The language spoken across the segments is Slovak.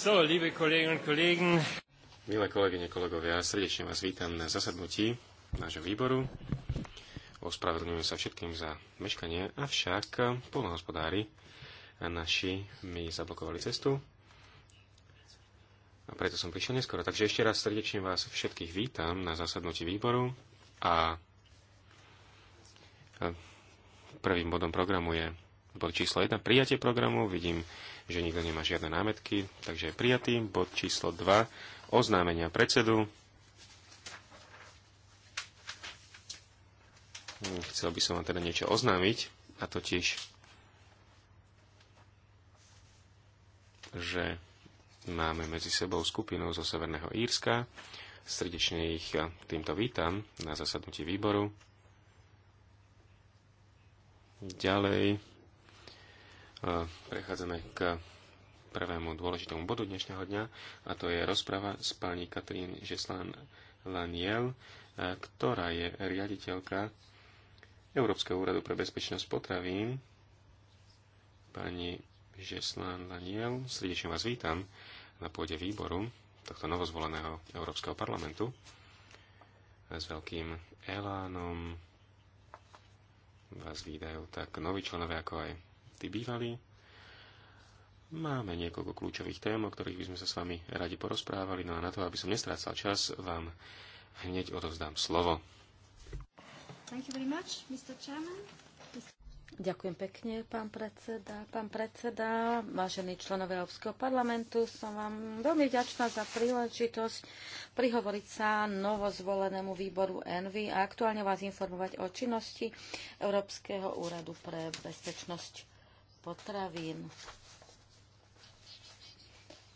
So, liebe Kolleginnen und Kollegen. Milé kolegyne, kolegovia, srdečne vás vítam na zasadnutí nášho výboru. Ospravedlňujem sa všetkým za meškanie, avšak polnohospodári a naši mi zablokovali cestu. A preto som prišiel neskoro. Takže ešte raz srdečne vás všetkých vítam na zasadnutí výboru a prvým bodom programu je bod číslo 1, prijatie programu. Vidím že nikto nemá žiadne námetky, takže je prijatý bod číslo 2 oznámenia predsedu. Hm, chcel by som vám teda niečo oznámiť, a totiž, že máme medzi sebou skupinu zo Severného Írska. Srdečne ich eh, týmto vítam na zasadnutí výboru. Ďalej prechádzame k prvému dôležitému bodu dnešného dňa a to je rozprava s pani Katrín Žeslán Laniel, ktorá je riaditeľka Európskeho úradu pre bezpečnosť potravín. Pani Žeslán Laniel, srdečne vás vítam na pôde výboru tohto novozvoleného Európskeho parlamentu s veľkým elánom vás výdajú tak noví členovia, ako aj tí bývalí. Máme niekoľko kľúčových tém, o ktorých by sme sa s vami radi porozprávali, no a na to, aby som nestrácal čas, vám hneď odovzdám slovo. Thank you very much, Mr. Chairman. Ďakujem pekne, pán predseda. Pán predseda, vážení členovia Európskeho parlamentu, som vám veľmi vďačná za príležitosť prihovoriť sa novozvolenému výboru ENVY a aktuálne vás informovať o činnosti Európskeho úradu pre bezpečnosť potravín.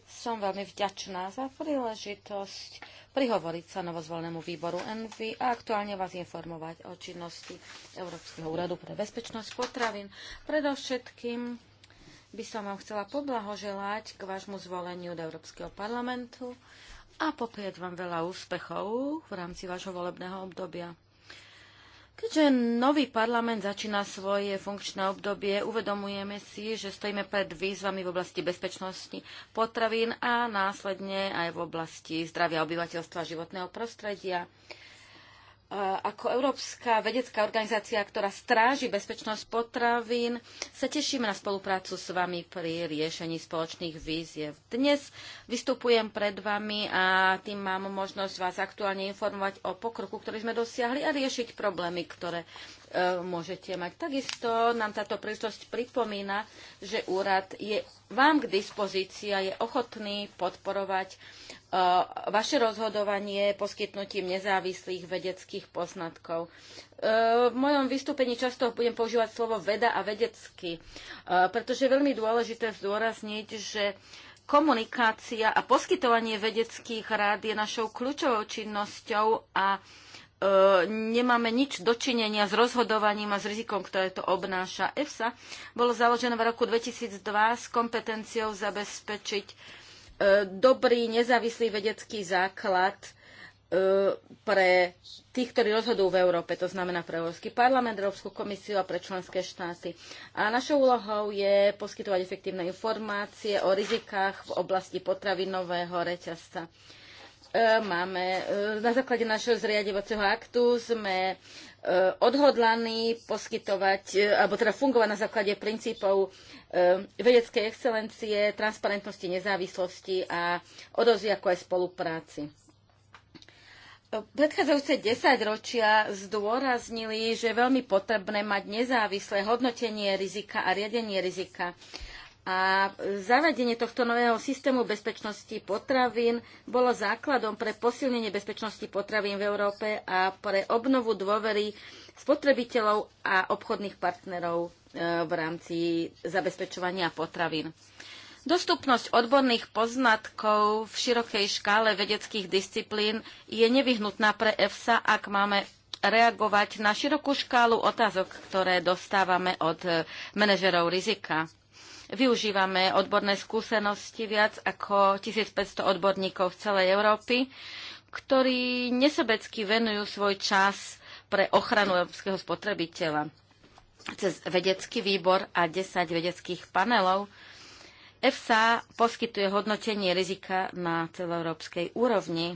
Som veľmi vďačná za príležitosť prihovoriť sa novozvolnému výboru ENVY a aktuálne vás informovať o činnosti Európskeho úradu pre bezpečnosť potravín. Predovšetkým by som vám chcela poblahoželať k vášmu zvoleniu do Európskeho parlamentu a poprieť vám veľa úspechov v rámci vášho volebného obdobia. Keďže nový parlament začína svoje funkčné obdobie, uvedomujeme si, že stojíme pred výzvami v oblasti bezpečnosti potravín a následne aj v oblasti zdravia obyvateľstva a životného prostredia ako Európska vedecká organizácia, ktorá stráži bezpečnosť potravín, sa tešíme na spoluprácu s vami pri riešení spoločných víziev. Dnes vystupujem pred vami a tým mám možnosť vás aktuálne informovať o pokroku, ktorý sme dosiahli a riešiť problémy, ktoré e, môžete mať. Takisto nám táto príležitosť pripomína, že úrad je vám k dispozícii a je ochotný podporovať Eh, vaše rozhodovanie poskytnutím nezávislých vedeckých poznatkov. Eh, v mojom vystúpení často budem používať slovo veda a vedecky, eh, pretože je veľmi dôležité zdôrazniť, že komunikácia a poskytovanie vedeckých rád je našou kľúčovou činnosťou a nemáme nič dočinenia s rozhodovaním a s rizikom, ktoré to obnáša. EFSA bolo založené v roku 2002 s kompetenciou zabezpečiť E, dobrý nezávislý vedecký základ e, pre tých, ktorí rozhodujú v Európe, to znamená pre Európsky parlament, Európsku komisiu a pre členské štáty. A našou úlohou je poskytovať efektívne informácie o rizikách v oblasti potravinového reťazca. E, máme, na základe našeho zriadevacieho aktu sme Eh, odhodlaní poskytovať, eh, alebo teda fungovať na základe princípov eh, vedeckej excelencie, transparentnosti, nezávislosti a odozvy ako aj spolupráci. Predchádzajúce desaťročia zdôraznili, že je veľmi potrebné mať nezávislé hodnotenie rizika a riadenie rizika a zavedenie tohto nového systému bezpečnosti potravín bolo základom pre posilnenie bezpečnosti potravín v Európe a pre obnovu dôvery spotrebiteľov a obchodných partnerov e, v rámci zabezpečovania potravín. Dostupnosť odborných poznatkov v širokej škále vedeckých disciplín je nevyhnutná pre EFSA, ak máme reagovať na širokú škálu otázok, ktoré dostávame od manažerov rizika. Využívame odborné skúsenosti viac ako 1500 odborníkov v celej Európy, ktorí nesobecky venujú svoj čas pre ochranu európskeho spotrebiteľa. Cez vedecký výbor a 10 vedeckých panelov EFSA poskytuje hodnotenie rizika na celoeurópskej úrovni.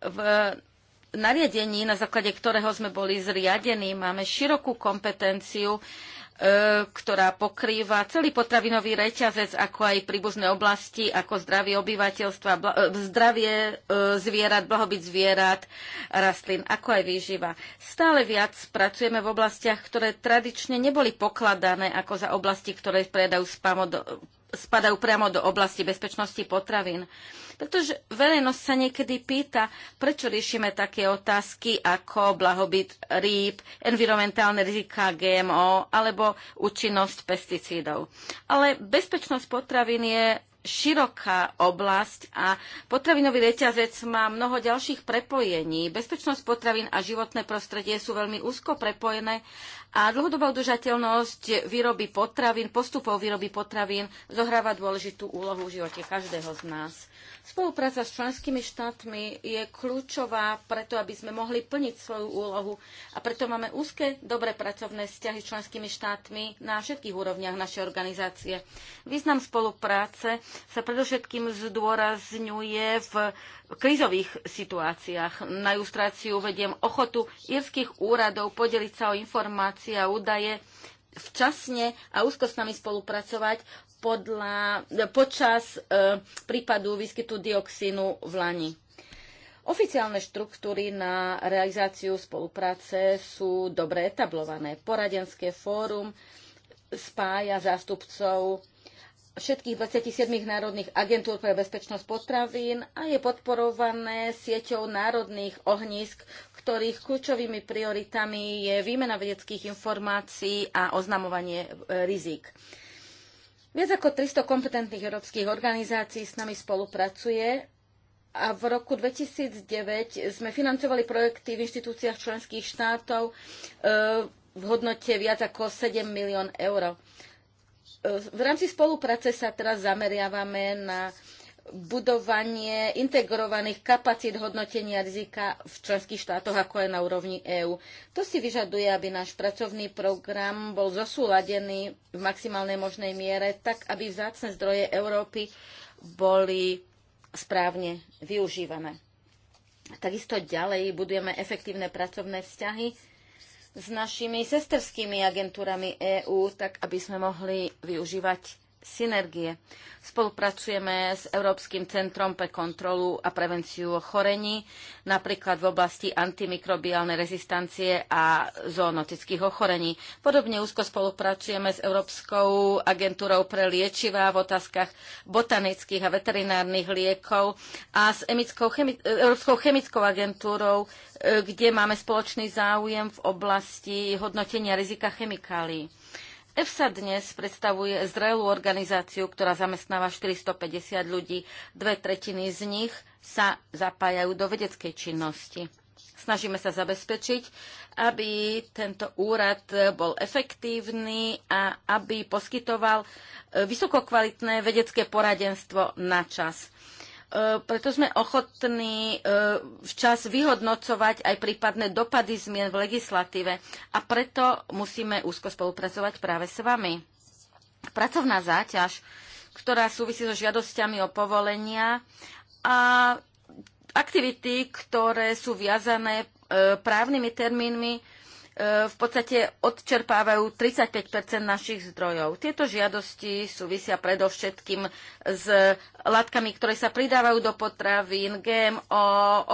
V nariadení, na základe ktorého sme boli zriadení, máme širokú kompetenciu E, ktorá pokrýva celý potravinový reťazec, ako aj príbuzné oblasti, ako zdravie obyvateľstva, e, zdravie e, zvierat, blahobyt zvierat, rastlín, ako aj výživa. Stále viac pracujeme v oblastiach, ktoré tradične neboli pokladané ako za oblasti, ktoré predajú spadajú priamo do oblasti bezpečnosti potravín. Pretože verejnosť sa niekedy pýta, prečo riešime také otázky ako blahobyt rýb, environmentálne rizika GMO alebo účinnosť pesticídov. Ale bezpečnosť potravín je široká oblasť a potravinový reťazec má mnoho ďalších prepojení. Bezpečnosť potravín a životné prostredie sú veľmi úzko prepojené a dlhodobá udržateľnosť výroby potravín, postupov výroby potravín zohráva dôležitú úlohu v živote každého z nás. Spolupráca s členskými štátmi je kľúčová preto, aby sme mohli plniť svoju úlohu a preto máme úzke, dobre pracovné vzťahy s členskými štátmi na všetkých úrovniach našej organizácie. Význam spolupráce sa predovšetkým zdôrazňuje v krízových situáciách. Na ilustráciu vediem ochotu írskych úradov podeliť sa o informácie informácie a údaje včasne a úzko s nami spolupracovať podľa, počas e, prípadu výskytu dioxínu v lani. Oficiálne štruktúry na realizáciu spolupráce sú dobre etablované. Poradenské fórum spája zástupcov všetkých 27 národných agentúr pre bezpečnosť potravín a je podporované sieťou národných ohnízk, ktorých kľúčovými prioritami je výmena vedeckých informácií a oznamovanie e, rizik. Viac ako 300 kompetentných európskych organizácií s nami spolupracuje a v roku 2009 sme financovali projekty v inštitúciách členských štátov e, v hodnote viac ako 7 milión eur. E, v rámci spolupráce sa teraz zameriavame na budovanie integrovaných kapacít hodnotenia rizika v členských štátoch, ako aj na úrovni EÚ. To si vyžaduje, aby náš pracovný program bol zosúladený v maximálnej možnej miere, tak aby vzácne zdroje Európy boli správne využívané. Takisto ďalej budujeme efektívne pracovné vzťahy s našimi sesterskými agentúrami EÚ, tak aby sme mohli využívať synergie. Spolupracujeme s Európskym centrom pre kontrolu a prevenciu ochorení, napríklad v oblasti antimikrobiálnej rezistancie a zoonotických ochorení. Podobne úzko spolupracujeme s Európskou agentúrou pre liečivá v otázkach botanických a veterinárnych liekov a s Emickou chemi- Európskou chemickou agentúrou, e, kde máme spoločný záujem v oblasti hodnotenia rizika chemikálií. EFSA dnes predstavuje zrelú organizáciu, ktorá zamestnáva 450 ľudí. Dve tretiny z nich sa zapájajú do vedeckej činnosti. Snažíme sa zabezpečiť, aby tento úrad bol efektívny a aby poskytoval vysokokvalitné vedecké poradenstvo na čas. E, preto sme ochotní e, včas vyhodnocovať aj prípadné dopady zmien v legislatíve a preto musíme úzko spolupracovať práve s vami. Pracovná záťaž, ktorá súvisí so žiadosťami o povolenia a aktivity, ktoré sú viazané e, právnymi termínmi, E, v podstate odčerpávajú 35 našich zdrojov. Tieto žiadosti súvisia predovšetkým s látkami, ktoré sa pridávajú do potravín, GMO,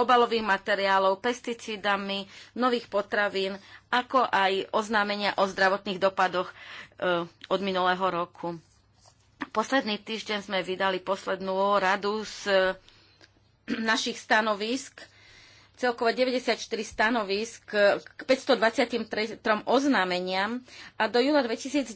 obalových materiálov, pesticídami, nových potravín, ako aj oznámenia o zdravotných dopadoch e, od minulého roku. Posledný týždeň sme vydali poslednú radu z našich stanovisk celkovo 94 stanovisk k 523 oznámeniam a do júla 2010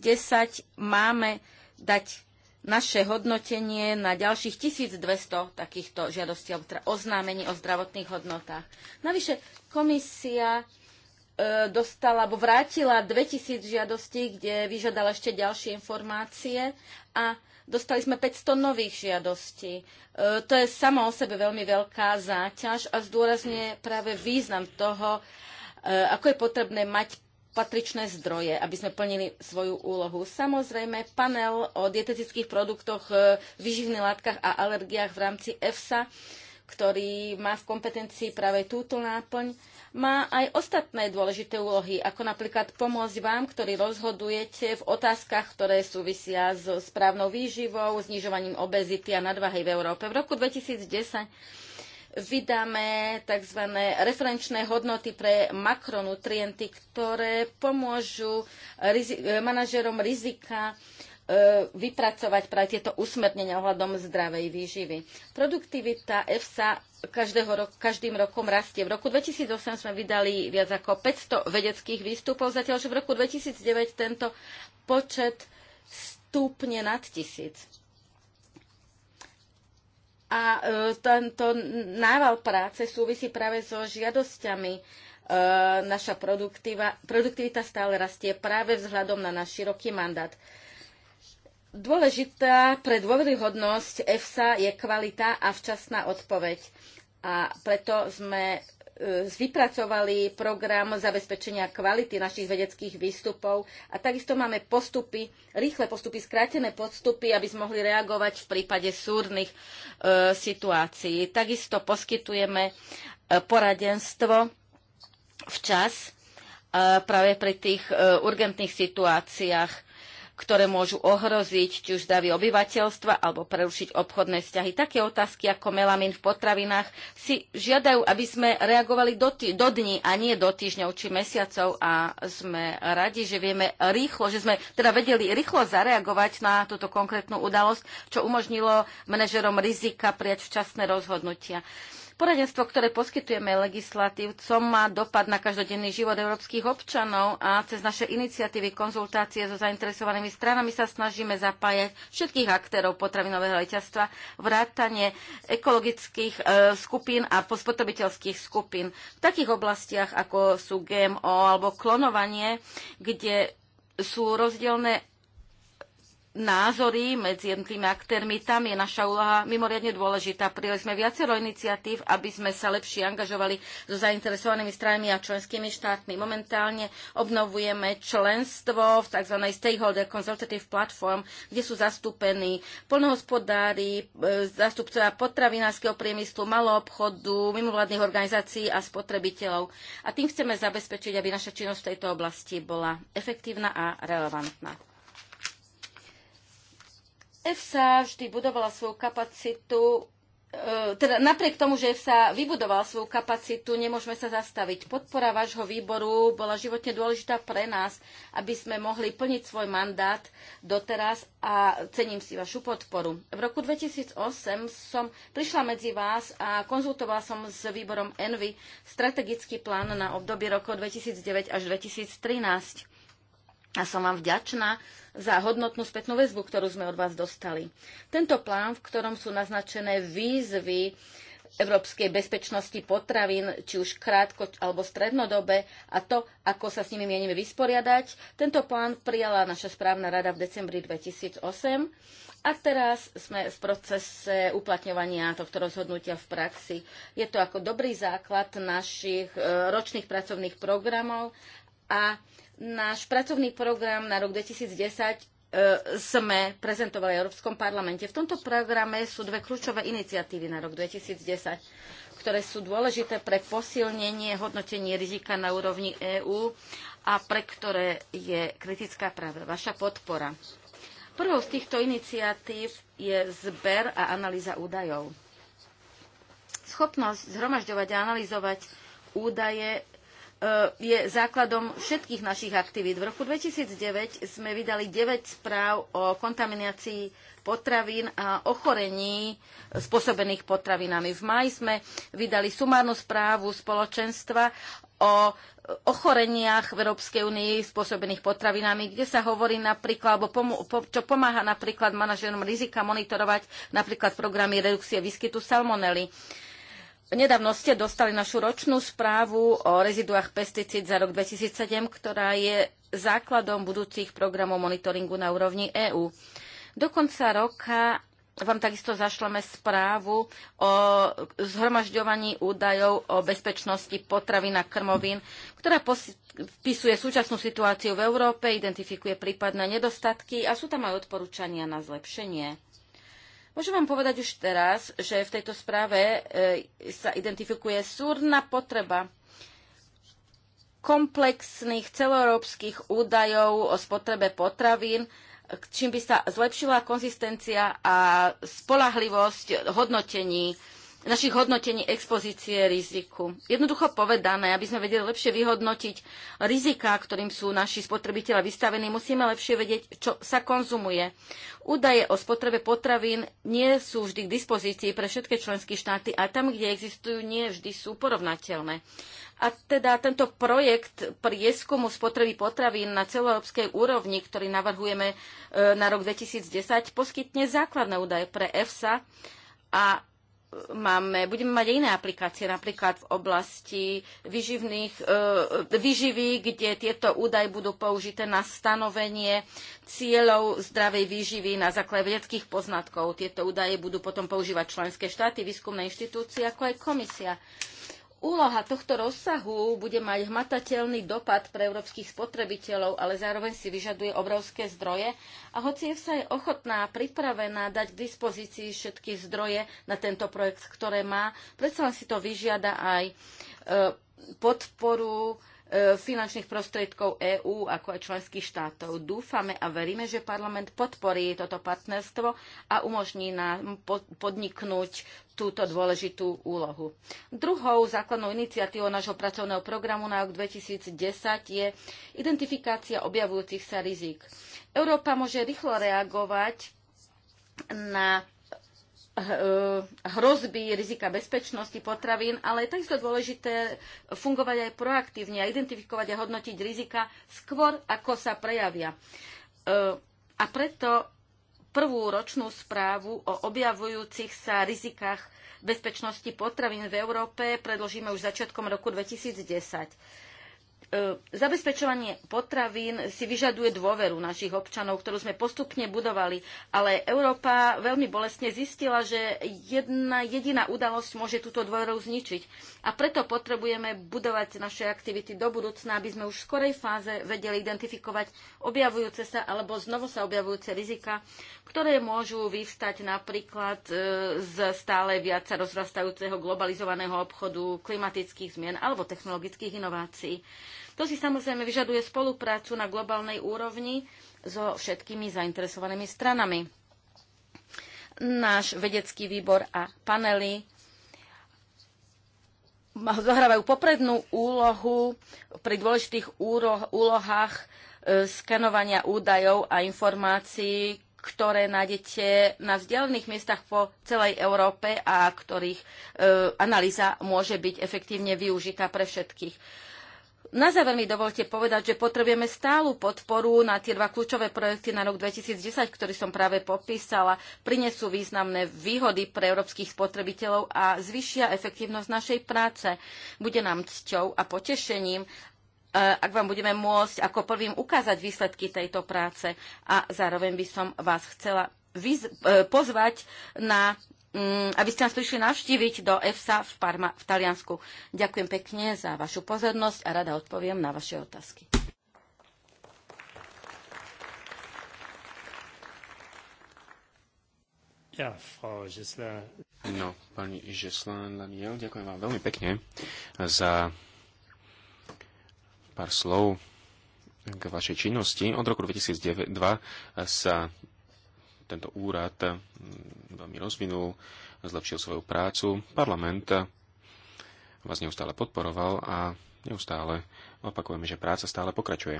máme dať naše hodnotenie na ďalších 1200 takýchto žiadostí alebo teda oznámení o zdravotných hodnotách. Navyše komisia e, dostala alebo vrátila 2000 žiadostí, kde vyžiadala ešte ďalšie informácie a Dostali sme 500 nových žiadostí. E, to je samo o sebe veľmi veľká záťaž a zdôrazňuje práve význam toho, e, ako je potrebné mať patričné zdroje, aby sme plnili svoju úlohu. Samozrejme, panel o dietetických produktoch, e, vyživných látkach a alergiách v rámci EFSA ktorý má v kompetencii práve túto náplň, má aj ostatné dôležité úlohy, ako napríklad pomôcť vám, ktorí rozhodujete v otázkach, ktoré súvisia s správnou výživou, znižovaním obezity a nadvahy v Európe. V roku 2010 vydáme tzv. referenčné hodnoty pre makronutrienty, ktoré pomôžu rizi- manažerom rizika vypracovať práve tieto usmernenia ohľadom zdravej výživy. Produktivita EFSA každého roku, každým rokom rastie. V roku 2008 sme vydali viac ako 500 vedeckých výstupov, zatiaľ že v roku 2009 tento počet stúpne nad tisíc a e, tento nával práce súvisí práve so žiadosťami. E, naša produktivita stále rastie práve vzhľadom na náš široký mandát. Dôležitá pre dôveryhodnosť EFSA je kvalita a včasná odpoveď. A preto sme e, vypracovali program zabezpečenia kvality našich vedeckých výstupov a takisto máme postupy, rýchle postupy, skrátené postupy, aby sme mohli reagovať v prípade súrnych e, situácií. Takisto poskytujeme e, poradenstvo včas e, práve pri tých e, urgentných situáciách ktoré môžu ohroziť či už zdravie obyvateľstva alebo prerušiť obchodné vzťahy. Také otázky ako melamín v potravinách si žiadajú, aby sme reagovali do, tý, do dní a nie do týždňov či mesiacov a sme radi, že vieme rýchlo, že sme teda vedeli rýchlo zareagovať na túto konkrétnu udalosť, čo umožnilo manažerom rizika prijať včasné rozhodnutia. Poradenstvo, ktoré poskytujeme legislatívcom, má dopad na každodenný život európskych občanov a cez naše iniciatívy, konzultácie so zainteresovanými stranami sa snažíme zapájať všetkých aktérov potravinového reťazstva, vrátanie ekologických e, skupín a spotrebiteľských skupín. V takých oblastiach, ako sú GMO alebo klonovanie, kde sú rozdielne názory medzi jednotlivými aktérmi, tam je naša úloha mimoriadne dôležitá. Prijeli sme viacero iniciatív, aby sme sa lepšie angažovali so zainteresovanými stranami a členskými štátmi. Momentálne obnovujeme členstvo v tzv. Stakeholder Consultative Platform, kde sú zastúpení polnohospodári, e, zastupcovia potravinárskeho priemyslu, maloobchodu, mimovládnych organizácií a spotrebiteľov. A tým chceme zabezpečiť, aby naša činnosť v tejto oblasti bola efektívna a relevantná. EFSA vždy budovala svoju kapacitu, e, teda napriek tomu, že sa vybudovala svoju kapacitu, nemôžeme sa zastaviť. Podpora vášho výboru bola životne dôležitá pre nás, aby sme mohli plniť svoj mandát doteraz a cením si vašu podporu. V roku 2008 som prišla medzi vás a konzultovala som s výborom Envy strategický plán na obdobie rokov 2009 až 2013 a som vám vďačná za hodnotnú spätnú väzbu, ktorú sme od vás dostali. Tento plán, v ktorom sú naznačené výzvy európskej bezpečnosti potravín, či už krátko alebo strednodobe a to, ako sa s nimi mienime vysporiadať. Tento plán prijala naša správna rada v decembri 2008 a teraz sme v procese uplatňovania tohto rozhodnutia v praxi. Je to ako dobrý základ našich e, ročných pracovných programov a náš pracovný program na rok 2010 e, sme prezentovali v Európskom parlamente. V tomto programe sú dve kľúčové iniciatívy na rok 2010, ktoré sú dôležité pre posilnenie hodnotenie rizika na úrovni EÚ a pre ktoré je kritická práve vaša podpora. Prvou z týchto iniciatív je zber a analýza údajov. Schopnosť zhromažďovať a analyzovať údaje E, je základom všetkých našich aktivít. V roku 2009 sme vydali 9 správ o kontaminácii potravín a ochorení spôsobených potravinami. V maji sme vydali sumárnu správu spoločenstva o ochoreniach v Európskej únii spôsobených potravinami, kde sa hovorí napríklad, alebo po- čo pomáha napríklad manažerom rizika monitorovať napríklad programy redukcie výskytu salmonely. Uh, Nedávno ste dostali našu ročnú správu o reziduách pesticíd za rok 2007, ktorá je základom budúcich programov monitoringu na úrovni EÚ. Do konca roka vám takisto zašleme správu o zhromažďovaní údajov o bezpečnosti potravín a krmovín, ktorá vpisuje súčasnú situáciu v Európe, identifikuje prípadné nedostatky a sú tam aj odporúčania na zlepšenie. Môžem vám povedať už teraz, že v tejto správe e, sa identifikuje súrna potreba komplexných celoeurópskych údajov o spotrebe potravín, čím by sa zlepšila konzistencia a spolahlivosť hodnotení našich hodnotení expozície riziku. Jednoducho povedané, aby sme vedeli lepšie vyhodnotiť rizika, ktorým sú naši spotrebitelia vystavení, musíme lepšie vedieť, čo sa konzumuje. Údaje o spotrebe potravín nie sú vždy k dispozícii pre všetky členské štáty a tam, kde existujú, nie vždy sú porovnateľné. A teda tento projekt prieskumu spotreby potravín na celoeurópskej úrovni, ktorý navrhujeme e, na rok 2010, poskytne základné údaje pre EFSA a máme, budeme mať iné aplikácie, napríklad v oblasti vyživných, e, e, vyživy, kde tieto údaje budú použité na stanovenie cieľov zdravej výživy na základe vedeckých poznatkov. Tieto údaje budú potom používať členské štáty, výskumné inštitúcie, ako aj komisia. Úloha tohto rozsahu bude mať hmatateľný dopad pre európskych spotrebiteľov, ale zároveň si vyžaduje obrovské zdroje a hoci je sa je ochotná a pripravená dať k dispozícii všetky zdroje na tento projekt, ktoré má, predsa len si to vyžiada aj e, podporu E, finančných prostriedkov EÚ ako aj členských štátov. Dúfame a veríme, že parlament podporí toto partnerstvo a umožní nám podniknúť túto dôležitú úlohu. Druhou základnou iniciatívou nášho pracovného programu na rok 2010 je identifikácia objavujúcich sa rizik. Európa môže rýchlo reagovať na Eh, hrozby, rizika bezpečnosti potravín, ale je takisto dôležité fungovať aj proaktívne a identifikovať a hodnotiť rizika skôr, ako sa prejavia. Eh, a preto prvú ročnú správu o objavujúcich sa rizikách bezpečnosti potravín v Európe predložíme už začiatkom roku 2010. E, zabezpečovanie potravín si vyžaduje dôveru našich občanov, ktorú sme postupne budovali, ale Európa veľmi bolestne zistila, že jedna jediná udalosť môže túto dôveru zničiť. A preto potrebujeme budovať naše aktivity do budúcna, aby sme už v skorej fáze vedeli identifikovať objavujúce sa alebo znovu sa objavujúce rizika, ktoré môžu vyvstať napríklad e, z stále viac sa rozrastajúceho globalizovaného obchodu, klimatických zmien alebo technologických inovácií. To si samozrejme vyžaduje spoluprácu na globálnej úrovni so všetkými zainteresovanými stranami. Náš vedecký výbor a panely zohrávajú poprednú úlohu pri dôležitých úlohách e, skanovania údajov a informácií, ktoré nájdete na vzdialených miestach po celej Európe a ktorých e, analýza môže byť efektívne využitá pre všetkých. Na záver mi dovolte povedať, že potrebujeme stálu podporu na tie dva kľúčové projekty na rok 2010, ktorý som práve popísala. Prinesú významné výhody pre európskych spotrebiteľov a zvyšia efektívnosť našej práce. Bude nám cťou a potešením, eh, ak vám budeme môcť ako prvým ukázať výsledky tejto práce. A zároveň by som vás chcela eh, pozvať na Mm, aby ste nás prišli navštíviť do EFSA v Parma v Taliansku. Ďakujem pekne za vašu pozornosť a rada odpoviem na vaše otázky. Ja, Frau No, pani Žeslán Laniel, ďakujem vám veľmi pekne za pár slov k vašej činnosti. Od roku 2002 sa tento úrad mm, veľmi rozvinul, zlepšil svoju prácu. Parlament vás neustále podporoval a neustále opakujeme, že práca stále pokračuje.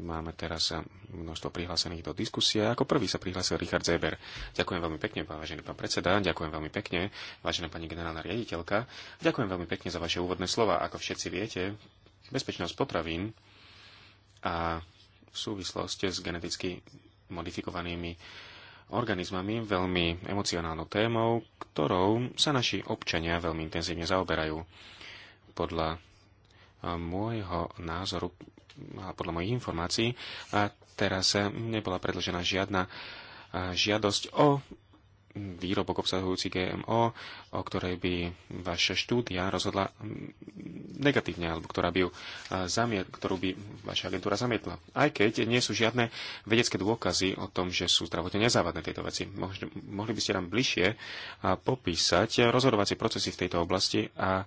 Máme teraz množstvo prihlásených do diskusie. Ako prvý sa prihlásil Richard Zeber. Ďakujem veľmi pekne, vážený pán predseda, ďakujem veľmi pekne, vážená pani generálna riaditeľka, ďakujem veľmi pekne za vaše úvodné slova. Ako všetci viete, bezpečnosť potravín a v súvislosti s geneticky modifikovanými organizmami veľmi emocionálnou témou, ktorou sa naši občania veľmi intenzívne zaoberajú. Podľa eh, môjho názoru a podľa mojich informácií a teraz eh, nebola predložená žiadna eh, žiadosť o výrobok obsahujúci GMO, o ktorej by vaša štúdia rozhodla mm, negatívne, alebo ktorá by ju e, zamiet, ktorú by vaša agentúra zamietla. Aj keď nie sú žiadne vedecké dôkazy o tom, že sú zdravotne nezávadné tieto veci. Mohli, mohli by ste nám bližšie e, popísať rozhodovacie procesy v tejto oblasti a,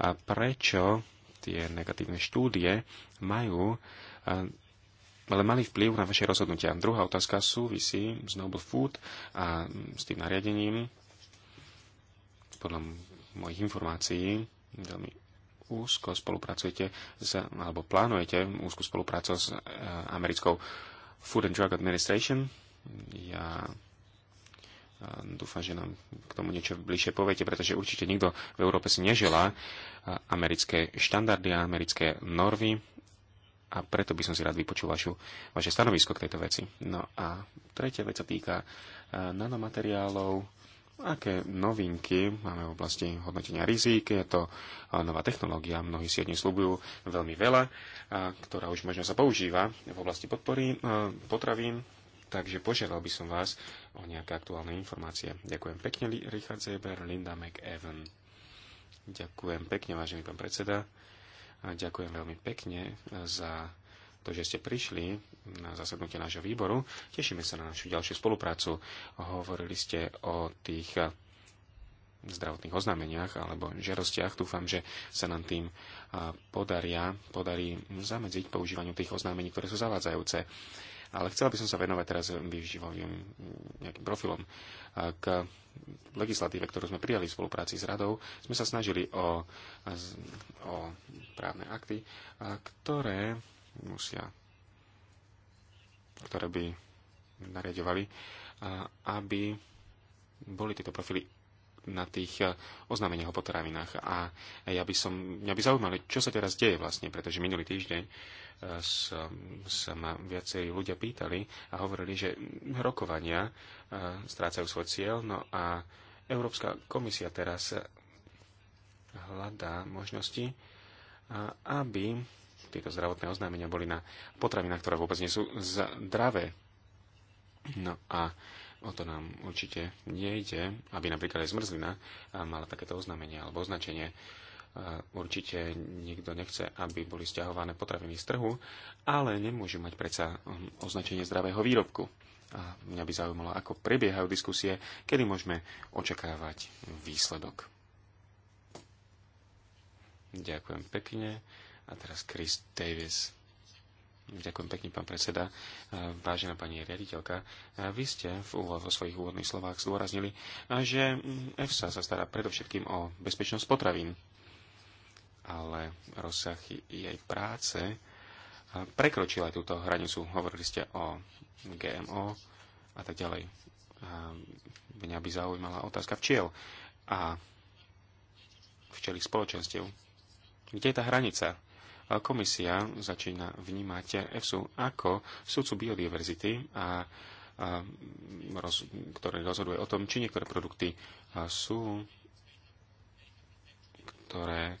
a prečo tie negatívne štúdie majú e, ale mali vplyv na vaše rozhodnutia. Druhá otázka súvisí s Noble Food a s tým nariadením. Podľa mojich informácií veľmi úzko spolupracujete s, alebo plánujete úzku spoluprácu s e, americkou Food and Drug Administration. Ja e, dúfam, že nám k tomu niečo bližšie poviete, pretože určite nikto v Európe si neželá e, americké štandardy a americké normy a preto by som si rád vypočul vašu, vaše stanovisko k tejto veci. No a tretia vec sa týka e, nanomateriálov, aké novinky máme v oblasti hodnotenia rizík. Je to e, nová technológia, mnohí si od nej slúbujú veľmi veľa, e, ktorá už možno sa používa v oblasti podpory potravín, takže požiadal by som vás o nejaké aktuálne informácie. Ďakujem pekne, Richard Zeber, Linda McEwan. Ďakujem pekne, vážený pán predseda ďakujem veľmi pekne e, za to, že ste prišli na zasadnutie nášho výboru. Tešíme sa na našu ďalšiu spoluprácu. Hovorili ste o tých e, zdravotných oznámeniach alebo žerostiach. Dúfam, že sa nám tým e, podaria, podarí zamedziť používaniu tých oznámení, ktoré sú zavádzajúce. Ale chcela by som sa venovať teraz výživovým nejakým profilom. K legislatíve, ktorú sme prijali v spolupráci s radou, sme sa snažili o, o právne akty, ktoré musia ktoré by nariadovali, aby boli tieto profily na tých e, oznámeniach o potravinách. A ja by som, mňa by zaujímalo, čo sa teraz deje vlastne, pretože minulý týždeň sa, sa ma viacej ľudia pýtali a hovorili, že rokovania e, strácajú svoj cieľ, no a Európska komisia teraz hľadá možnosti, e, aby tieto zdravotné oznámenia boli na potravinách, ktoré vôbec nie sú zdravé. No a o to nám určite nejde, aby napríklad aj zmrzlina mala takéto oznámenie alebo označenie Určite nikto nechce, aby boli stiahované potraviny z trhu, ale nemôžu mať predsa um, označenie zdravého výrobku. A mňa by zaujímalo, ako prebiehajú diskusie, kedy môžeme očakávať výsledok. Ďakujem pekne. A teraz Chris Davis. Ďakujem pekne, pán predseda. Vážená pani riaditeľka, vy ste v, vo svojich úvodných slovách zdôraznili, že EFSA sa stará predovšetkým o bezpečnosť potravín ale rozsah jej práce prekročila túto hranicu. Hovorili ste o GMO a tak ďalej. A mňa by zaujímala otázka včiel a včelých spoločenstiev. Kde je tá hranica? Komisia začína vnímať EFSU ako súdcu biodiverzity a, a roz, ktorý rozhoduje o tom, či niektoré produkty sú, ktoré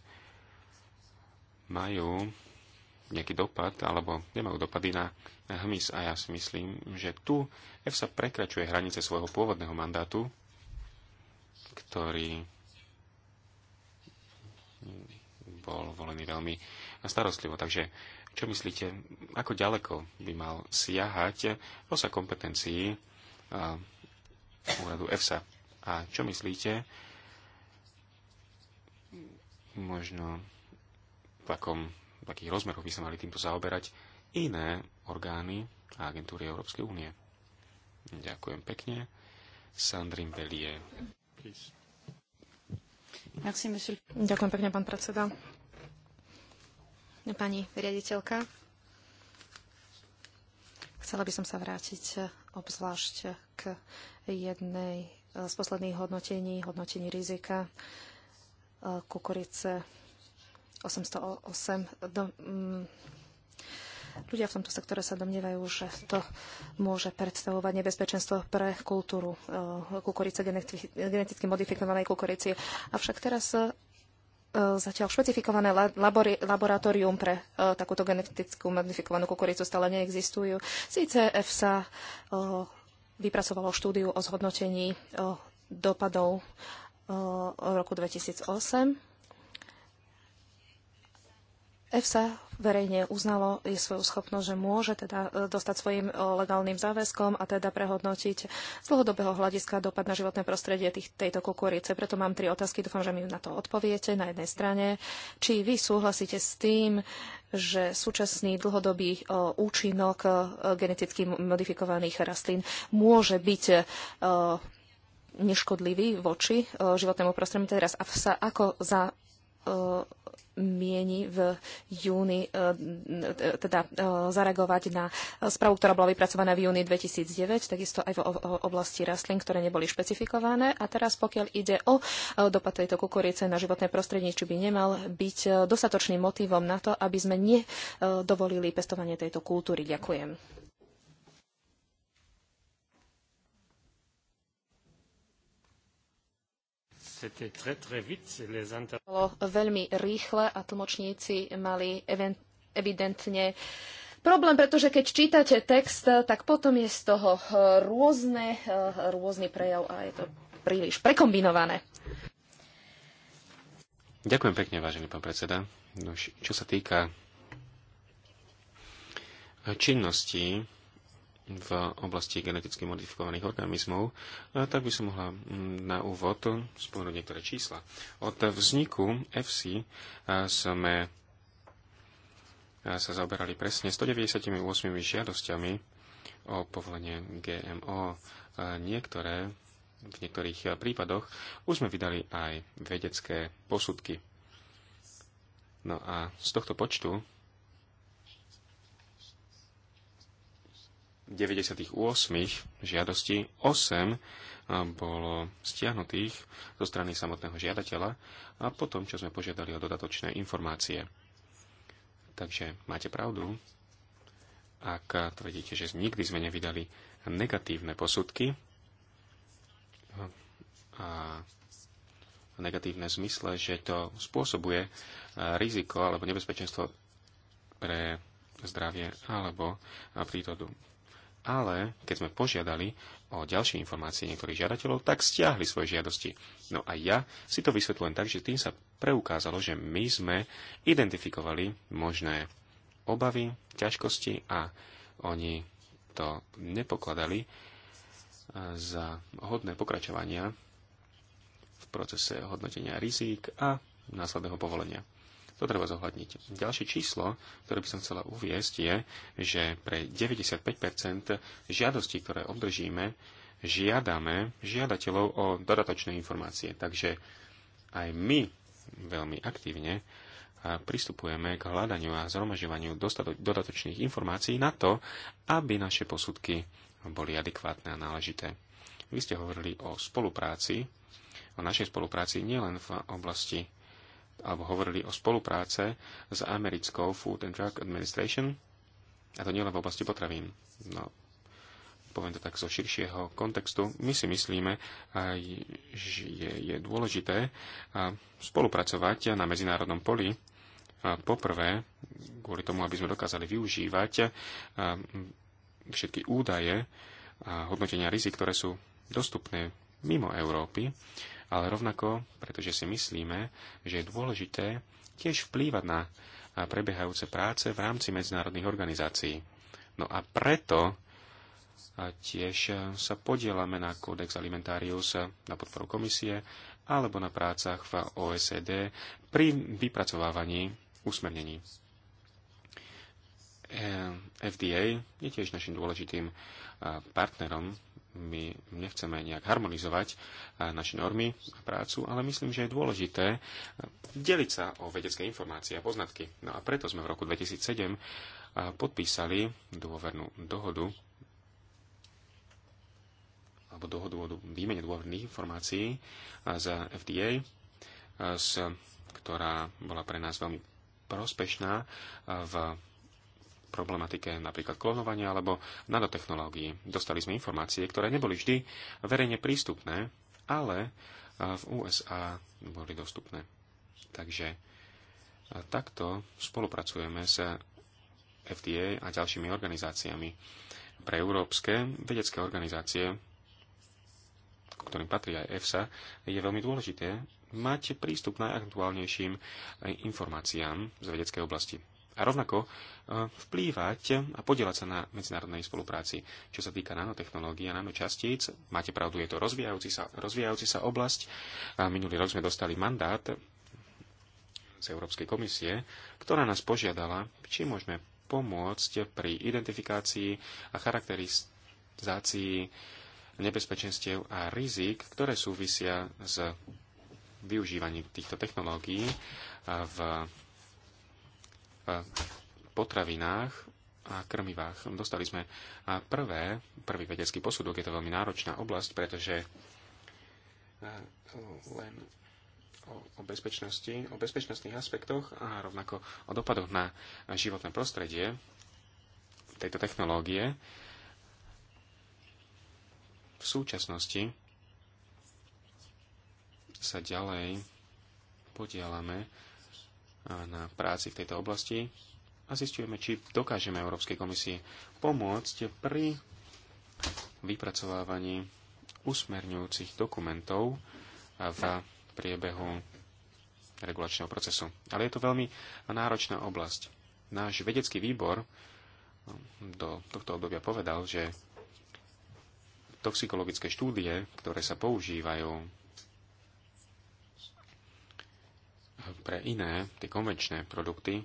majú nejaký dopad, alebo nemajú dopady na hmyz. A ja si myslím, že tu EFSA prekračuje hranice svojho pôvodného mandátu, ktorý bol volený veľmi starostlivo. Takže čo myslíte, ako ďaleko by mal siahať osa kompetencií úradu EFSA? A čo myslíte, možno v, akom, v akých rozmeroch by sa mali týmto zaoberať iné orgány a agentúry Európskej únie. Ďakujem pekne. Sandrine Bellier. Merci, monsieur. Ďakujem pekne, pán predseda. Pani riaditeľka, chcela by som sa vrátiť eh, obzvlášť k jednej eh, z posledných hodnotení, hodnotení rizika eh, kukurice 808 do, um, Ľudia v tomto sektore sa domnievajú, že to môže predstavovať nebezpečenstvo pre kultúru eh, kukurice, geneticky modifikovanej kukurici. Avšak teraz eh, zatiaľ špecifikované labori, laboratórium pre eh, takúto genetickú modifikovanú kukuricu stále neexistujú. Sice EFSA vypracovalo štúdiu o zhodnotení dopadov roku 2008 EFSA verejne uznalo je svoju schopnosť, že môže teda e, dostať svojim e, legálnym záväzkom a teda prehodnotiť z dlhodobého hľadiska dopad na životné prostredie tých, tejto kukurice. Preto mám tri otázky, dúfam, že mi na to odpoviete. Na jednej strane, či vy súhlasíte s tým, že súčasný dlhodobý e, účinok geneticky modifikovaných rastlín môže byť neškodlivý voči životnému prostrediu. Teraz a sa ako za mieni v júni, e, e, teda e, zareagovať na správu, ktorá bola vypracovaná v júni 2009, takisto aj v oblasti rastlín, ktoré neboli špecifikované. A teraz, pokiaľ ide o dopad tejto kukurice na životné prostredie, či by nemal byť dostatočným motivom na to, aby sme nedovolili pestovanie tejto kultúry. Ďakujem. Bolo veľmi rýchle a tlmočníci mali evidentne problém, pretože keď čítate text, tak potom je z toho eh, rôzne, eh, rôzny prejav a je to príliš prekombinované. Ďakujem pekne, vážený pán predseda. No, čo sa týka činnosti v oblasti geneticky modifikovaných organizmov, tak by som mohla mm, na úvod spomenúť niektoré čísla. Od vzniku FC sme sa zaoberali presne 198 žiadosťami o povolenie GMO. Niektoré, v niektorých prípadoch už sme vydali aj vedecké posudky. No a z tohto počtu 98 žiadostí 8 eh, bolo stiahnutých zo strany samotného žiadateľa a potom, čo sme požiadali o dodatočné informácie. Takže máte pravdu, ak tvrdíte, že nikdy sme nevydali negatívne posudky eh, a negatívne zmysle, že to spôsobuje eh, riziko alebo nebezpečenstvo pre zdravie alebo prírodu, ale keď sme požiadali o ďalšie informácie niektorých žiadateľov, tak stiahli svoje žiadosti. No a ja si to vysvetľujem tak, že tým sa preukázalo, že my sme identifikovali možné obavy, ťažkosti a oni to nepokladali e, za hodné pokračovania v procese hodnotenia rizík a následného povolenia. To treba zohľadniť. Ďalšie číslo, ktoré by som chcela uviesť, je, že pre 95 žiadostí, ktoré obdržíme, žiadame žiadateľov o dodatočné informácie. Takže aj my veľmi aktívne pristupujeme k hľadaniu a zhromažďovaniu dodatočných informácií na to, aby naše posudky boli adekvátne a náležité. Vy ste hovorili o spolupráci, o našej spolupráci nielen v oblasti alebo hovorili o spolupráce s americkou Food and Drug Administration, a to nielen v oblasti potravín. No, poviem to tak zo širšieho kontextu. My si myslíme, že je, je dôležité spolupracovať na medzinárodnom poli. Poprvé, kvôli tomu, aby sme dokázali využívať všetky údaje a hodnotenia rizik, ktoré sú dostupné mimo Európy ale rovnako, pretože si myslíme, že je dôležité tiež vplývať na prebiehajúce práce v rámci medzinárodných organizácií. No a preto tiež sa podielame na Codex Alimentarius, na podporu komisie alebo na prácach v OSED pri vypracovávaní usmernení. E, FDA je tiež našim dôležitým partnerom my nechceme nejak harmonizovať eh, naše normy a prácu, ale myslím, že je dôležité eh, deliť sa o vedecké informácie a poznatky. No a preto sme v roku 2007 eh, podpísali dôvernú dohodu alebo dohodu o výmene dôverných informácií za FDA, ktorá bola pre nás veľmi prospešná v problematike napríklad klonovania alebo nanotechnológií. Dostali sme informácie, ktoré neboli vždy verejne prístupné, ale v USA boli dostupné. Takže takto spolupracujeme s FDA a ďalšími organizáciami. Pre európske vedecké organizácie, ktorým patrí aj EFSA, je veľmi dôležité mať prístup k najaktuálnejším informáciám z vedeckej oblasti a rovnako e, vplývať a podielať sa na medzinárodnej spolupráci. Čo sa týka nanotechnológií a nanočastíc, máte pravdu, je to rozvíjajúci sa, rozvíjajúci sa oblasť. A minulý rok sme dostali mandát z Európskej komisie, ktorá nás požiadala, či môžeme pomôcť pri identifikácii a charakterizácii nebezpečenstiev a rizik, ktoré súvisia s využívaním týchto technológií v potravinách a krmivách. Dostali sme prvé, prvý vedecký posudok. Je to veľmi náročná oblasť, pretože len o, bezpečnosti, o bezpečnostných aspektoch a rovnako o dopadoch na životné prostredie tejto technológie v súčasnosti sa ďalej podielame na práci v tejto oblasti a zistujeme, či dokážeme Európskej komisii pomôcť pri vypracovávaní usmerňujúcich dokumentov v priebehu regulačného procesu. Ale je to veľmi náročná oblasť. Náš vedecký výbor do tohto obdobia povedal, že toxikologické štúdie, ktoré sa používajú pre iné, tie konvenčné produkty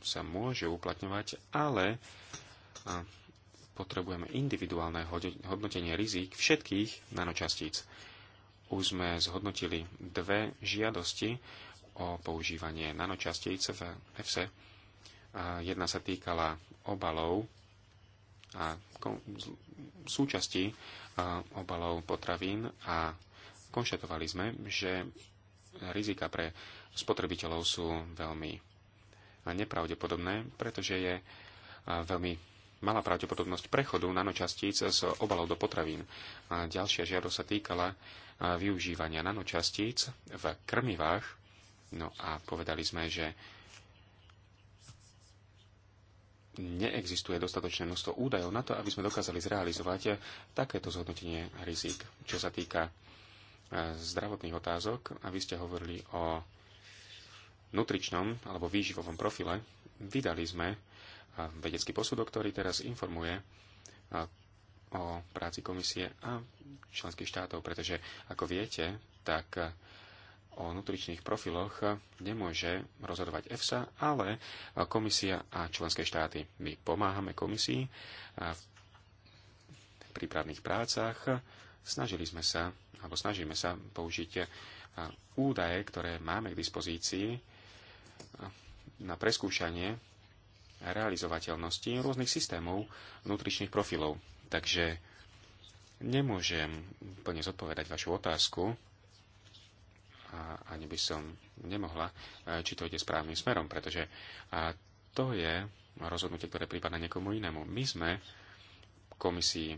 sa môže uplatňovať, ale potrebujeme individuálne hodnotenie rizik všetkých nanočastíc. Už sme zhodnotili dve žiadosti o používanie nanočastíc v EFSE. Jedna sa týkala obalov a súčasti obalov potravín a konštatovali sme, že rizika pre spotrebiteľov sú veľmi nepravdepodobné, pretože je veľmi malá pravdepodobnosť prechodu nanočastíc z obalov do potravín. A ďalšia žiadosť sa týkala využívania nanočastíc v krmivách. No a povedali sme, že neexistuje dostatočné množstvo údajov na to, aby sme dokázali zrealizovať takéto zhodnotenie rizik. Čo sa týka zdravotných otázok, aby ste hovorili o nutričnom alebo výživovom profile vydali sme vedecký posudok, ktorý teraz informuje o práci komisie a členských štátov, pretože ako viete, tak o nutričných profiloch nemôže rozhodovať EFSA, ale komisia a členské štáty. My pomáhame komisii v prípravných prácach. Snažili sme sa, alebo snažíme sa použiť údaje, ktoré máme k dispozícii na preskúšanie realizovateľnosti rôznych systémov nutričných profilov. Takže nemôžem plne zodpovedať vašu otázku a ani by som nemohla, eh, či to ide správnym smerom, pretože to je rozhodnutie, ktoré prípada niekomu inému. My sme komisii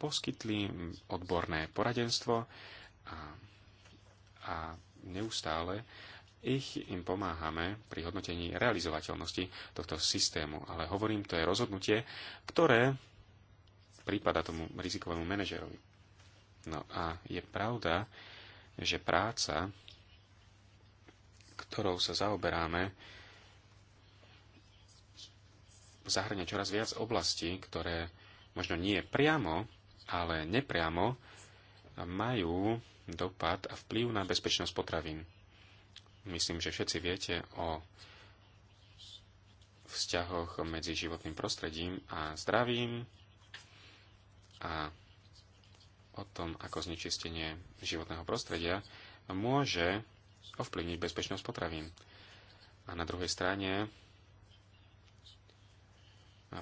poskytli odborné poradenstvo a, a neustále ich im pomáhame pri hodnotení realizovateľnosti tohto systému. Ale hovorím, to je rozhodnutie, ktoré prípada tomu rizikovému manažerovi. No a je pravda, že práca, ktorou sa zaoberáme, zahrňa čoraz viac oblastí, ktoré možno nie priamo, ale nepriamo majú dopad a vplyv na bezpečnosť potravín Myslím, že všetci viete o vzťahoch medzi životným prostredím a zdravím a o tom, ako znečistenie životného prostredia môže ovplyvniť bezpečnosť potravín. A na druhej strane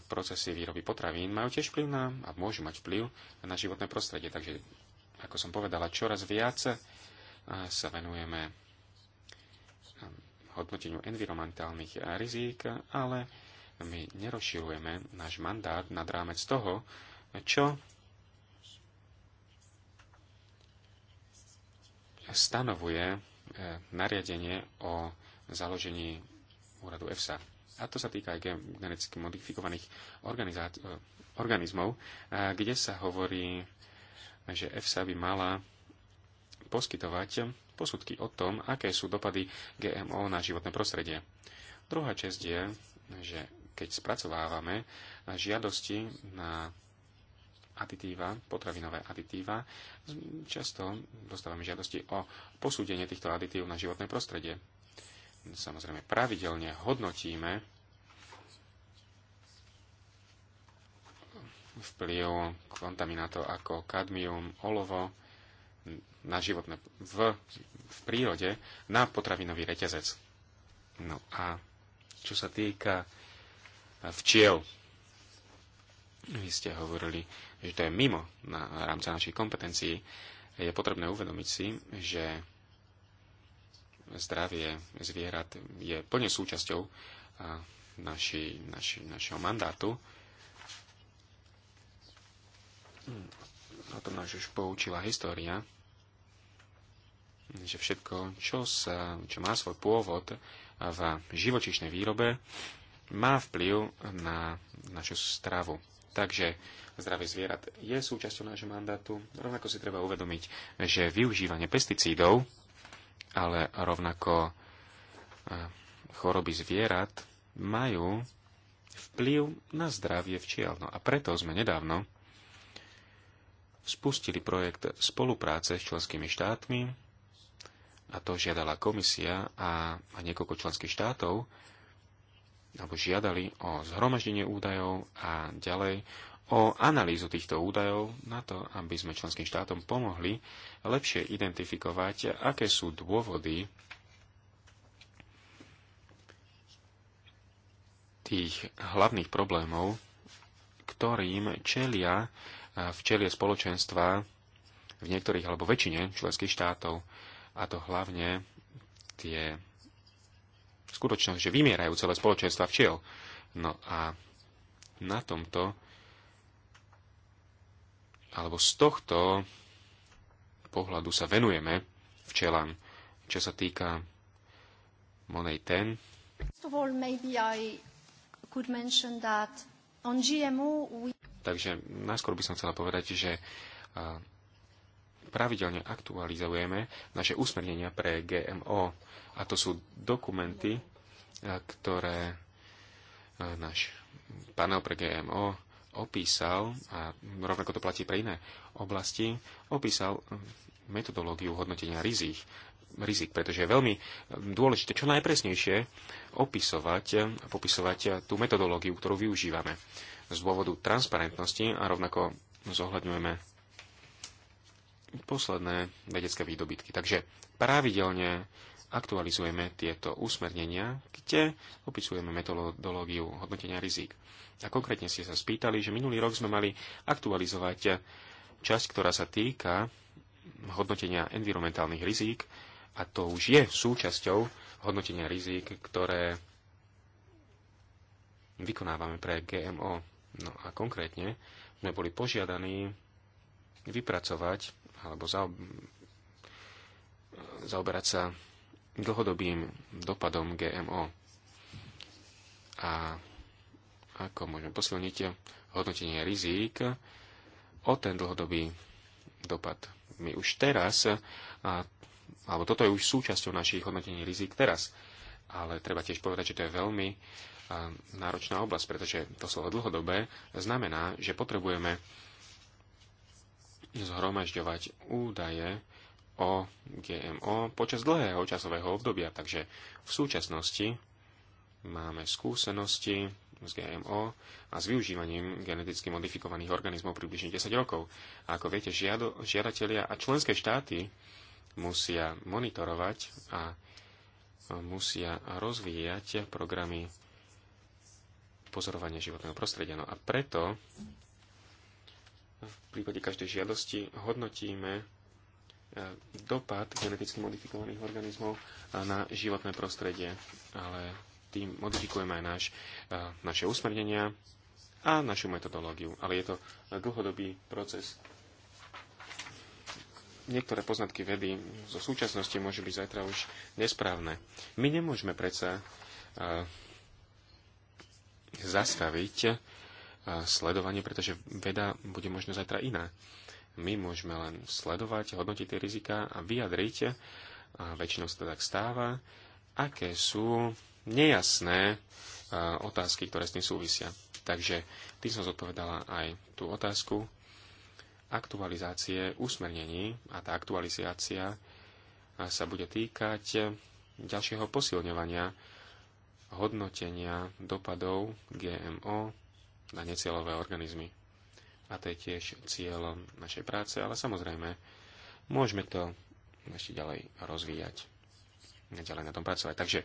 procesy výroby potravín majú tiež vplyv na, a môžu mať vplyv na životné prostredie. Takže, ako som povedala, čoraz viac sa venujeme hodnoteniu environmentálnych rizík, ale my nerozširujeme náš mandát nad rámec toho, čo stanovuje e, nariadenie o založení úradu EFSA. A to sa týka aj geneticky modifikovaných e, organizmov, e, kde sa hovorí, že EFSA by mala poskytovať posudky o tom, aké sú dopady GMO na životné prostredie. Druhá časť je, že keď spracovávame žiadosti na aditíva, potravinové aditíva, často dostávame žiadosti o posúdenie týchto aditív na životné prostredie. Samozrejme, pravidelne hodnotíme vplyv kontaminátov ako kadmium, olovo, na životné, v, v prírode na potravinový reťazec. No a čo sa týka včiel, vy ste hovorili, že to je mimo na rámca našich kompetencií, je potrebné uvedomiť si, že zdravie zvierat je plne súčasťou naši, naši, našeho mandátu. O tom nás už poučila história že všetko, čo, sa, čo má svoj pôvod v živočišnej výrobe, má vplyv na našu stravu. Takže zdravie zvierat je súčasťou nášho mandátu. Rovnako si treba uvedomiť, že využívanie pesticídov, ale rovnako eh, choroby zvierat majú vplyv na zdravie včiel. No a preto sme nedávno spustili projekt spolupráce s členskými štátmi, a to žiadala komisia a, a niekoľko členských štátov, alebo žiadali o zhromaždenie údajov a ďalej o analýzu týchto údajov na to, aby sme členským štátom pomohli lepšie identifikovať, aké sú dôvody tých hlavných problémov, ktorým čelia eh, v čelie spoločenstva v niektorých alebo väčšine členských štátov. A to hlavne tie skutočnosť, že vymierajú celé spoločenstva včiel. No a na tomto alebo z tohto pohľadu sa venujeme včelám, čo sa týka Monej ten. Takže najskôr by som chcela povedať, že pravidelne aktualizujeme naše usmernenia pre GMO. A to sú dokumenty, e, ktoré e, náš panel pre GMO opísal, a rovnako to platí pre iné oblasti, opísal e, metodológiu hodnotenia rizik, rizik, pretože je veľmi dôležité čo najpresnejšie opisovať, popisovať tú metodológiu, ktorú využívame. Z dôvodu transparentnosti a rovnako zohľadňujeme posledné vedecké výdobytky. Takže pravidelne aktualizujeme tieto usmernenia, kde opisujeme metodológiu hodnotenia rizik. A konkrétne ste sa spýtali, že minulý rok sme mali aktualizovať časť, ktorá sa týka hodnotenia environmentálnych rizík a to už je súčasťou hodnotenia rizík, ktoré vykonávame pre GMO. No a konkrétne sme boli požiadaní vypracovať alebo zaoberať sa dlhodobým dopadom GMO a ako môžeme posilniť hodnotenie rizík o ten dlhodobý dopad. My už teraz, a, alebo toto je už súčasťou našich hodnotení rizik teraz, ale treba tiež povedať, že to je veľmi náročná oblasť, pretože to slovo dlhodobé znamená, že potrebujeme zhromažďovať údaje o GMO počas dlhého časového obdobia. Takže v súčasnosti máme skúsenosti s GMO a s využívaním geneticky modifikovaných organizmov približne 10 rokov. A ako viete, žiado, žiadatelia a členské štáty musia monitorovať a musia rozvíjať programy pozorovania životného prostredia. No a preto v prípade každej žiadosti hodnotíme e, dopad geneticky modifikovaných organizmov na životné prostredie, ale tým modifikujeme aj naš, e, naše usmernenia a našu metodológiu. Ale je to dlhodobý proces. Niektoré poznatky vedy zo súčasnosti môžu byť zajtra už nesprávne. My nemôžeme predsa e, zastaviť sledovanie, pretože veda bude možno zajtra iná. My môžeme len sledovať, hodnotiť tie rizika a vyjadriť, a väčšinou sa to tak stáva, aké sú nejasné otázky, ktoré s tým súvisia. Takže tým som zodpovedala aj tú otázku aktualizácie usmernení a tá aktualizácia sa bude týkať ďalšieho posilňovania hodnotenia dopadov GMO na necieľové organizmy. A to je tiež cieľom našej práce, ale samozrejme, môžeme to ešte ďalej rozvíjať, ďalej na tom pracovať. Takže,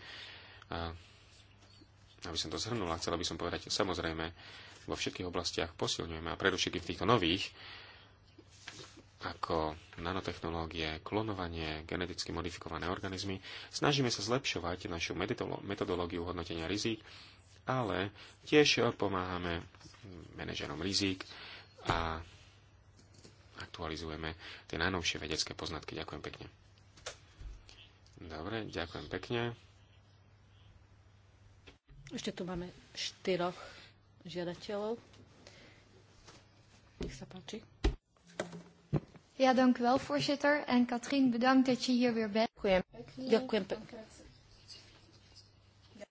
aby som to zhrnula, chcela by som povedať, samozrejme, vo všetkých oblastiach posilňujeme a predovšetkým v týchto nových, ako nanotechnológie, klonovanie, geneticky modifikované organizmy, snažíme sa zlepšovať našu metodológiu hodnotenia rizik ale tiež pomáhame manažerom rizik a aktualizujeme tie najnovšie vedecké poznatky. Ďakujem pekne. Dobre, ďakujem pekne. Ešte tu máme štyroch žiadateľov. Nech sa páči. Ja, dank wel, voorzitter. En Katrien, bedankt dat je hier weer bent. Ďakujem. Ďakujem.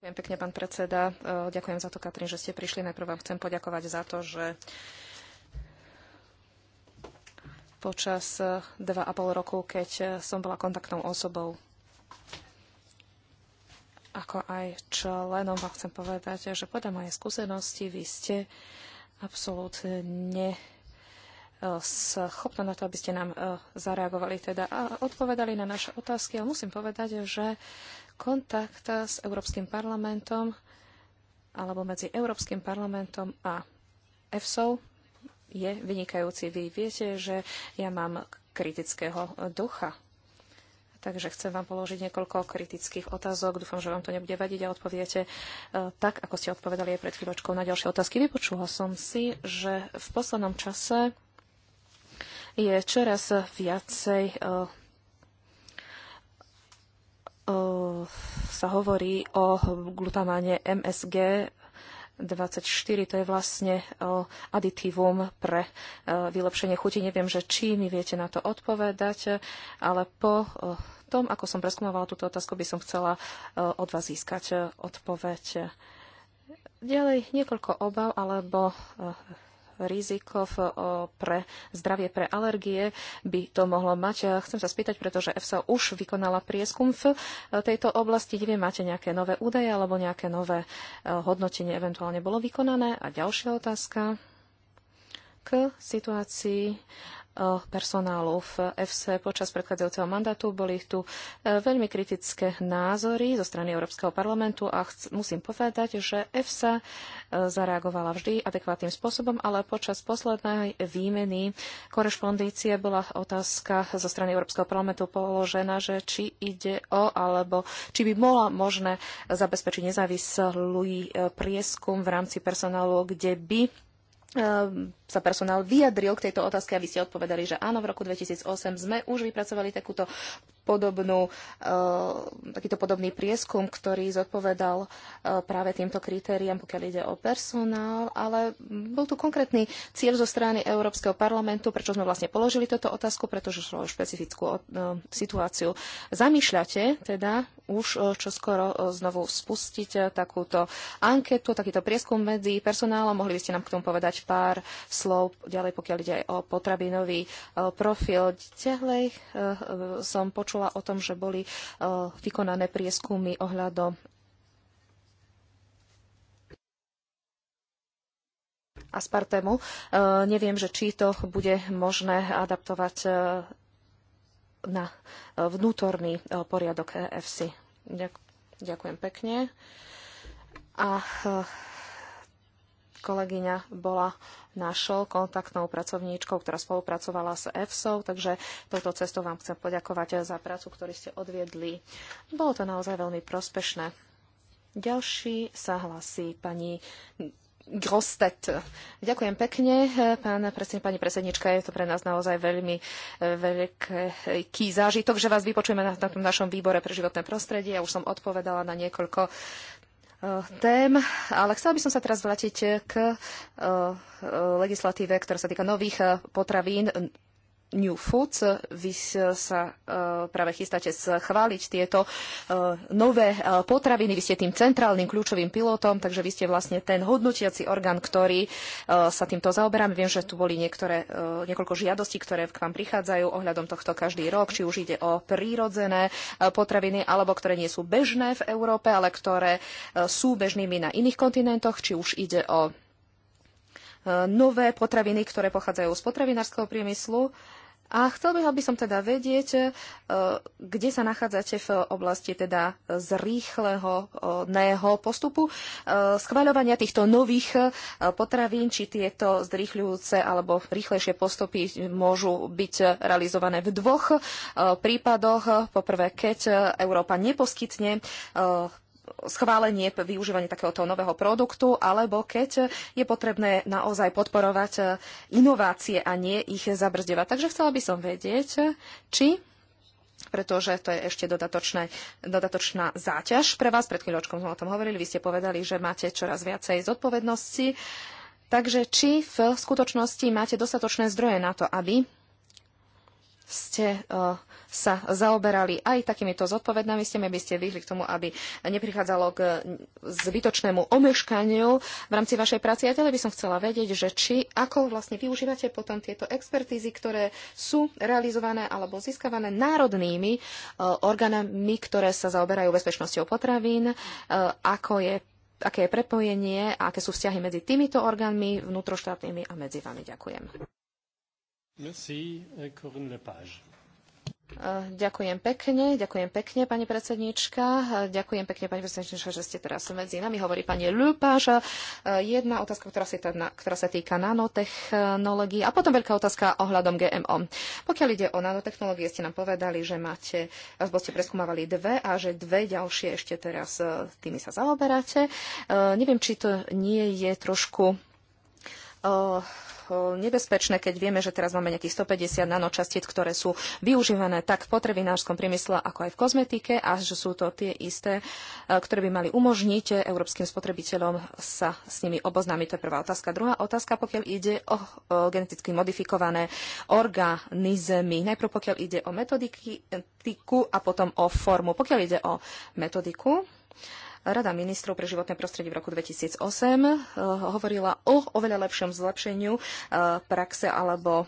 Ďakujem pekne, pán predseda. E, ďakujem za to, Katrin, že ste prišli. Najprv vám chcem poďakovať za to, že počas 2,5 e, roku, keď e, som bola kontaktnou osobou ako aj členom vám chcem povedať, že podľa mojej skúsenosti vy ste absolútne schopná na to, aby ste nám zareagovali teda a odpovedali na naše otázky. Ale musím povedať, že kontakt s Európskym parlamentom alebo medzi Európskym parlamentom a EFSO je vynikajúci. Vy viete, že ja mám kritického ducha. Takže chcem vám položiť niekoľko kritických otázok. Dúfam, že vám to nebude vadiť a odpoviete e, tak, ako ste odpovedali aj pred chvíľočkou na ďalšie otázky. Vypočula som si, že v poslednom čase je čoraz viacej e, sa hovorí o glutamáne MSG 24, to je vlastne aditívum pre vylepšenie chuti. Neviem, že či mi viete na to odpovedať, ale po tom, ako som preskúmovala túto otázku, by som chcela od vás získať odpoveď. Ďalej niekoľko obav alebo riziko v, pre zdravie, pre alergie by to mohlo mať. Chcem sa spýtať, pretože EFSA už vykonala prieskum v e, tejto oblasti. Neviem, máte nejaké nové údaje alebo nejaké nové e, hodnotenie eventuálne bolo vykonané? A ďalšia otázka k situácii e, personálu v FC počas predchádzajúceho mandátu. Boli tu e, veľmi kritické názory zo strany Európskeho parlamentu a musím povedať, že EFSA zareagovala vždy adekvátnym spôsobom, ale počas poslednej výmeny korešpondície bola otázka zo strany Európskeho parlamentu položená, že či ide o alebo či by mohla možné zabezpečiť nezávislý e, prieskum v rámci personálu, kde by sa personál vyjadril k tejto otázke a vy ste odpovedali, že áno, v roku 2008 sme už vypracovali takúto podobnú, eh, takýto podobný prieskum, ktorý zodpovedal eh, práve týmto kritériám, pokiaľ ide o personál, ale bol tu konkrétny cieľ zo strany Európskeho parlamentu, prečo sme vlastne položili túto otázku, pretože šlo o špecifickú eh, situáciu. Zamýšľate teda už čoskoro znovu spustiť takúto anketu, takýto prieskum medzi personálom. Mohli by ste nám k tomu povedať pár slov ďalej, pokiaľ ide o potravinový e, profil. Ďalej e, e, som počula o tom, že boli vykonané prieskumy ohľadom aspartému. Neviem, že či to bude možné adaptovať na vnútorný poriadok EFC. Ďakujem pekne. A kolegyňa bola našou kontaktnou pracovníčkou, ktorá spolupracovala s EFSO, takže touto cestou vám chcem poďakovať za prácu, ktorú ste odviedli. Bolo to naozaj veľmi prospešné. Ďalší sa hlasí pani Grostet. Ďakujem pekne, pán, presne, pani predsednička. Je to pre nás naozaj veľmi e, veľký zážitok, že vás vypočujeme na, na tom našom výbore pre životné prostredie. Ja už som odpovedala na niekoľko Eh, tém, ale chcela by som sa teraz vrátiť k eh, eh, legislatíve, ktorá sa týka nových potravín, New Foods. Vy sa e, práve chystáte schváliť tieto e, nové e, potraviny. Vy ste tým centrálnym kľúčovým pilotom, takže vy ste vlastne ten hodnotiaci orgán, ktorý sa týmto zaoberá. Viem, že tu boli niektoré, niekoľko žiadostí, ktoré k vám prichádzajú ohľadom tohto každý rok, či už ide o prírodzené potraviny, alebo ktoré nie sú bežné v Európe, ale ktoré sú bežnými na iných kontinentoch, či už ide o nové potraviny, ktoré pochádzajú z potravinárskeho priemyslu a chcel by, aby som teda vedieť, e, kde sa nachádzate v oblasti teda neho e, postupu e, schváľovania týchto nových potravín, či tieto zrýchľujúce alebo rýchlejšie postupy môžu byť realizované v dvoch prípadoch. Poprvé, keď Európa neposkytne schválenie využívanie takéhoto nového produktu, alebo keď je potrebné naozaj podporovať eh, inovácie a nie ich zabrzdevať. Takže chcela by som vedieť, či pretože to je ešte dodatočné, dodatočná záťaž pre vás. Pred chvíľočkom sme o tom hovorili, vy ste povedali, že máte čoraz viacej zodpovednosti. Takže či v skutočnosti máte dostatočné zdroje na to, aby ste uh, sa zaoberali aj takýmito zodpovednými ste, aby ste vyhli k tomu, aby neprichádzalo k zbytočnému omeškaniu v rámci vašej práce. Ja teda by som chcela vedieť, že či ako vlastne využívate potom tieto expertízy, ktoré sú realizované alebo získavané národnými e, orgánami, ktoré sa zaoberajú bezpečnosťou potravín, e, ako je aké je prepojenie a aké sú vzťahy medzi týmito orgánmi vnútroštátnymi a medzi vami. Ďakujem. Merci, Corinne Lepage. Eh, ďakujem pekne, ďakujem pekne, pani predsednička. Eh, ďakujem pekne, pani predsednička, že ste teraz medzi nami. Hovorí pani Lupáš. Eh, jedna otázka, ktorá sa, týka, ktorá sa týka nanotechnológií a potom veľká otázka ohľadom GMO. Pokiaľ ide o nanotechnológie, ste nám povedali, že máte, ste preskúmavali dve a že dve ďalšie ešte teraz tými sa zaoberáte. Neviem, či to nie je trošku Eh, nebezpečné, keď vieme, že teraz máme nejakých 150 nanočastíc, ktoré sú využívané tak v potravinárskom priemysle, ako aj v kozmetike a že sú to tie isté, eh, ktoré by mali umožniť európskym spotrebiteľom sa s nimi oboznámiť. To je prvá otázka. Druhá otázka, pokiaľ ide o, eh, geneticky modifikované organizmy. Najprv pokiaľ ide o metodiku a potom o formu. Pokiaľ ide o metodiku, Rada ministrov pre životné prostredie v roku 2008 eh, hovorila o oveľa lepšom zlepšeniu eh, praxe alebo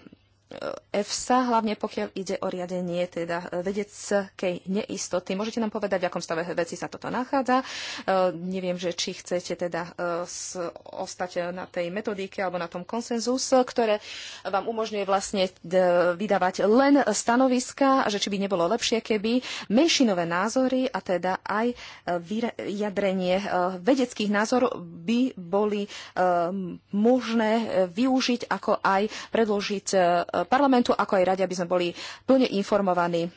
EFSA, hlavne pokiaľ ide o riadenie teda vedeckej neistoty. Môžete nám povedať, v akom stave veci sa toto nachádza. E, neviem, že či chcete teda e, ostať na tej metodike alebo na tom konsenzus, ktoré vám umožňuje vlastne e, vydávať len stanoviska, že či by nebolo lepšie, keby menšinové názory a teda aj vyjadrenie vedeckých názorov by boli možné využiť ako aj predložiť parlamentu, ako aj rade, aby sme boli plne informovaní.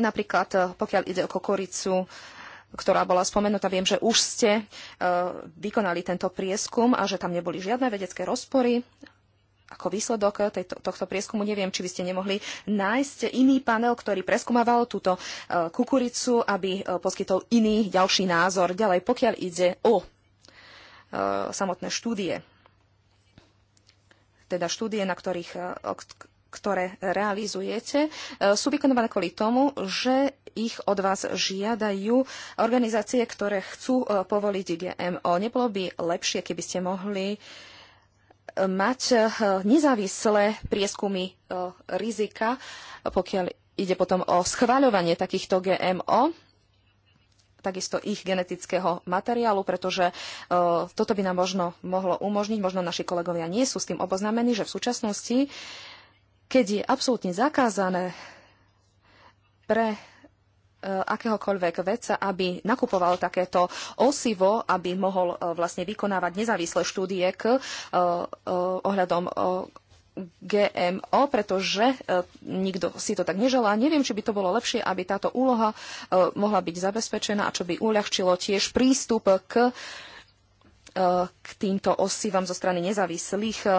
Napríklad, eh, pokiaľ ide o kokoricu, ktorá bola spomenutá, viem, že už ste eh, vykonali tento prieskum a že tam neboli žiadne vedecké rozpory ako výsledok tejto, tohto prieskumu. Neviem, či by ste nemohli nájsť iný panel, ktorý preskúmaval túto eh, kukuricu, aby poskytol iný ďalší názor. Ďalej, pokiaľ ide o samotné štúdie teda štúdie, na ktorých, e, ktoré realizujete, e, sú vykonované kvôli tomu, že ich od vás žiadajú organizácie, ktoré chcú e, povoliť GMO. Nebolo by lepšie, keby ste mohli mať nezávislé prieskumy rizika, pokiaľ ide potom o schváľovanie takýchto GMO takisto ich genetického materiálu, pretože e, toto by nám možno mohlo umožniť, možno naši kolegovia nie sú s tým oboznámení, že v súčasnosti, keď je absolútne zakázané pre e, akéhokoľvek vedca, aby nakupoval takéto osivo, aby mohol e, vlastne vykonávať nezávislé štúdie k ohľadom GMO, pretože e, nikto si to tak neželá. Neviem, či by to bolo lepšie, aby táto úloha e, mohla byť zabezpečená a čo by uľahčilo tiež prístup k k týmto osívam zo strany nezávislých e,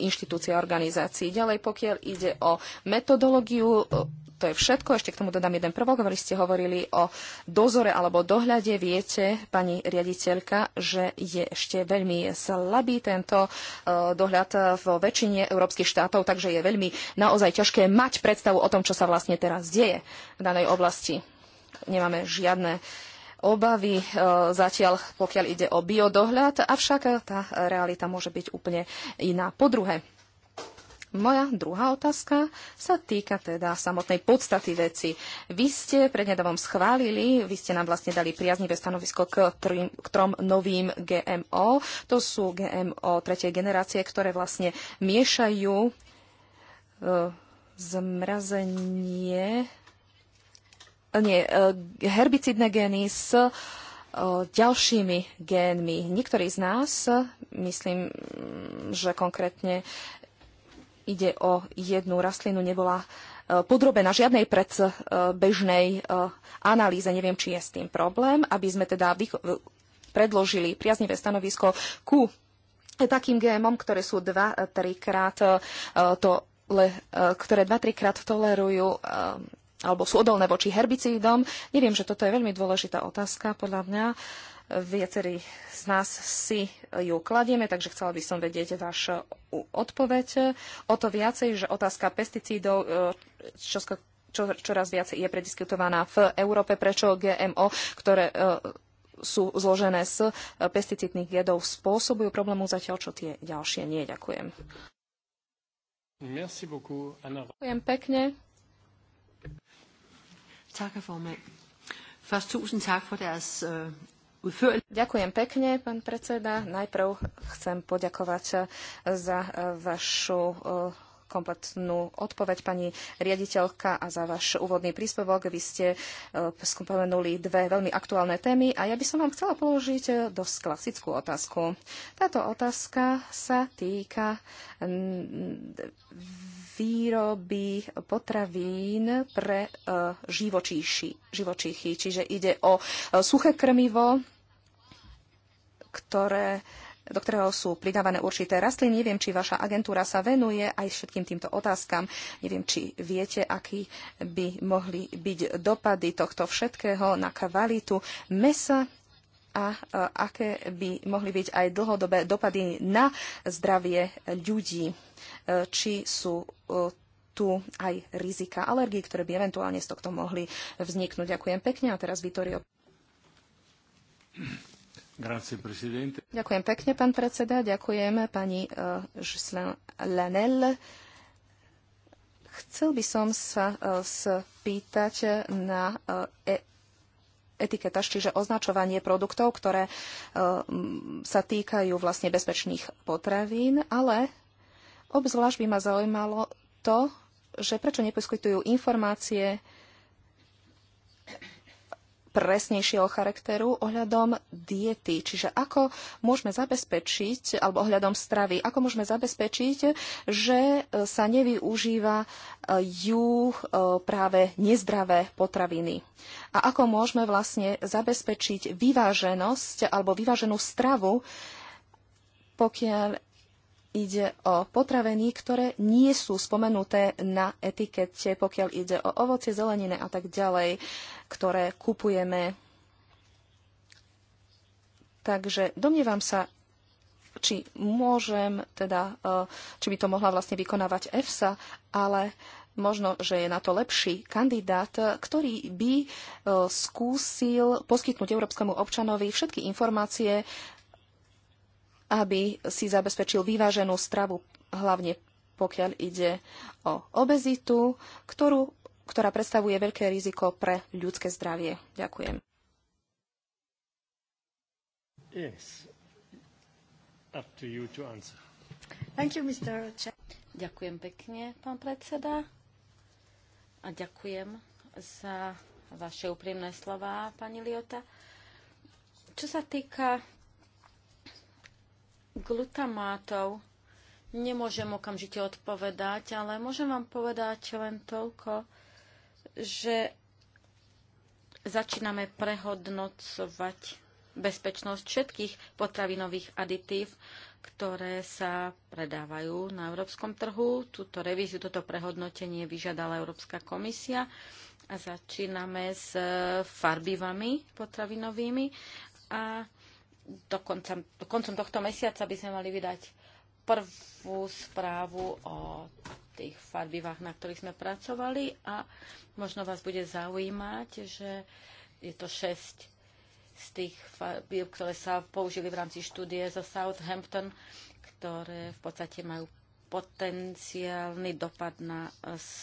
inštitúcií a organizácií. Ďalej, pokiaľ ide o metodológiu, e, to je všetko. Ešte k tomu dodám jeden prvok. Vy ste hovorili o dozore alebo dohľade. Viete, pani riaditeľka, že je ešte veľmi slabý tento e, dohľad vo väčšine európskych štátov, takže je veľmi naozaj ťažké mať predstavu o tom, čo sa vlastne teraz deje v danej oblasti. Nemáme žiadne obavy e, zatiaľ, pokiaľ ide o biodohľad, avšak tá realita môže byť úplne iná. Po druhé, moja druhá otázka sa týka teda samotnej podstaty veci. Vy ste prednedávom schválili, vy ste nám vlastne dali priaznivé stanovisko k, trým, k trom novým GMO. To sú GMO tretej generácie, ktoré vlastne miešajú e, zmrazenie nie, e, herbicidné gény s e, ďalšími génmi. Niektorí z nás, e, myslím, mm, že konkrétne ide o jednu rastlinu, nebola podrobená žiadnej predbežnej analýze. Neviem, či je s tým problém, aby sme teda predložili priaznivé stanovisko ku takým gémom, ktoré sú 2-3 krát to ktoré 2-3 krát tolerujú alebo sú odolné voči herbicídom. Neviem, že toto je veľmi dôležitá otázka podľa mňa. Viacerí z nás si ju kladieme, takže chcela by som vedieť váš odpoveď. O to viacej, že otázka pesticídov, e, čo čoraz viac je prediskutovaná v Európe, prečo GMO, ktoré e, sú zložené z pesticídnych jedov, spôsobujú problému zatiaľ, čo tie ďalšie nie. Ďakujem. Merci beaucoup, Anna. Ďakujem pekne. Tak, formand. Først tusind tak for deres øh, udførelse. Ďakujem pekne, pán predseda. Najprv chcem poďakovať eh, za eh, vašu eh, kompletnú odpoveď, pani riaditeľka, a za váš úvodný príspevok. Vy ste e, spomenuli dve veľmi aktuálne témy a ja by som vám chcela položiť e, dosť klasickú otázku. Táto otázka sa týka výroby potravín pre e, živočíchy. Čiže ide o suché krmivo, ktoré do ktorého sú pridávané určité rastliny. Neviem, či vaša agentúra sa venuje aj všetkým týmto otázkam. Neviem, či viete, aký by mohli byť dopady tohto všetkého na kvalitu mesa a e, aké by mohli byť aj dlhodobé dopady na zdravie ľudí. E, či sú e, tu aj rizika alergií, ktoré by eventuálne z tohto mohli vzniknúť. Ďakujem pekne a teraz Vitorio ďakujem pekne, pán predseda. Ďakujem pani Žislen eh, Lenel. Chcel by som sa eh, spýtať na eh, e- etiketáž, čiže označovanie produktov, ktoré sa týkajú vlastne bezpečných potravín, ale obzvlášť by ma zaujímalo to, že prečo neposkytujú informácie presnejšieho charakteru ohľadom diety. Čiže ako môžeme zabezpečiť, alebo ohľadom stravy, ako môžeme zabezpečiť, že e, sa nevyužíva e, ju e, práve nezdravé potraviny. A ako môžeme vlastne zabezpečiť vyváženosť alebo vyváženú stravu, pokiaľ ide o potraviny, ktoré nie sú spomenuté na etikete, pokiaľ ide o ovocie, zelenine a tak ďalej ktoré kupujeme. Takže domnievam sa, či môžem, teda, e, či by to mohla vlastne vykonávať EFSA, ale možno, že je na to lepší kandidát, ktorý by e, skúsil poskytnúť európskemu občanovi všetky informácie, aby si zabezpečil vyváženú stravu, hlavne pokiaľ ide o obezitu, ktorú ktorá predstavuje veľké riziko pre ľudské zdravie. Ďakujem. Yes. Up to you to answer. Thank you, Mr. Ďakujem pekne, pán predseda. A ďakujem za vaše úprimné slova, pani Liota. Čo sa týka glutamátov, nemôžem okamžite odpovedať, ale môžem vám povedať len toľko, že začíname prehodnocovať bezpečnosť všetkých potravinových aditív, ktoré sa predávajú na európskom trhu. Túto revíziu, toto prehodnotenie vyžiadala Európska komisia a začíname s farbivami potravinovými a do konca, do koncom tohto mesiaca by sme mali vydať prvú správu o tých farbivách, na ktorých sme pracovali a možno vás bude zaujímať, že je to 6 z tých farbív, ktoré sa použili v rámci štúdie zo Southampton, ktoré v podstate majú potenciálny dopad na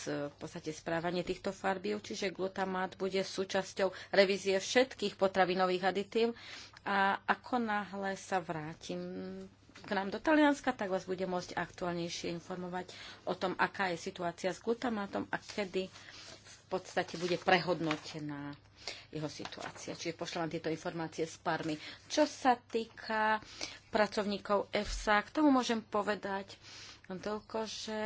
v podstate správanie týchto farbív, čiže glutamát bude súčasťou revízie všetkých potravinových aditív a ako náhle sa vrátim k nám do Talianska, tak vás bude môcť aktuálnejšie informovať o tom, aká je situácia s glutamátom a kedy v podstate bude prehodnotená jeho situácia. Čiže pošlem vám tieto informácie s parmi. Čo sa týka pracovníkov EFSA, k tomu môžem povedať, toľko, že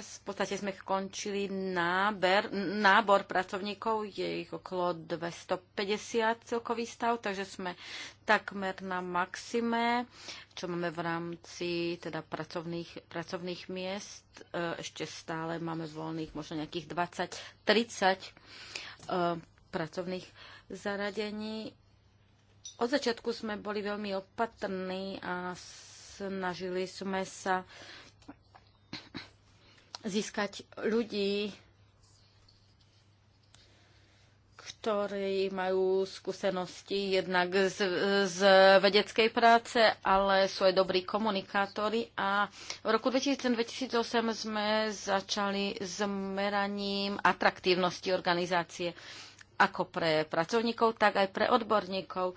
v podstate sme končili náber, nábor pracovníkov, je ich okolo 250 celkový stav, takže sme takmer na maxime, čo máme v rámci teda pracovných, pracovných miest. E, ešte stále máme voľných možno nejakých 20-30 e, pracovných zaradení. Od začiatku sme boli veľmi opatrní a snažili sme sa získať ľudí, ktorí majú skúsenosti jednak z, z vedeckej práce, ale sú aj dobrí komunikátori. A v roku 2008 sme začali s meraním atraktívnosti organizácie ako pre pracovníkov, tak aj pre odborníkov.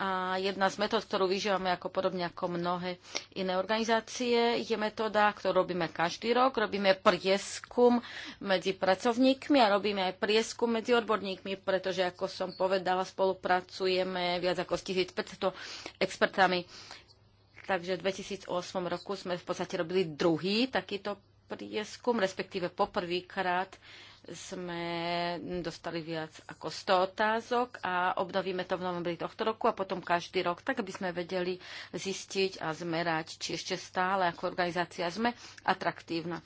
A jedna z metód, ktorú vyžívame ako podobne ako mnohé iné organizácie, je metóda, ktorú robíme každý rok. Robíme prieskum medzi pracovníkmi a robíme aj prieskum medzi odborníkmi, pretože, ako som povedala, spolupracujeme viac ako s 1500 expertami. Takže v 2008 roku sme v podstate robili druhý takýto prieskum, respektíve poprvýkrát sme dostali viac ako 100 otázok a obnovíme to v novembri tohto roku a potom každý rok, tak aby sme vedeli zistiť a zmerať, či ešte stále ako organizácia sme atraktívna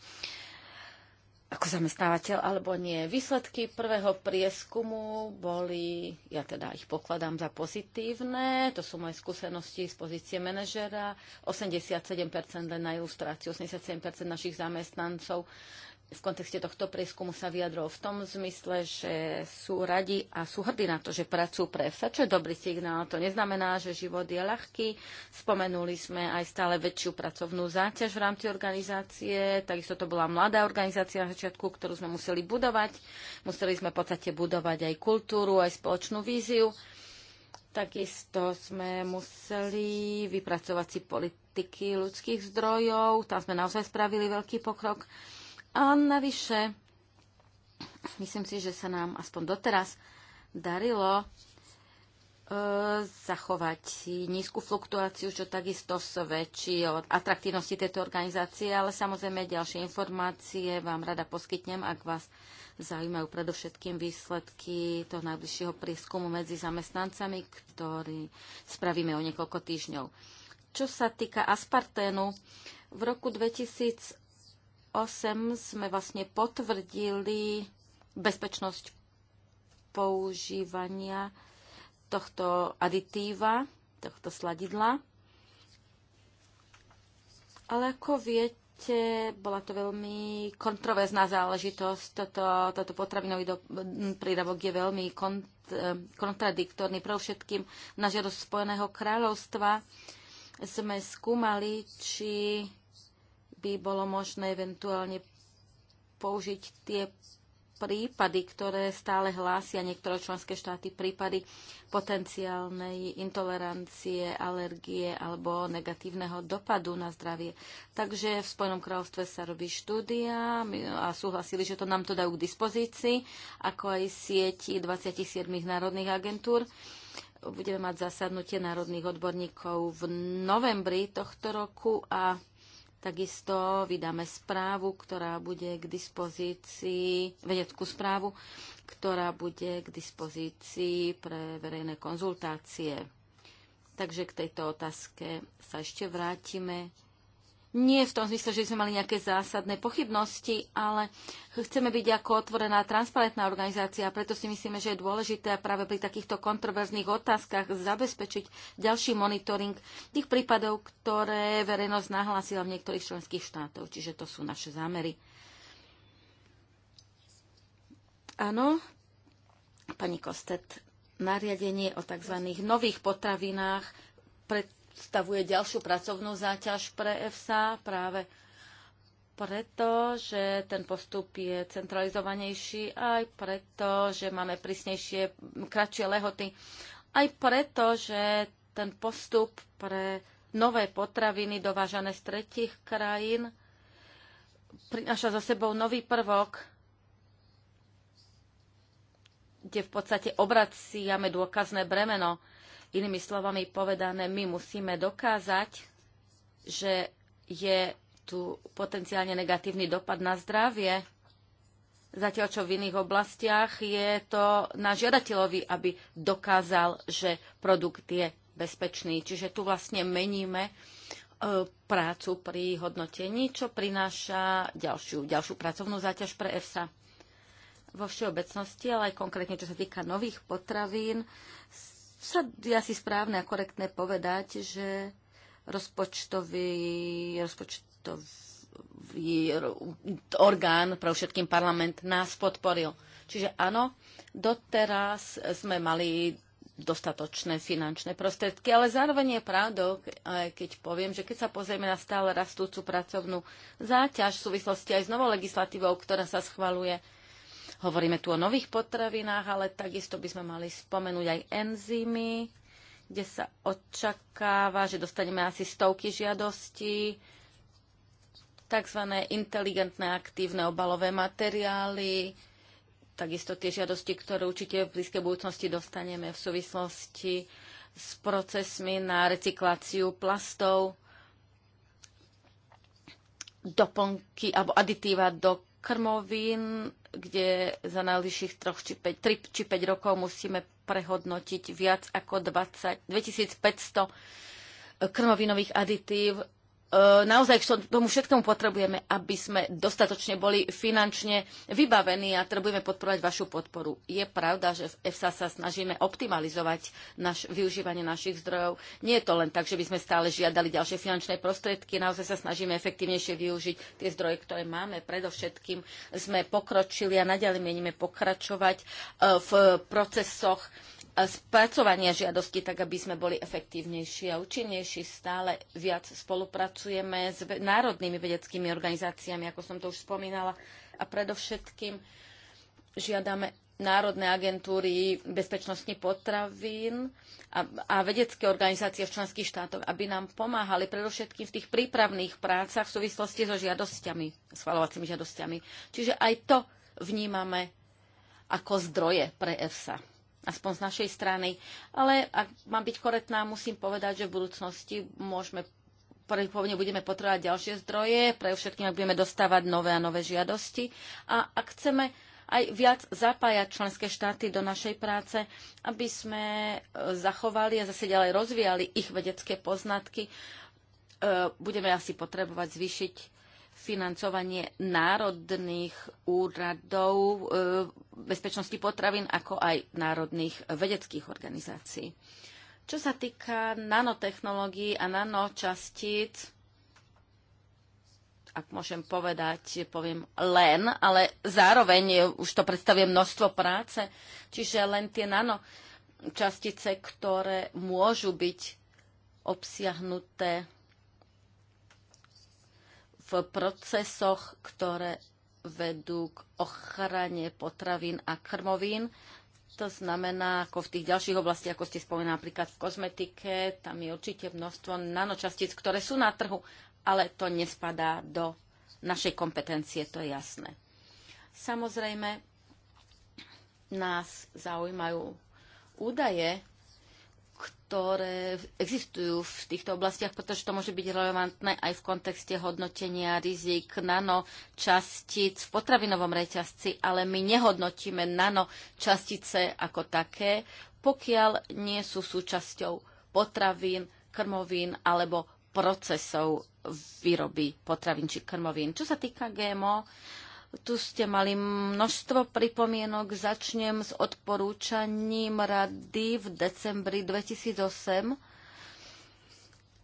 ako zamestnávateľ alebo nie. Výsledky prvého prieskumu boli, ja teda ich pokladám za pozitívne, to sú moje skúsenosti z pozície manažera, 87% len na ilustráciu, 87% našich zamestnancov v kontexte tohto prieskumu sa vyjadrol v tom zmysle, že sú radi a sú hrdí na to, že pracujú pre sa, čo je dobrý signál. To neznamená, že život je ľahký. Spomenuli sme aj stále väčšiu pracovnú záťaž v rámci organizácie. Takisto to bola mladá organizácia na začiatku, ktorú sme museli budovať. Museli sme v podstate budovať aj kultúru, aj spoločnú víziu. Takisto sme museli vypracovať si politiky ľudských zdrojov. Tam sme naozaj spravili veľký pokrok a navyše, myslím si, že sa nám aspoň doteraz darilo e, zachovať nízku fluktuáciu, čo takisto svedčí o atraktívnosti tejto organizácie, ale samozrejme ďalšie informácie vám rada poskytnem, ak vás zaujímajú predovšetkým výsledky toho najbližšieho prieskumu medzi zamestnancami, ktorý spravíme o niekoľko týždňov. Čo sa týka asparténu, v roku 2000 sme vlastne potvrdili bezpečnosť používania tohto aditíva, tohto sladidla. Ale ako viete, bola to veľmi kontroverzná záležitosť. Toto, toto potravinový do, prídavok je veľmi kont, kontradiktorný. Pre všetkým na žiadosť Spojeného kráľovstva sme skúmali, či by bolo možné eventuálne použiť tie prípady, ktoré stále hlásia niektoré členské štáty, prípady potenciálnej intolerancie, alergie alebo negatívneho dopadu na zdravie. Takže v Spojenom kráľovstve sa robí štúdia a súhlasili, že to nám to dajú k dispozícii, ako aj sieti 27 národných agentúr. Budeme mať zasadnutie národných odborníkov v novembri tohto roku a Takisto vydáme správu, ktorá bude k dispozícii, vedeckú správu, ktorá bude k dispozícii pre verejné konzultácie. Takže k tejto otázke sa ešte vrátime nie v tom zmysle, že sme mali nejaké zásadné pochybnosti, ale chceme byť ako otvorená transparentná organizácia a preto si myslíme, že je dôležité práve pri takýchto kontroverzných otázkach zabezpečiť ďalší monitoring tých prípadov, ktoré verejnosť nahlásila v niektorých členských štátoch, Čiže to sú naše zámery. Áno, pani Kostet, nariadenie o tzv. nových potravinách pred predstavuje ďalšiu pracovnú záťaž pre EFSA práve preto, že ten postup je centralizovanejší, aj preto, že máme prísnejšie, kratšie lehoty, aj preto, že ten postup pre nové potraviny dovážané z tretich krajín prináša za sebou nový prvok, kde v podstate obraciame dôkazné bremeno Inými slovami povedané, my musíme dokázať, že je tu potenciálne negatívny dopad na zdravie, zatiaľ čo v iných oblastiach je to na žiadateľovi, aby dokázal, že produkt je bezpečný. Čiže tu vlastne meníme e, prácu pri hodnotení, čo prináša ďalšiu, ďalšiu pracovnú záťaž pre EFSA. Vo všeobecnosti, ale aj konkrétne čo sa týka nových potravín, sa je asi správne a korektné povedať, že rozpočtový, rozpočtový orgán, pre všetkým parlament, nás podporil. Čiže áno, doteraz sme mali dostatočné finančné prostriedky, ale zároveň je pravdou, keď poviem, že keď sa pozrieme na stále rastúcu pracovnú záťaž v súvislosti aj s novou legislatívou, ktorá sa schvaluje, Hovoríme tu o nových potravinách, ale takisto by sme mali spomenúť aj enzymy, kde sa očakáva, že dostaneme asi stovky žiadostí, tzv. inteligentné aktívne obalové materiály, takisto tie žiadosti, ktoré určite v blízkej budúcnosti dostaneme v súvislosti s procesmi na recykláciu plastov, doplnky alebo aditíva do krmovín, kde za najbližších 3 či 5, 3 či 5 rokov musíme prehodnotiť viac ako 20, 2500 krmovinových aditív E, naozaj k tomu všetkému potrebujeme, aby sme dostatočne boli finančne vybavení a trebujeme teda podporovať vašu podporu. Je pravda, že v EFSA sa snažíme optimalizovať naš, využívanie našich zdrojov. Nie je to len tak, že by sme stále žiadali ďalšie finančné prostriedky, naozaj sa snažíme efektívnejšie využiť tie zdroje, ktoré máme. Predovšetkým sme pokročili a naďalej mienime pokračovať e, v procesoch spracovania žiadosti, tak aby sme boli efektívnejší a účinnejší. Stále viac spolupracujeme s národnými vedeckými organizáciami, ako som to už spomínala, a predovšetkým žiadame Národné agentúry bezpečnosti potravín a, a vedecké organizácie v členských štátoch, aby nám pomáhali predovšetkým v tých prípravných prácach v súvislosti so žiadosťami, schvalovacími žiadosťami. Čiže aj to vnímame ako zdroje pre EFSA aspoň z našej strany. Ale ak mám byť korektná, musím povedať, že v budúcnosti môžeme pravdepodobne budeme potrebovať ďalšie zdroje, pre všetkým, ak budeme dostávať nové a nové žiadosti. A ak chceme aj viac zapájať členské štáty do našej práce, aby sme e, zachovali a zase ďalej rozvíjali ich vedecké poznatky. E, budeme asi potrebovať zvýšiť financovanie národných úradov e, bezpečnosti potravín, ako aj národných vedeckých organizácií. Čo sa týka nanotechnológií a nanočastíc, ak môžem povedať, poviem len, ale zároveň už to predstavuje množstvo práce, čiže len tie nanočastice, ktoré môžu byť obsiahnuté v procesoch, ktoré vedú k ochrane potravín a krmovín. To znamená, ako v tých ďalších oblastiach, ako ste spomenuli, napríklad v kozmetike, tam je určite množstvo nanočastíc, ktoré sú na trhu, ale to nespadá do našej kompetencie, to je jasné. Samozrejme, nás zaujímajú údaje ktoré existujú v týchto oblastiach, pretože to môže byť relevantné aj v kontexte hodnotenia rizik nanočastíc v potravinovom reťazci, ale my nehodnotíme nanočastice ako také, pokiaľ nie sú súčasťou potravín, krmovín alebo procesov výroby potravín či krmovín. Čo sa týka GMO, tu ste mali množstvo pripomienok. Začnem s odporúčaním rady v decembri 2008,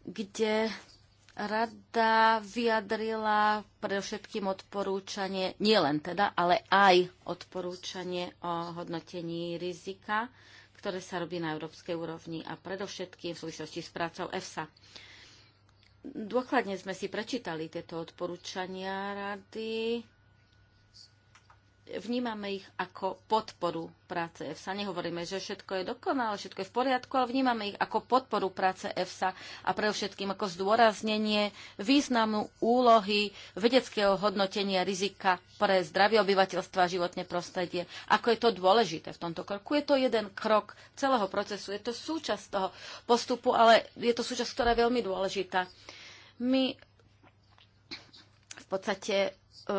kde rada vyjadrila predovšetkým odporúčanie, nielen teda, ale aj odporúčanie o hodnotení rizika, ktoré sa robí na európskej úrovni a predovšetkým v súvislosti s prácou EFSA. Dôkladne sme si prečítali tieto odporúčania rady vnímame ich ako podporu práce EFSA. Nehovoríme, že všetko je dokonalé, všetko je v poriadku, ale vnímame ich ako podporu práce EFSA a všetkým ako zdôraznenie významu úlohy vedeckého hodnotenia rizika pre zdravie obyvateľstva a životné prostredie. Ako je to dôležité v tomto kroku? Je to jeden krok celého procesu, je to súčasť toho postupu, ale je to súčasť, ktorá je veľmi dôležitá. My v podstate E,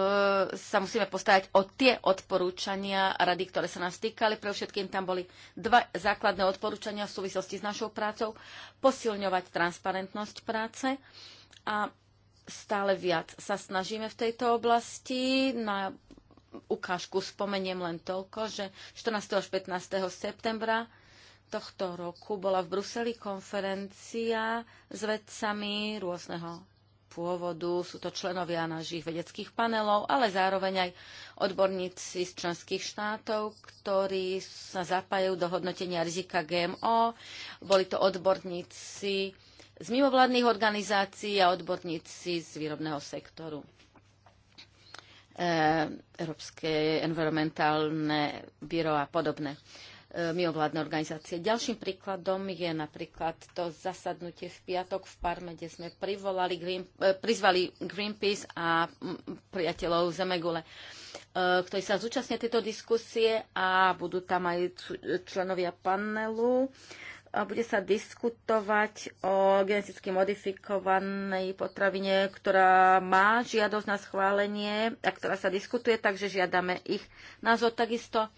sa musíme postarať o tie odporúčania rady, ktoré sa nás týkali. Pre všetkým tam boli dva základné odporúčania v súvislosti s našou prácou. Posilňovať transparentnosť práce a stále viac sa snažíme v tejto oblasti. Na ukážku spomeniem len toľko, že 14. až 15. septembra tohto roku bola v Bruseli konferencia s vedcami rôzneho pôvodu, sú to členovia našich vedeckých panelov, ale zároveň aj odborníci z členských štátov, ktorí sa zapájajú do hodnotenia rizika GMO. Boli to odborníci z mimovládnych organizácií a odborníci z výrobného sektoru. E, Európske environmentálne byro a podobné. E, mimovládne organizácie. Ďalším príkladom je napríklad to zasadnutie v piatok v Parme, kde sme privolali Green, e, prizvali Greenpeace a priateľov Zemegule, e, ktorí sa zúčastnia tejto diskusie a budú tam aj členovia panelu a bude sa diskutovať o geneticky modifikovanej potravine, ktorá má žiadosť na schválenie a ktorá sa diskutuje, takže žiadame ich názor takisto.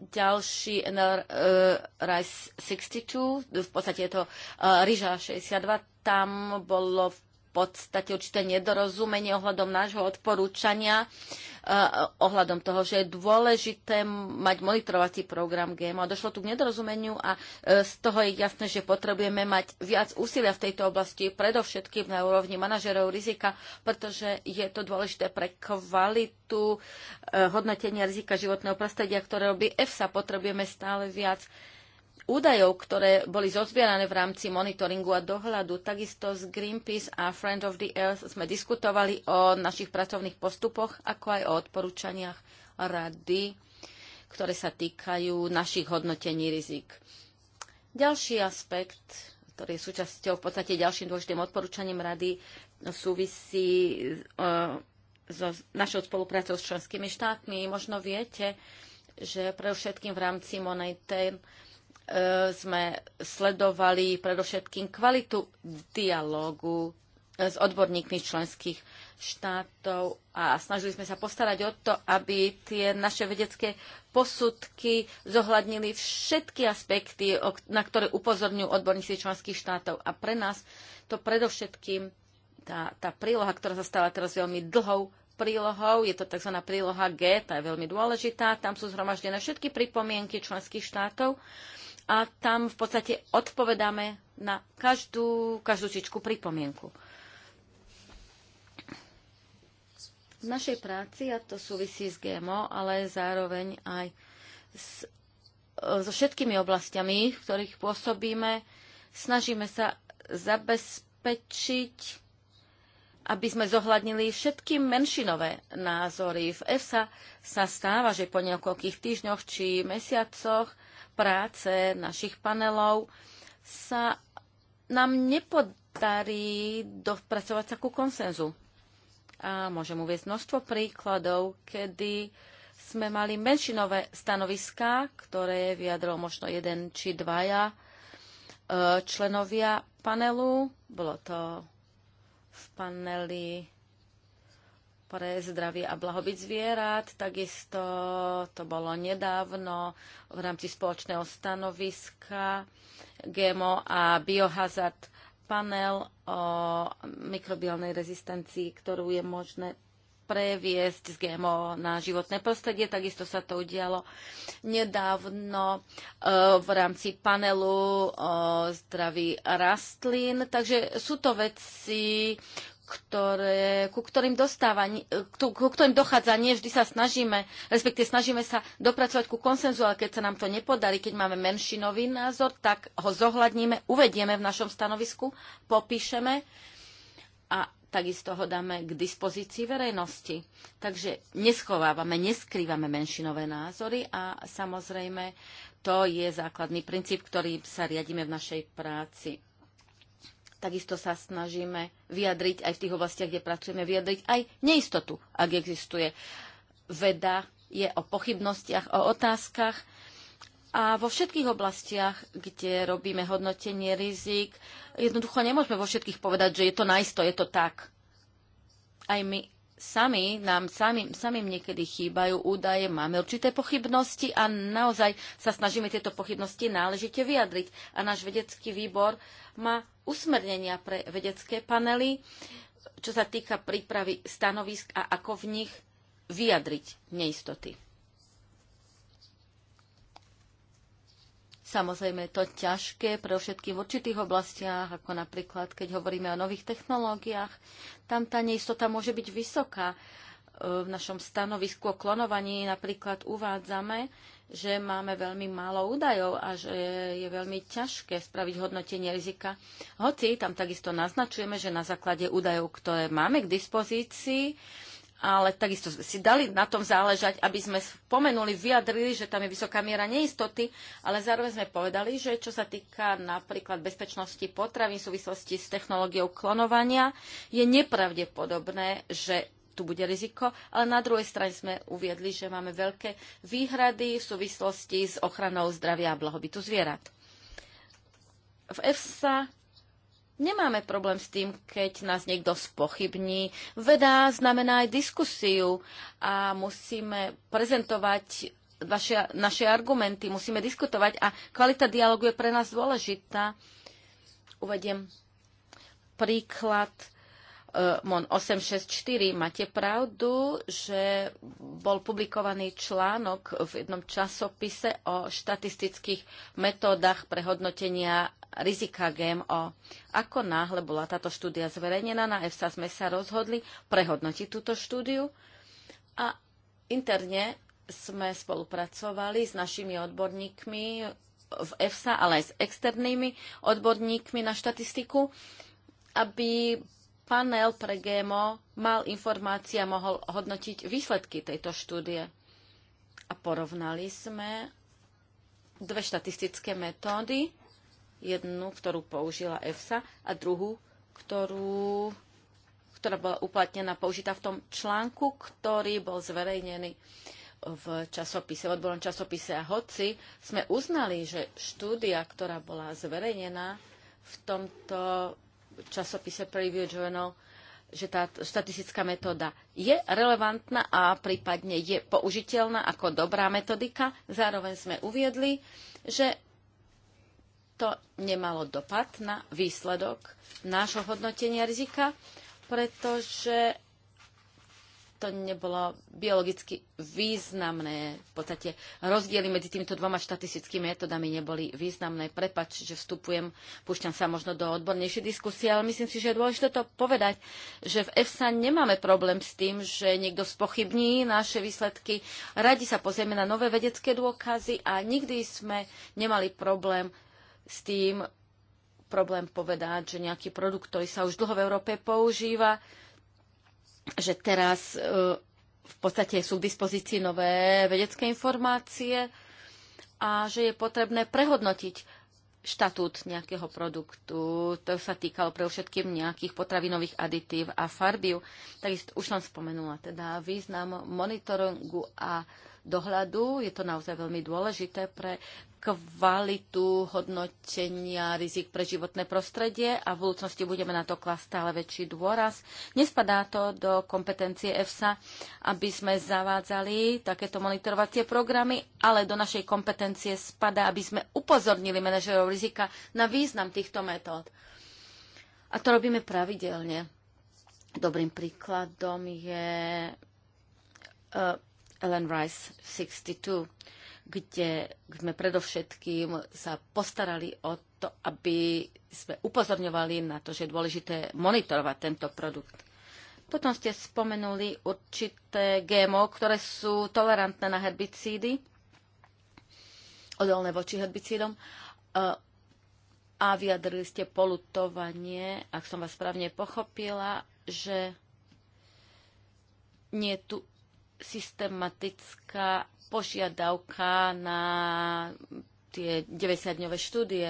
Ďalší NR uh, e, Rice 62, v podstate je to uh, Ryža 62, tam bolo v podstate určité nedorozumenie ohľadom nášho odporúčania, e, ohľadom toho, že je dôležité mať monitorovací program GMO. A došlo tu k nedorozumeniu a e, z toho je jasné, že potrebujeme mať viac úsilia v tejto oblasti, predovšetkým na úrovni manažerov rizika, pretože je to dôležité pre kvalitu e, hodnotenia rizika životného prostredia, ktoré robí EFSA. Potrebujeme stále viac údajov, ktoré boli zozbierané v rámci monitoringu a dohľadu. Takisto s Greenpeace a Friend of the Earth sme diskutovali o našich pracovných postupoch, ako aj o odporúčaniach rady, ktoré sa týkajú našich hodnotení rizik. Ďalší aspekt, ktorý je súčasťou v podstate ďalším dôležitým odporúčaním rady, súvisí e, so našou spoluprácou s členskými štátmi. Možno viete, že pre všetkým v rámci Monetary E, sme sledovali predovšetkým kvalitu dialógu e, s odborníkmi členských štátov a snažili sme sa postarať o to, aby tie naše vedecké posudky zohľadnili všetky aspekty, na ktoré upozorňujú odborníci členských štátov. A pre nás to predovšetkým tá, tá príloha, ktorá sa stala teraz veľmi dlhou prílohou, je to tzv. príloha G, tá je veľmi dôležitá, tam sú zhromaždené všetky pripomienky členských štátov a tam v podstate odpovedáme na každú, každú čičku pripomienku. V našej práci, a to súvisí s GMO, ale zároveň aj s, so všetkými oblastiami, v ktorých pôsobíme, snažíme sa zabezpečiť aby sme zohľadnili všetky menšinové názory. V EFSA sa stáva, že po niekoľkých týždňoch či mesiacoch práce našich panelov sa nám nepodarí dopracovať sa ku konsenzu. A môžem uvieť množstvo príkladov, kedy sme mali menšinové stanoviská, ktoré vyjadril možno jeden či dvaja e, členovia panelu. Bolo to v paneli pre zdravie a blahobyt zvierat. Takisto to bolo nedávno v rámci spoločného stanoviska GMO a biohazard panel o mikrobiálnej rezistencii, ktorú je možné previesť z GMO na životné prostredie. Takisto sa to udialo nedávno e, v rámci panelu o zdraví rastlín. Takže sú to veci, ktoré, ku, ktorým dostáva, ku, ktorým dochádza. Nie vždy sa snažíme, respektíve snažíme sa dopracovať ku konsenzu, ale keď sa nám to nepodarí, keď máme menšinový názor, tak ho zohľadníme, uvedieme v našom stanovisku, popíšeme a takisto ho dáme k dispozícii verejnosti. Takže neschovávame, neskrývame menšinové názory a samozrejme to je základný princíp, ktorým sa riadíme v našej práci. Takisto sa snažíme vyjadriť aj v tých oblastiach, kde pracujeme, vyjadriť aj neistotu, ak existuje. Veda je o pochybnostiach, o otázkach a vo všetkých oblastiach, kde robíme hodnotenie rizik, jednoducho nemôžeme vo všetkých povedať, že je to najisto, je to tak. Aj my sami, nám samým, samým niekedy chýbajú údaje, máme určité pochybnosti a naozaj sa snažíme tieto pochybnosti náležite vyjadriť. A náš vedecký výbor má usmernenia pre vedecké panely, čo sa týka prípravy stanovisk a ako v nich vyjadriť neistoty. Samozrejme je to ťažké pre všetky v určitých oblastiach, ako napríklad, keď hovoríme o nových technológiách, tam tá neistota môže byť vysoká. E, v našom stanovisku o klonovaní napríklad uvádzame, že máme veľmi málo údajov a že je veľmi ťažké spraviť hodnotenie rizika. Hoci tam takisto naznačujeme, že na základe údajov, ktoré máme k dispozícii, ale takisto si dali na tom záležať, aby sme spomenuli, vyjadrili, že tam je vysoká miera neistoty, ale zároveň sme povedali, že čo sa týka napríklad bezpečnosti potravín v súvislosti s technológiou klonovania, je nepravdepodobné, že tu bude riziko, ale na druhej strane sme uviedli, že máme veľké výhrady v súvislosti s ochranou zdravia a blahobytu zvierat. V EFSA Nemáme problém s tým, keď nás niekto spochybní. Veda znamená aj diskusiu a musíme prezentovať vaše, naše argumenty, musíme diskutovať a kvalita dialogu je pre nás dôležitá. Uvediem príklad e, MON 864. Máte pravdu, že bol publikovaný článok v jednom časopise o štatistických metódach pre hodnotenia rizika GMO. Ako náhle bola táto štúdia zverejnená, na EFSA sme sa rozhodli prehodnotiť túto štúdiu a interne sme spolupracovali s našimi odborníkmi v EFSA, ale aj s externými odborníkmi na štatistiku, aby panel pre GMO mal informácie a mohol hodnotiť výsledky tejto štúdie. A porovnali sme dve štatistické metódy, Jednu, ktorú použila EFSA a druhú, ktorú, ktorá bola uplatnená, použitá v tom článku, ktorý bol zverejnený v časopise, v odbornom časopise. A hoci sme uznali, že štúdia, ktorá bola zverejnená v tomto časopise Preview Journal, že tá štatistická metóda je relevantná a prípadne je použiteľná ako dobrá metodika. Zároveň sme uviedli, že to nemalo dopad na výsledok nášho hodnotenia rizika, pretože to nebolo biologicky významné. V podstate rozdiely medzi týmito dvoma štatistickými metodami neboli významné. Prepač, že vstupujem, púšťam sa možno do odbornejšej diskusie, ale myslím si, že je dôležité to povedať, že v EFSA nemáme problém s tým, že niekto spochybní naše výsledky. Radi sa pozrieme na nové vedecké dôkazy a nikdy sme nemali problém s tým problém povedať, že nejaký produkt, ktorý sa už dlho v Európe používa, že teraz e, v podstate sú k dispozícii nové vedecké informácie a že je potrebné prehodnotiť štatút nejakého produktu. To sa týkalo pre všetkým nejakých potravinových aditív a farbiu. Takisto už som spomenula teda význam monitoringu a dohľadu. Je to naozaj veľmi dôležité pre kvalitu hodnotenia rizik pre životné prostredie a v budúcnosti budeme na to klasť stále väčší dôraz. Nespadá to do kompetencie EFSA, aby sme zavádzali takéto monitorovacie programy, ale do našej kompetencie spadá, aby sme upozornili manažerov rizika na význam týchto metód. A to robíme pravidelne. Dobrým príkladom je uh, Ellen Rice 62 kde sme predovšetkým sa postarali o to, aby sme upozorňovali na to, že je dôležité monitorovať tento produkt. Potom ste spomenuli určité GMO, ktoré sú tolerantné na herbicídy, odolné voči herbicídom e, a vyjadrili ste polutovanie, ak som vás správne pochopila, že nie je tu systematická požiadavka na tie 90-dňové štúdie.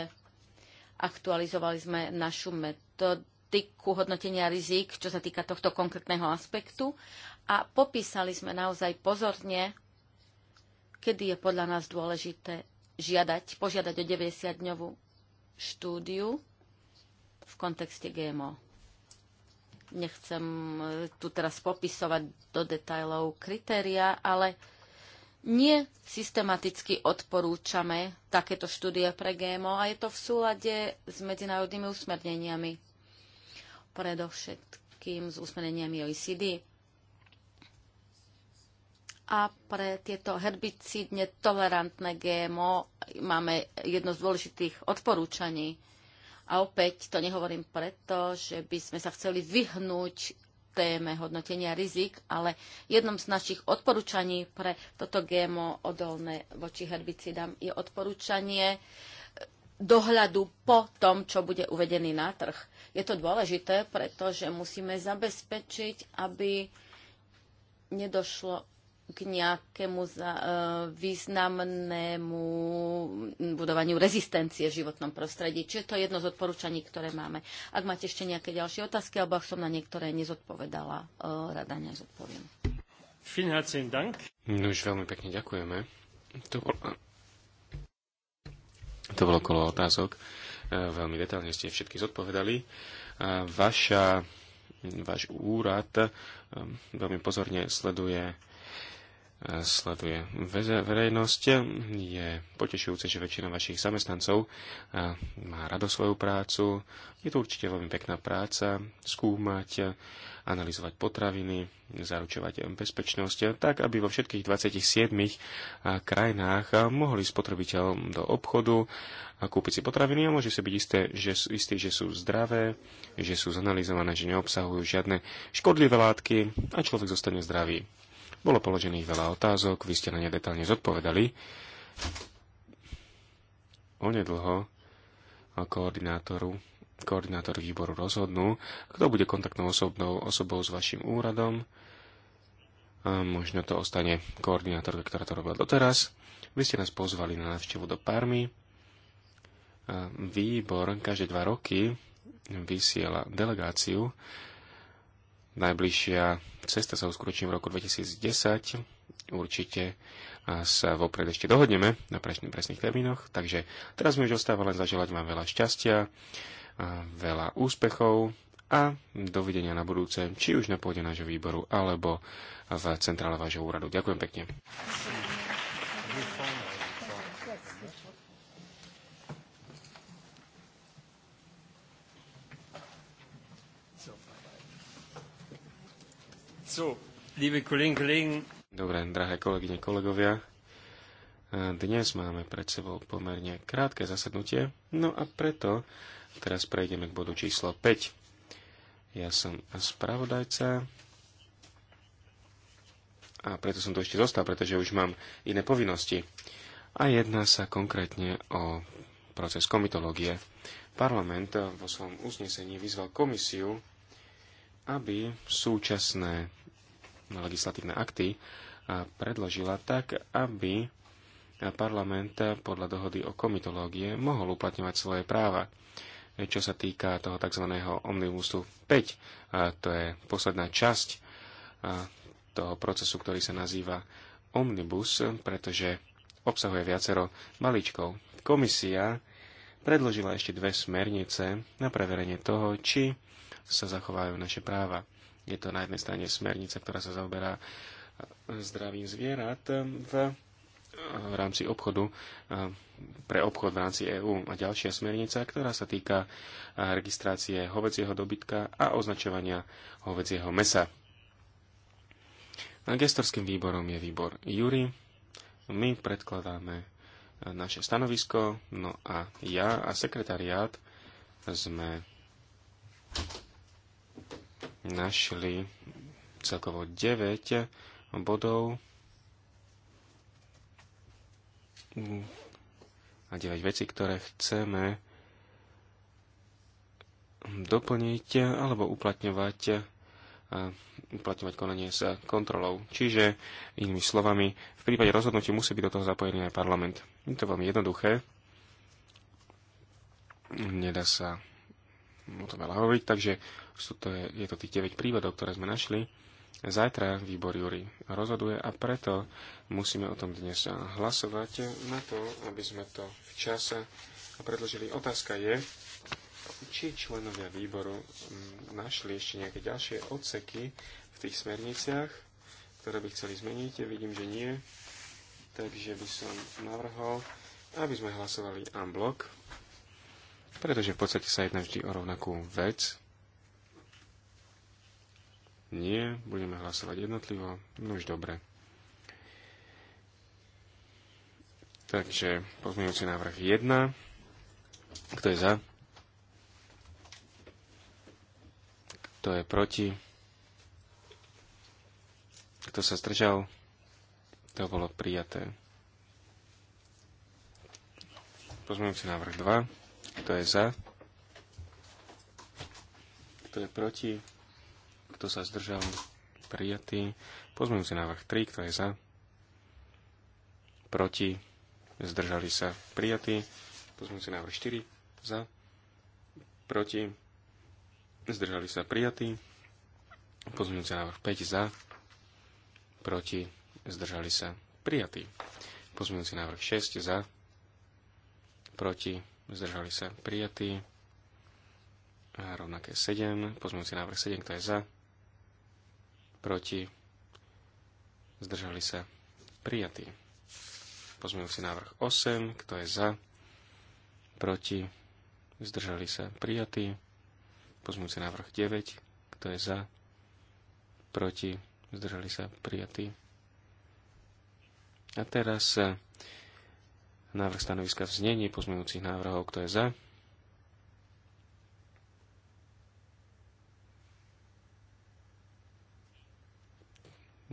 Aktualizovali sme našu metodiku hodnotenia rizik, čo sa týka tohto konkrétneho aspektu a popísali sme naozaj pozorne, kedy je podľa nás dôležité žiadať, požiadať o 90-dňovú štúdiu v kontexte GMO. Nechcem tu teraz popisovať do detajlov kritéria, ale nie systematicky odporúčame takéto štúdie pre GMO a je to v súlade s medzinárodnými usmerneniami. Predovšetkým s usmerneniami OECD. A pre tieto herbicídne tolerantné GMO máme jedno z dôležitých odporúčaní. A opäť to nehovorím preto, že by sme sa chceli vyhnúť téme hodnotenia rizik, ale jednom z našich odporúčaní pre toto GMO odolné voči herbicidám je odporúčanie eh, dohľadu po tom, čo bude uvedený na trh. Je to dôležité, pretože musíme zabezpečiť, aby nedošlo k nejakému e, významnému budovaniu rezistencie v životnom prostredí. Čiže to je jedno z odporúčaní, ktoré máme. Ak máte ešte nejaké ďalšie otázky, alebo ak som na niektoré nezodpovedala, e, rada nezodpoviem. No už veľmi pekne ďakujeme. To bolo, to bolo kolo otázok. E, veľmi detálne ste všetky zodpovedali. Vaša, váš úrad veľmi pozorne sleduje sleduje verejnosť. Je potešujúce, že väčšina vašich zamestnancov eh, má rado svoju prácu. Je to určite veľmi pekná práca skúmať, analyzovať potraviny, zaručovať bezpečnosť, tak aby vo všetkých 27 eh, krajinách eh, mohli spotrebiteľ do obchodu kúpiť si potraviny a môže si byť isté, že, istý, že sú zdravé, že sú zanalizované, že neobsahujú žiadne škodlivé látky a človek zostane zdravý. Bolo položených veľa otázok, vy ste na ne detálne zodpovedali. Onedlho koordinátoru, koordinátor výboru rozhodnú, kto bude kontaktnou osobnou osobou s vašim úradom. A možno to ostane koordinátorka, ktorá to robila doteraz. Vy ste nás pozvali na návštevu do Parmy. A výbor každé dva roky vysiela delegáciu Najbližšia cesta sa uskutoční v roku 2010. Určite sa vopred ešte dohodneme na presných, presných termínoch. Takže teraz mi už ostáva len zaželať vám veľa šťastia, veľa úspechov a dovidenia na budúce, či už na pôde nášho výboru alebo v centrále vášho úradu. Ďakujem pekne. Dobre, drahé kolegyne, kolegovia. E, dnes máme pred sebou pomerne krátke zasadnutie, no a preto teraz prejdeme k bodu číslo 5. Ja som spravodajca a preto som tu ešte zostal, pretože už mám iné povinnosti. A jedná sa konkrétne o proces komitológie. Parlament vo svojom uznesení vyzval komisiu, aby súčasné legislatívne akty predložila tak, aby parlament podľa dohody o komitológie mohol uplatňovať svoje práva. Čo sa týka toho tzv. omnibusu 5, a to je posledná časť toho procesu, ktorý sa nazýva omnibus, pretože obsahuje viacero balíčkov. Komisia predložila ešte dve smernice na preverenie toho, či sa zachovajú naše práva. Je to na jednej strane smernica, ktorá sa zaoberá zdravím zvierat v v rámci obchodu, pre obchod v rámci EÚ a ďalšia smernica, ktorá sa týka registrácie hovedzieho dobytka a označovania hovedzieho mesa. Gestorským výborom je výbor Júri. My predkladáme naše stanovisko, no a ja a sekretariát sme našli celkovo 9 bodov a 9 vecí, ktoré chceme doplniť alebo uplatňovať uplatňovať konanie s kontrolou. Čiže, inými slovami, v prípade rozhodnutí musí byť do toho zapojený aj parlament. Je to veľmi jednoduché. Nedá sa o to veľa hovoriť, takže sú to, je to tých 9 prívodov, ktoré sme našli. Zajtra výbor Júri rozhoduje a preto musíme o tom dnes hlasovať na to, aby sme to v čase predložili. Otázka je, či členovia výboru mm, našli ešte nejaké ďalšie odseky v tých smerniciach, ktoré by chceli zmeniť. Vidím, že nie. Takže by som navrhol, aby sme hlasovali unblock, pretože v podstate sa jedná vždy o rovnakú vec. Nie, budeme hlasovať jednotlivo. No už dobre. Takže pozmeňujúci návrh 1. Kto je za? Kto je proti? Kto sa zdržal? To bolo prijaté. Pozmeňujúci návrh 2. Kto je za? Kto je proti? kto sa zdržal, prijatý. si návrh 3, kto je za, proti, zdržali sa, prijatý. si návrh 4, za, proti, zdržali sa, prijatý. si návrh 5, za, proti, zdržali sa, prijatý. si návrh 6, za, proti, zdržali sa, prijatý. A rovnaké 7, si návrh 7, kto je za, proti, zdržali sa, prijatý. Pozmeňujúci návrh 8, kto je za, proti, zdržali sa, prijatý. Pozmeňujúci návrh 9, kto je za, proti, zdržali sa, prijatý. A teraz eh, návrh stanoviska v znení pozmeňujúcich návrhov, kto je za,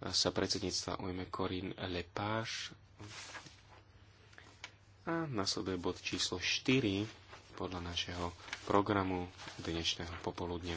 sa predsedníctva ujme Corinne Lepage. A nasleduje bod číslo 4 podľa našeho programu dnešného popoludnia.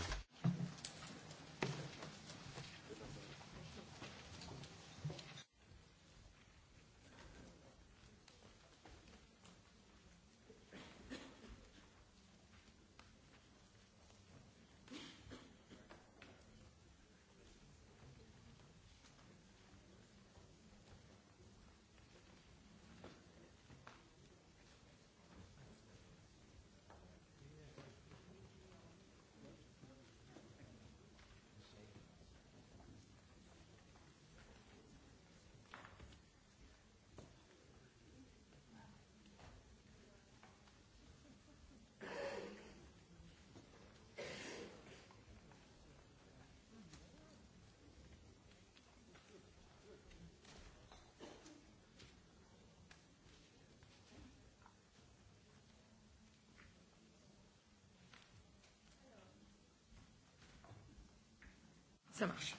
Ça marche.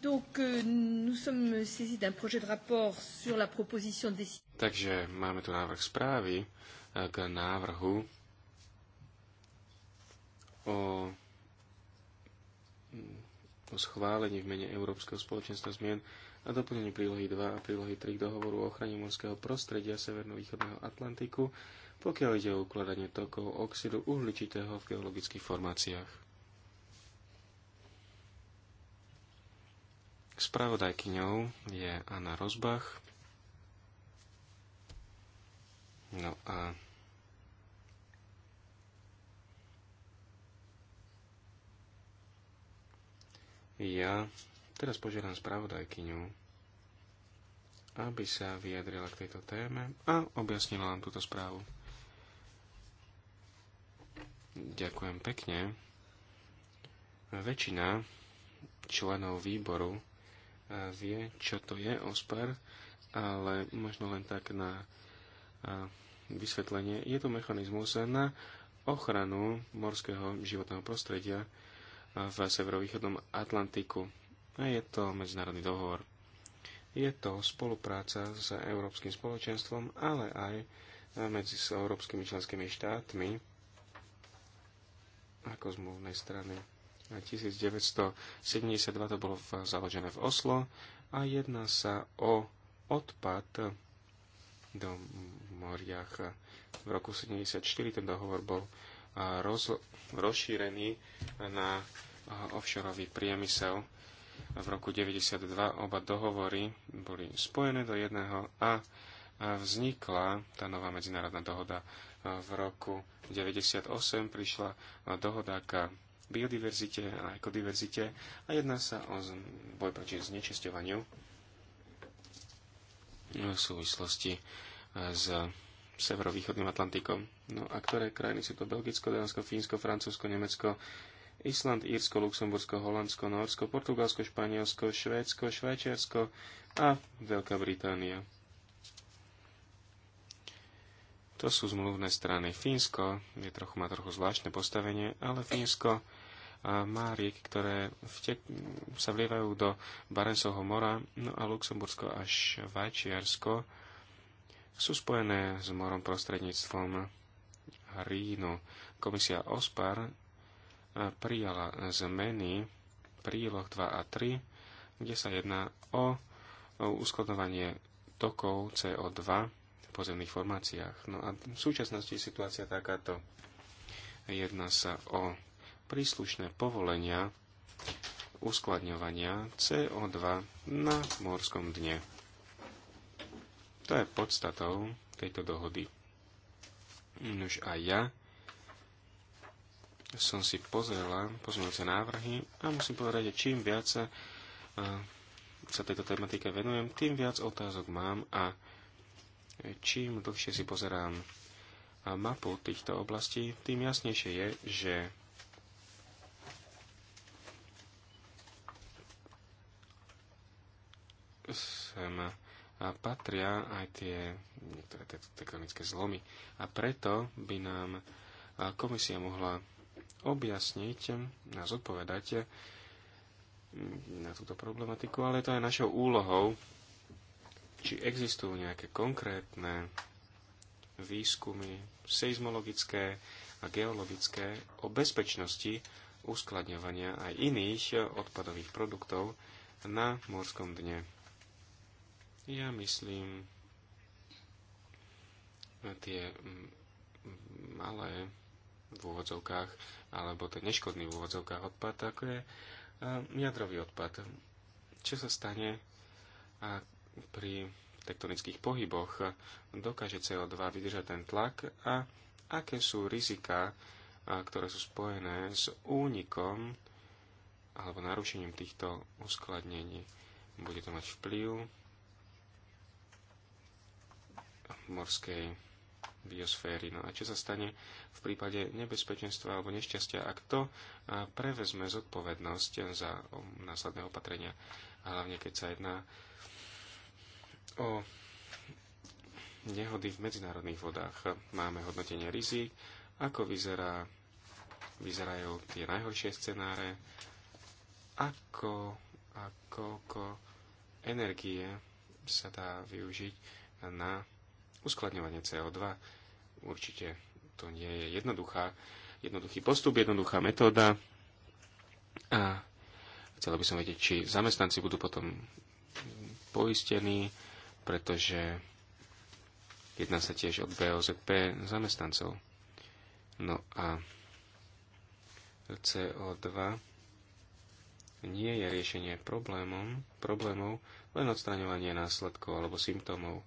Donc, euh, nous sommes saisis d'un projet de rapport sur la proposition Takže máme tu návrh správy eh, k návrhu o, mm, o schválení v mene Európskeho spoločenstva zmien a doplnení prílohy 2 a prílohy 3 k dohovoru o ochrane morského prostredia severno-východného Atlantiku, pokiaľ ide o ukladanie tokov oxidu uhličitého v geologických formáciách. Spravodajkyňou je Anna Rozbach. No a ja teraz požiadam spravodajkyňu, aby sa vyjadrila k tejto téme a objasnila nám túto správu. Ďakujem pekne. Väčšina členov výboru vie, čo to je OSPAR, ale možno len tak na vysvetlenie. Je to mechanizmus na ochranu morského životného prostredia v severovýchodnom Atlantiku. A je to medzinárodný dohovor. Je to spolupráca s Európskym spoločenstvom, ale aj medzi s európskymi členskými štátmi ako zmluvnej strany 1972 to bolo v, založené v Oslo a jedná sa o odpad do moriach. V roku 1974 ten dohovor bol roz, rozšírený na offshoreový priemysel. V roku 1992 oba dohovory boli spojené do jedného a vznikla tá nová medzinárodná dohoda. V roku 1998 prišla dohoda k biodiverzite a ekodiverzite a jedná sa o boj proti znečisťovaniu v súvislosti eh, s severovýchodným Atlantikom. No a ktoré krajiny sú to? Belgicko, Dánsko, Fínsko, Francúzsko, Nemecko, Island, Írsko, Luxembursko, Holandsko, Norsko, Portugalsko, Španielsko, Švédsko, Švajčiarsko a Veľká Británia. To sú zmluvné strany. Fínsko je trochu, má trochu zvláštne postavenie, ale Fínsko má rieky, ktoré vtek, sa vlievajú do Barentsovho mora, no a Luxembursko a Švajčiarsko sú spojené s morom prostredníctvom Rínu. Komisia OSPAR eh, prijala zmeny príloh 2 a 3, kde sa jedná o uskladovanie tokov CO2 v pozemných formáciách. No a v súčasnosti je situácia takáto. Jedná sa o príslušné povolenia uskladňovania CO2 na morskom dne. To je podstatou tejto dohody. Nož a ja som si pozrela pozmeňujúce návrhy a musím povedať, že čím viac sa, a, sa tejto tematike venujem, tým viac otázok mám a čím dlhšie si pozerám mapu týchto oblastí, tým jasnejšie je, že sem patria aj tie niektoré tektonické zlomy. A preto by nám komisia mohla objasniť, a zodpovedať na túto problematiku, ale to je našou úlohou, či existujú nejaké konkrétne výskumy seizmologické a geologické o bezpečnosti uskladňovania aj iných odpadových produktov na morskom dne. Ja myslím, na tie mm, malé v úvodzovkách, alebo ten neškodný v úvodzovkách odpad, ako je eh, jadrový odpad. Čo sa stane a pri tektonických pohyboch? Dokáže CO2 vydržať ten tlak a aké sú rizika, eh, ktoré sú spojené s únikom alebo narušením týchto uskladnení? Bude to mať vplyv morskej biosféry. No a čo sa stane v prípade nebezpečenstva alebo nešťastia, ak to prevezme zodpovednosť za následné opatrenia, hlavne keď sa jedná o nehody v medzinárodných vodách. Máme hodnotenie rizik, ako vyzerá, vyzerajú tie najhoršie scenáre, ako, ako, ako energie sa dá využiť na uskladňovanie CO2. Určite to nie je jednoduchá, jednoduchý postup, jednoduchá metóda. A chcela by som vedieť, či zamestnanci budú potom poistení, pretože jedná sa tiež od BOZP zamestnancov. No a CO2 nie je riešenie problémom, problémov, len odstraňovanie následkov alebo symptómov.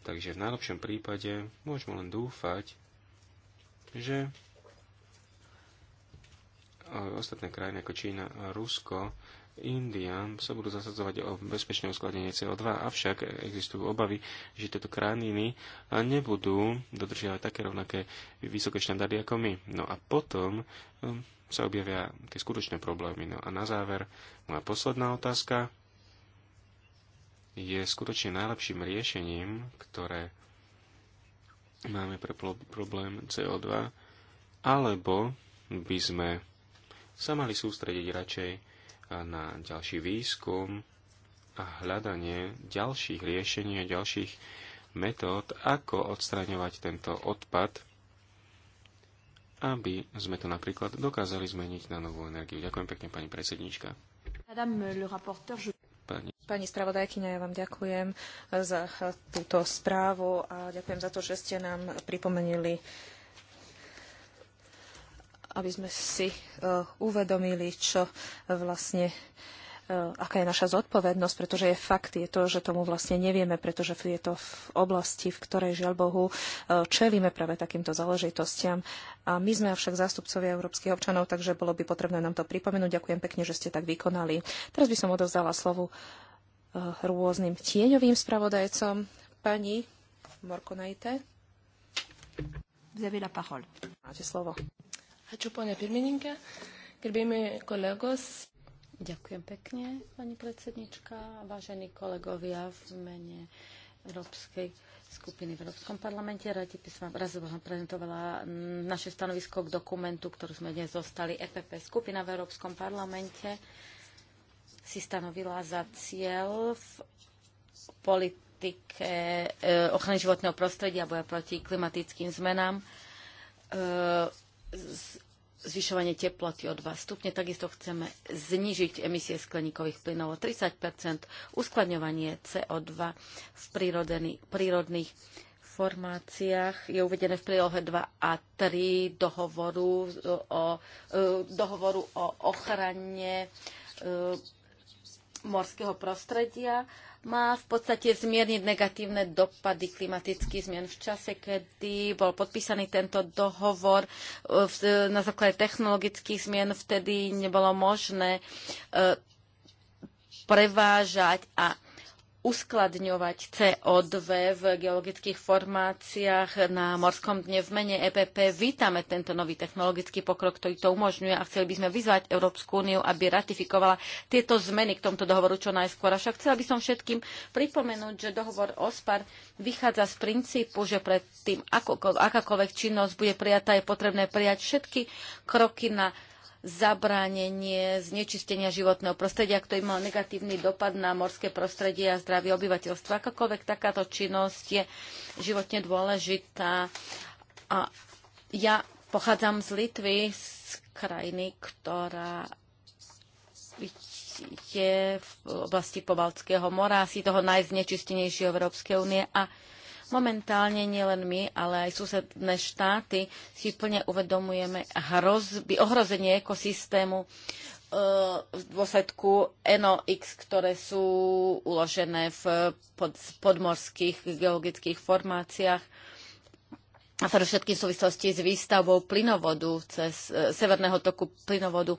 Takže v najlepšom prípade môžeme len dúfať, že ostatné krajiny ako Čína, Rusko, India sa budú zasadzovať o bezpečné uskladnenie CO2, avšak existujú obavy, že tieto krajiny nebudú dodržiavať také rovnaké vysoké štandardy ako my. No a potom um, sa objavia tie skutočné problémy. No a na záver moja posledná otázka je skutočne najlepším riešením, ktoré máme pre problém CO2, alebo by sme sa mali sústrediť radšej na ďalší výskum a hľadanie ďalších riešení a ďalších metód, ako odstraňovať tento odpad, aby sme to napríklad dokázali zmeniť na novú energiu. Ďakujem pekne, pani predsednička. Pani. Pani spravodajkyňa, ja vám ďakujem za túto správu a ďakujem za to, že ste nám pripomenili, aby sme si eh, uvedomili, čo vlastne Eh, aká je naša zodpovednosť, pretože je fakt je to, že tomu vlastne nevieme, pretože je to v oblasti, v ktorej žiaľ Bohu eh, čelíme práve takýmto záležitostiam. A my sme avšak zástupcovia európskych občanov, takže bolo by potrebné nám to pripomenúť. Ďakujem pekne, že ste tak vykonali. Teraz by som odovzdala slovu eh, rôznym tieňovým spravodajcom. Pani Morkonajte. Vous Máte slovo. Hačupone, ponia Gerbėjami kolegos, Ďakujem pekne, pani predsednička. Vážení kolegovia, v mene Európskej skupiny v Európskom parlamente. Radi by som raz vám prezentovala naše stanovisko k dokumentu, ktorú sme dnes zostali EPP skupina v Európskom parlamente si stanovila za cieľ v politike e, ochrany životného prostredia boja proti klimatickým zmenám e, zvyšovanie teploty o 2 stupne. Takisto chceme znižiť emisie skleníkových plynov o 30 uskladňovanie CO2 v prírodných formáciách je uvedené v prílohe 2 a 3 dohovoru o, dohovoru o ochrane e, morského prostredia má v podstate zmierniť negatívne dopady klimatických zmien. V čase, kedy bol podpísaný tento dohovor e, na základe technologických zmien, vtedy nebolo možné e, prevážať a uskladňovať CO2 v geologických formáciách na Morskom dne v mene EPP. Vítame tento nový technologický pokrok, ktorý to umožňuje a chceli by sme vyzvať Európsku úniu, aby ratifikovala tieto zmeny k tomto dohovoru čo najskôr. Avšak chcela by som všetkým pripomenúť, že dohovor OSPAR vychádza z princípu, že pred tým, akákoľvek činnosť bude prijatá, je potrebné prijať všetky kroky na zabránenie znečistenia životného prostredia, ktorý mal negatívny dopad na morské prostredie a zdravie obyvateľstva. Akákoľvek takáto činnosť je životne dôležitá. A ja pochádzam z Litvy, z krajiny, ktorá je v oblasti Pobaltského mora, asi toho najznečistenejšieho Európskej únie a Momentálne nielen my, ale aj susedné štáty si plne uvedomujeme hrozby, ohrozenie ekosystému e, v dôsledku NOx, ktoré sú uložené v pod, podmorských geologických formáciách a všetky v súvislosti s výstavbou plynovodu cez e, severného toku plynovodu.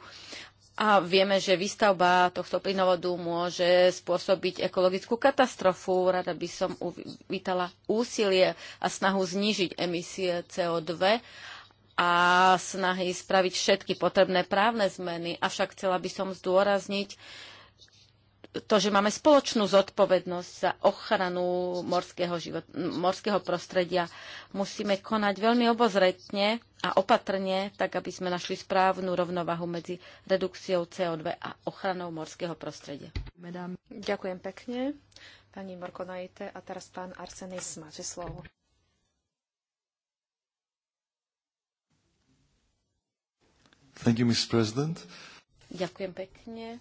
A vieme, že výstavba tohto plynovodu môže spôsobiť ekologickú katastrofu. Rada by som uvítala úsilie a snahu znížiť emisie CO2 a snahy spraviť všetky potrebné právne zmeny. Avšak chcela by som zdôrazniť, to, že máme spoločnú zodpovednosť za ochranu morského, život, morského prostredia. Musíme konať veľmi obozretne a opatrne, tak aby sme našli správnu rovnovahu medzi redukciou CO2 a ochranou morského prostredia. Medám. Ďakujem pekne, pani Morkonajte. A teraz pán Arsenis, máte slovo. Thank you, Ms. President. Ďakujem pekne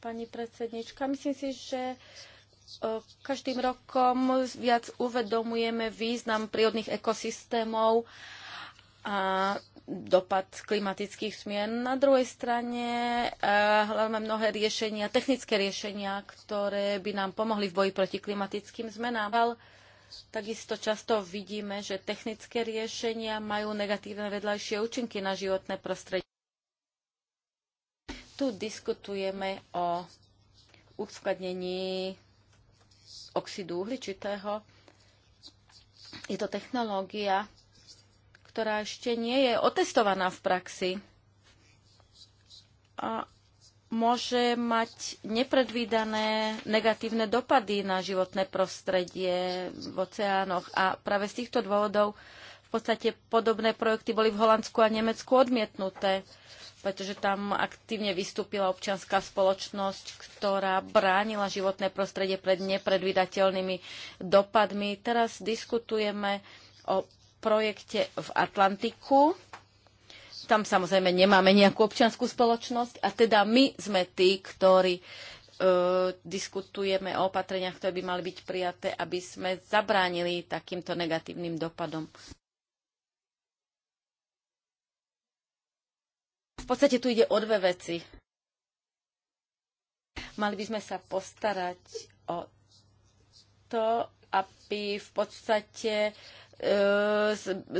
pani predsednička. Myslím si, že e, každým rokom viac uvedomujeme význam prírodných ekosystémov a dopad klimatických zmien. Na druhej strane e, hľadáme mnohé riešenia, technické riešenia, ktoré by nám pomohli v boji proti klimatickým zmenám. Takisto často vidíme, že technické riešenia majú negatívne vedľajšie účinky na životné prostredie. Tu diskutujeme o uskladnení oxidu uhličitého. Je to technológia, ktorá ešte nie je otestovaná v praxi a môže mať nepredvídané negatívne dopady na životné prostredie v oceánoch. A práve z týchto dôvodov v podstate podobné projekty boli v Holandsku a Nemecku odmietnuté pretože tam aktívne vystúpila občianská spoločnosť, ktorá bránila životné prostredie pred nepredvydateľnými dopadmi. Teraz diskutujeme o projekte v Atlantiku. Tam samozrejme nemáme nejakú občianskú spoločnosť a teda my sme tí, ktorí e, diskutujeme o opatreniach, ktoré by mali byť prijaté, aby sme zabránili takýmto negatívnym dopadom. V podstate tu ide o dve veci. Mali by sme sa postarať o to, aby v podstate E,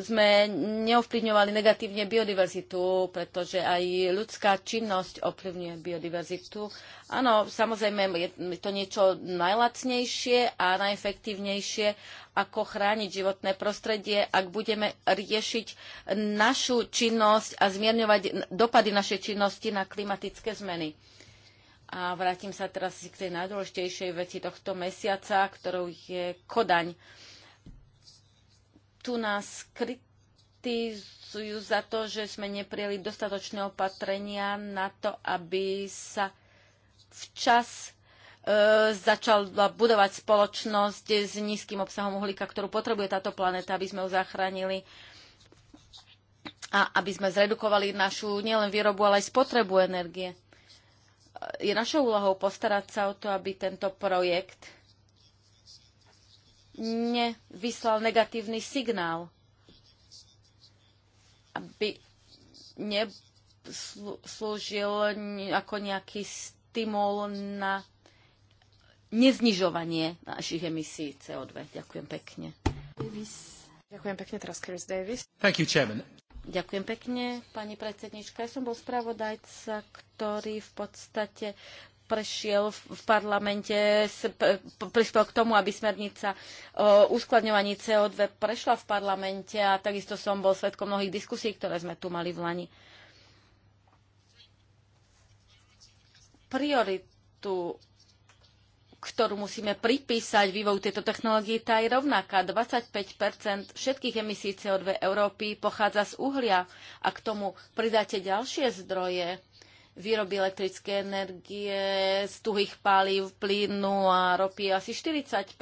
sme neovplyvňovali negatívne biodiverzitu, pretože aj ľudská činnosť ovplyvňuje biodiverzitu. Áno, samozrejme, je to niečo najlacnejšie a najefektívnejšie, ako chrániť životné prostredie, ak budeme riešiť našu činnosť a zmierňovať dopady našej činnosti na klimatické zmeny. A vrátim sa teraz k tej najdôležitejšej veci tohto mesiaca, ktorou je Kodaň tu nás kritizujú za to, že sme neprijeli dostatočné opatrenia na to, aby sa včas e, začala budovať spoločnosť s nízkym obsahom uhlíka, ktorú potrebuje táto planéta, aby sme ju zachránili a aby sme zredukovali našu nielen výrobu, ale aj spotrebu energie. E, je našou úlohou postarať sa o to, aby tento projekt nevyslal negatívny signál, aby neslúžil ako nejaký stimul na neznižovanie našich emisí CO2. Ďakujem pekne. Ďakujem pekne, teraz Chris Davis. Thank you, Chairman. Ďakujem pekne, pani predsednička. Ja som bol spravodajca, ktorý v podstate prešiel v parlamente, prispel k tomu, aby smernica o uskladňovaní CO2 prešla v parlamente a takisto som bol svetkom mnohých diskusí, ktoré sme tu mali v Lani. Prioritu, ktorú musíme pripísať vývoju tejto technológie, tá je rovnaká. 25 všetkých emisí CO2 Európy pochádza z uhlia a k tomu pridáte ďalšie zdroje, výroby elektrické energie, z tuhých palív, plynu a ropy asi 40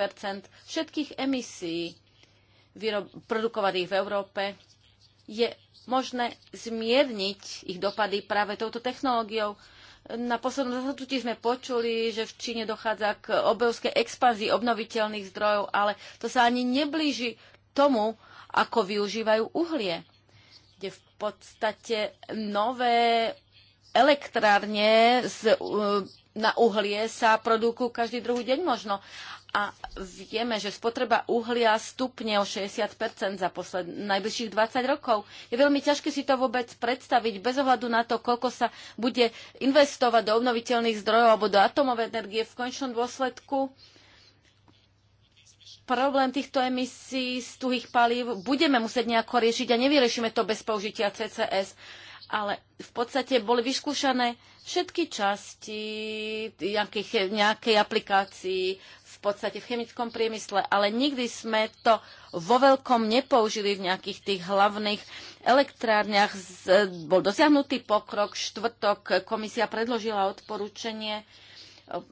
všetkých emisí produkovaných v Európe je možné zmierniť ich dopady práve touto technológiou. Na poslednom zasadnutí sme počuli, že v Číne dochádza k obrovskej expanzii obnoviteľných zdrojov, ale to sa ani neblíži tomu, ako využívajú uhlie, kde v podstate nové elektrárne z, e, na uhlie sa produkujú každý druhý deň možno. A vieme, že spotreba uhlia stupne o 60 za posled, najbližších 20 rokov. Je veľmi ťažké si to vôbec predstaviť bez ohľadu na to, koľko sa bude investovať do obnoviteľných zdrojov alebo do atomovej energie v končnom dôsledku problém týchto emisí z tuhých palív budeme musieť nejako riešiť a nevyriešime to bez použitia CCS ale v podstate boli vyskúšané všetky časti nejakej, nejakej aplikácii v podstate v chemickom priemysle, ale nikdy sme to vo veľkom nepoužili v nejakých tých hlavných elektrárniach. Bol dosiahnutý pokrok, štvrtok komisia predložila odporúčanie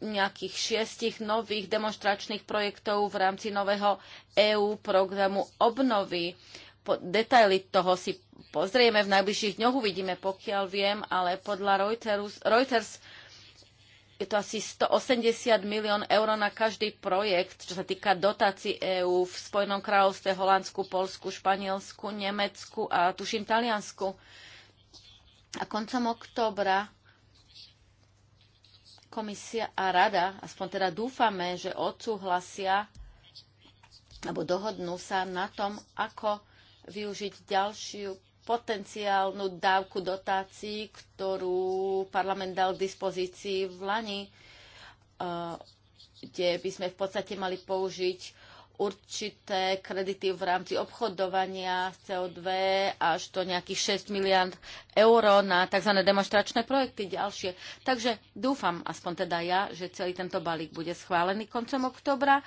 nejakých šiestich nových demonstračných projektov v rámci nového EU programu obnovy po, detaily toho si pozrieme v najbližších dňoch, uvidíme, pokiaľ viem, ale podľa Reuters, Reuters je to asi 180 milión eur na každý projekt, čo sa týka dotácií EÚ v Spojenom kráľovstve, Holandsku, Polsku, Španielsku, Nemecku a tuším Taliansku. A koncom októbra komisia a rada, aspoň teda dúfame, že odsúhlasia alebo dohodnú sa na tom, ako využiť ďalšiu potenciálnu dávku dotácií, ktorú parlament dal k dispozícii v Lani, kde by sme v podstate mali použiť určité kredity v rámci obchodovania CO2 až do nejakých 6 miliard eur na tzv. demonstračné projekty ďalšie. Takže dúfam, aspoň teda ja, že celý tento balík bude schválený koncom oktobra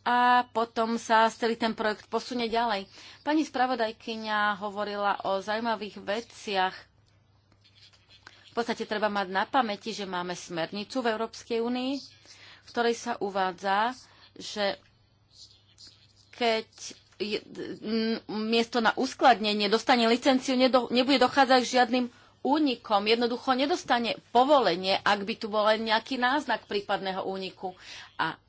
a potom sa celý ten projekt posunie ďalej. Pani spravodajkyňa hovorila o zaujímavých veciach. V podstate treba mať na pamäti, že máme smernicu v Európskej únii, v ktorej sa uvádza, že keď miesto na uskladnenie dostane licenciu, nebude dochádzať k žiadnym únikom. Jednoducho nedostane povolenie, ak by tu bol len nejaký náznak prípadného úniku. A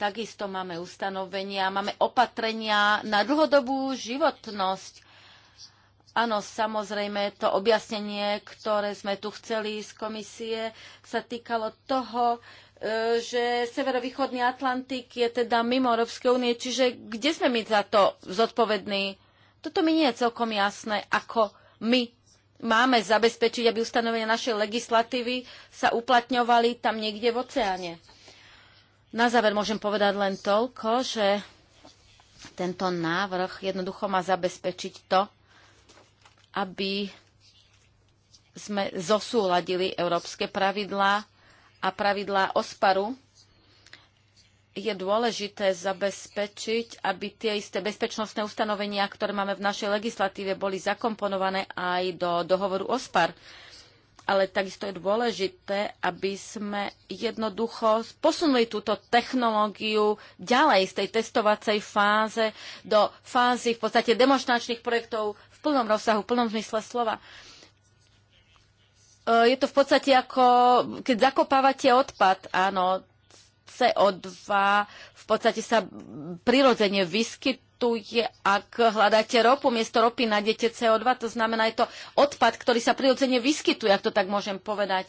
Takisto máme ustanovenia, máme opatrenia na dlhodobú životnosť. Áno, samozrejme, to objasnenie, ktoré sme tu chceli z komisie, sa týkalo toho, e, že severovýchodný Atlantik je teda mimo Európskej únie, čiže kde sme my za to zodpovední? Toto mi nie je celkom jasné, ako my máme zabezpečiť, aby ustanovenia našej legislatívy sa uplatňovali tam niekde v oceáne. Na záver môžem povedať len toľko, že tento návrh jednoducho má zabezpečiť to, aby sme zosúladili európske pravidlá a pravidlá OSPARu. Je dôležité zabezpečiť, aby tie isté bezpečnostné ustanovenia, ktoré máme v našej legislatíve, boli zakomponované aj do dohovoru OSPAR ale takisto je dôležité, aby sme jednoducho posunuli túto technológiu ďalej z tej testovacej fáze do fázy v podstate demonstračných projektov v plnom rozsahu, v plnom zmysle slova. E, je to v podstate ako, keď zakopávate odpad, áno, CO2 v podstate sa prirodzene vyskytuje je, ak hľadáte ropu, miesto ropy nájdete CO2, to znamená, je to odpad, ktorý sa prirodzene vyskytuje, ak to tak môžem povedať.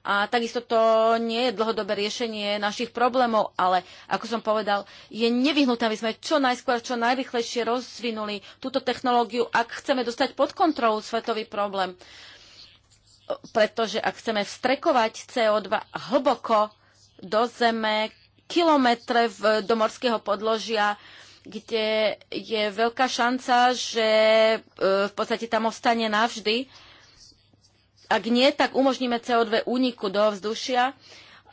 A takisto to nie je dlhodobé riešenie našich problémov, ale ako som povedal, je nevyhnutné, aby sme čo najskôr, čo najrychlejšie rozvinuli túto technológiu, ak chceme dostať pod kontrolu svetový problém. Pretože ak chceme vstrekovať CO2 hlboko do zeme, kilometre v, do morského podložia, kde je veľká šanca, že e, v podstate tam ostane navždy. Ak nie, tak umožníme CO2 úniku do vzdušia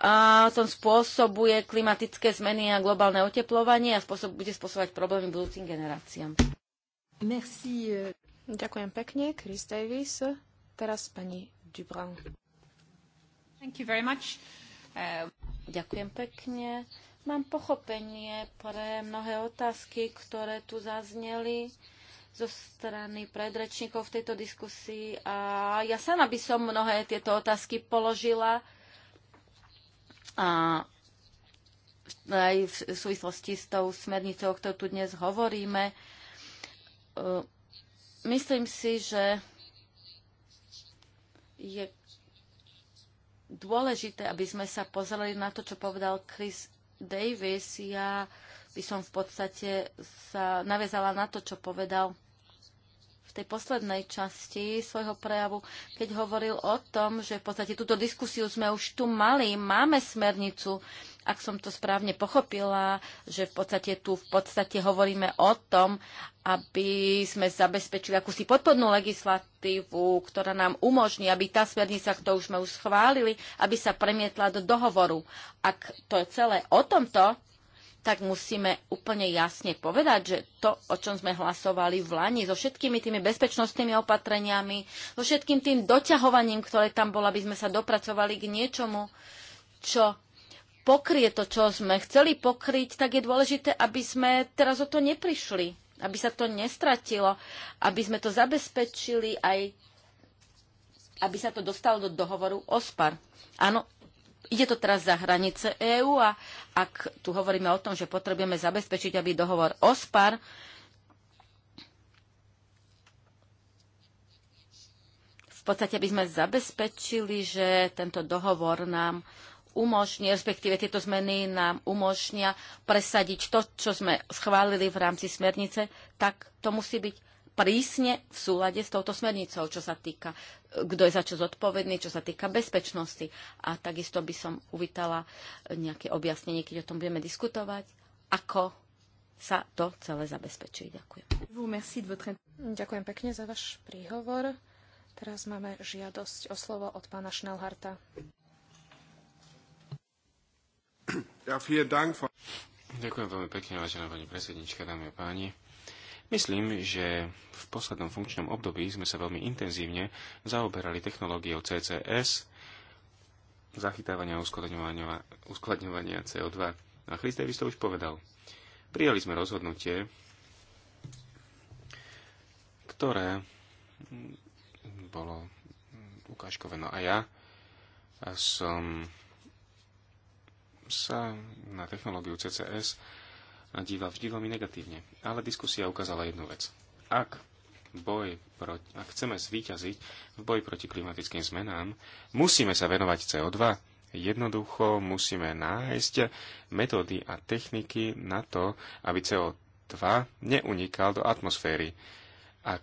a to spôsobuje klimatické zmeny a globálne oteplovanie a spôsob, bude spôsobovať problémy budúcim generáciám. Merci. E. Ďakujem pekne, Chris Davis. Teraz pani Dubran. Thank you very much. Uh... Ďakujem pekne. Mám pochopenie pre mnohé otázky, ktoré tu zazneli zo strany predrečníkov v tejto diskusii a ja sama by som mnohé tieto otázky položila a aj v súvislosti s tou smernicou, o ktorej tu dnes hovoríme. E, myslím si, že je dôležité, aby sme sa pozreli na to, čo povedal Chris Davis, ja by som v podstate sa navezala na to, čo povedal v tej poslednej časti svojho prejavu, keď hovoril o tom, že v podstate túto diskusiu sme už tu mali, máme smernicu ak som to správne pochopila, že v podstate tu v podstate hovoríme o tom, aby sme zabezpečili akúsi podpornú legislatívu, ktorá nám umožní, aby tá smernica, ktorú už sme už schválili, aby sa premietla do dohovoru. Ak to je celé o tomto, tak musíme úplne jasne povedať, že to, o čom sme hlasovali v Lani, so všetkými tými bezpečnostnými opatreniami, so všetkým tým doťahovaním, ktoré tam bolo, aby sme sa dopracovali k niečomu, čo pokrie to, čo sme chceli pokryť, tak je dôležité, aby sme teraz o to neprišli, aby sa to nestratilo, aby sme to zabezpečili aj aby sa to dostalo do dohovoru OSPAR. Áno, ide to teraz za hranice EÚ a ak tu hovoríme o tom, že potrebujeme zabezpečiť, aby dohovor OSPAR v podstate by sme zabezpečili, že tento dohovor nám umožní, respektíve tieto zmeny nám umožnia presadiť to, čo sme schválili v rámci smernice, tak to musí byť prísne v súlade s touto smernicou, čo sa týka, kto je za čo zodpovedný, čo sa týka bezpečnosti. A takisto by som uvítala nejaké objasnenie, keď o tom budeme diskutovať, ako sa to celé zabezpečí. Ďakujem. Ďakujem pekne za váš príhovor. Teraz máme žiadosť o slovo od pána Schnellharta. Ďakujem veľmi pekne, vážená pani predsednička, dámy a páni. Myslím, že v poslednom funkčnom období sme sa veľmi intenzívne zaoberali technológiou CCS, zachytávania a uskladňovania, uskladňovania CO2. A Chris Davis to už povedal. Prijali sme rozhodnutie, ktoré bolo ukážkové. No a ja som sa na technológiu CCS díva vždy veľmi negatívne. Ale diskusia ukázala jednu vec. Ak, boj proti, ak chceme zvíťaziť v boji proti klimatickým zmenám, musíme sa venovať CO2. Jednoducho musíme nájsť metódy a techniky na to, aby CO2 neunikal do atmosféry. A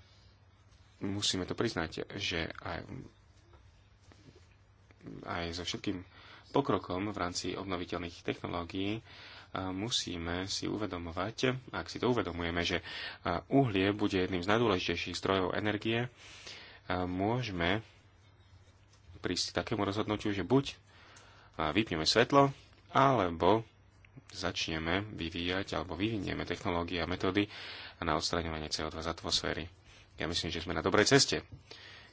musíme to priznať, že aj, aj so všetkým pokrokom v rámci obnoviteľných technológií e, musíme si uvedomovať, ak si to uvedomujeme, že e, uhlie bude jedným z najdôležitejších zdrojov energie, e, môžeme prísť k takému rozhodnutiu, že buď vypneme svetlo, alebo začneme vyvíjať alebo vyvinieme technológie a metódy na odstraňovanie CO2 z atmosféry. Ja myslím, že sme na dobrej ceste.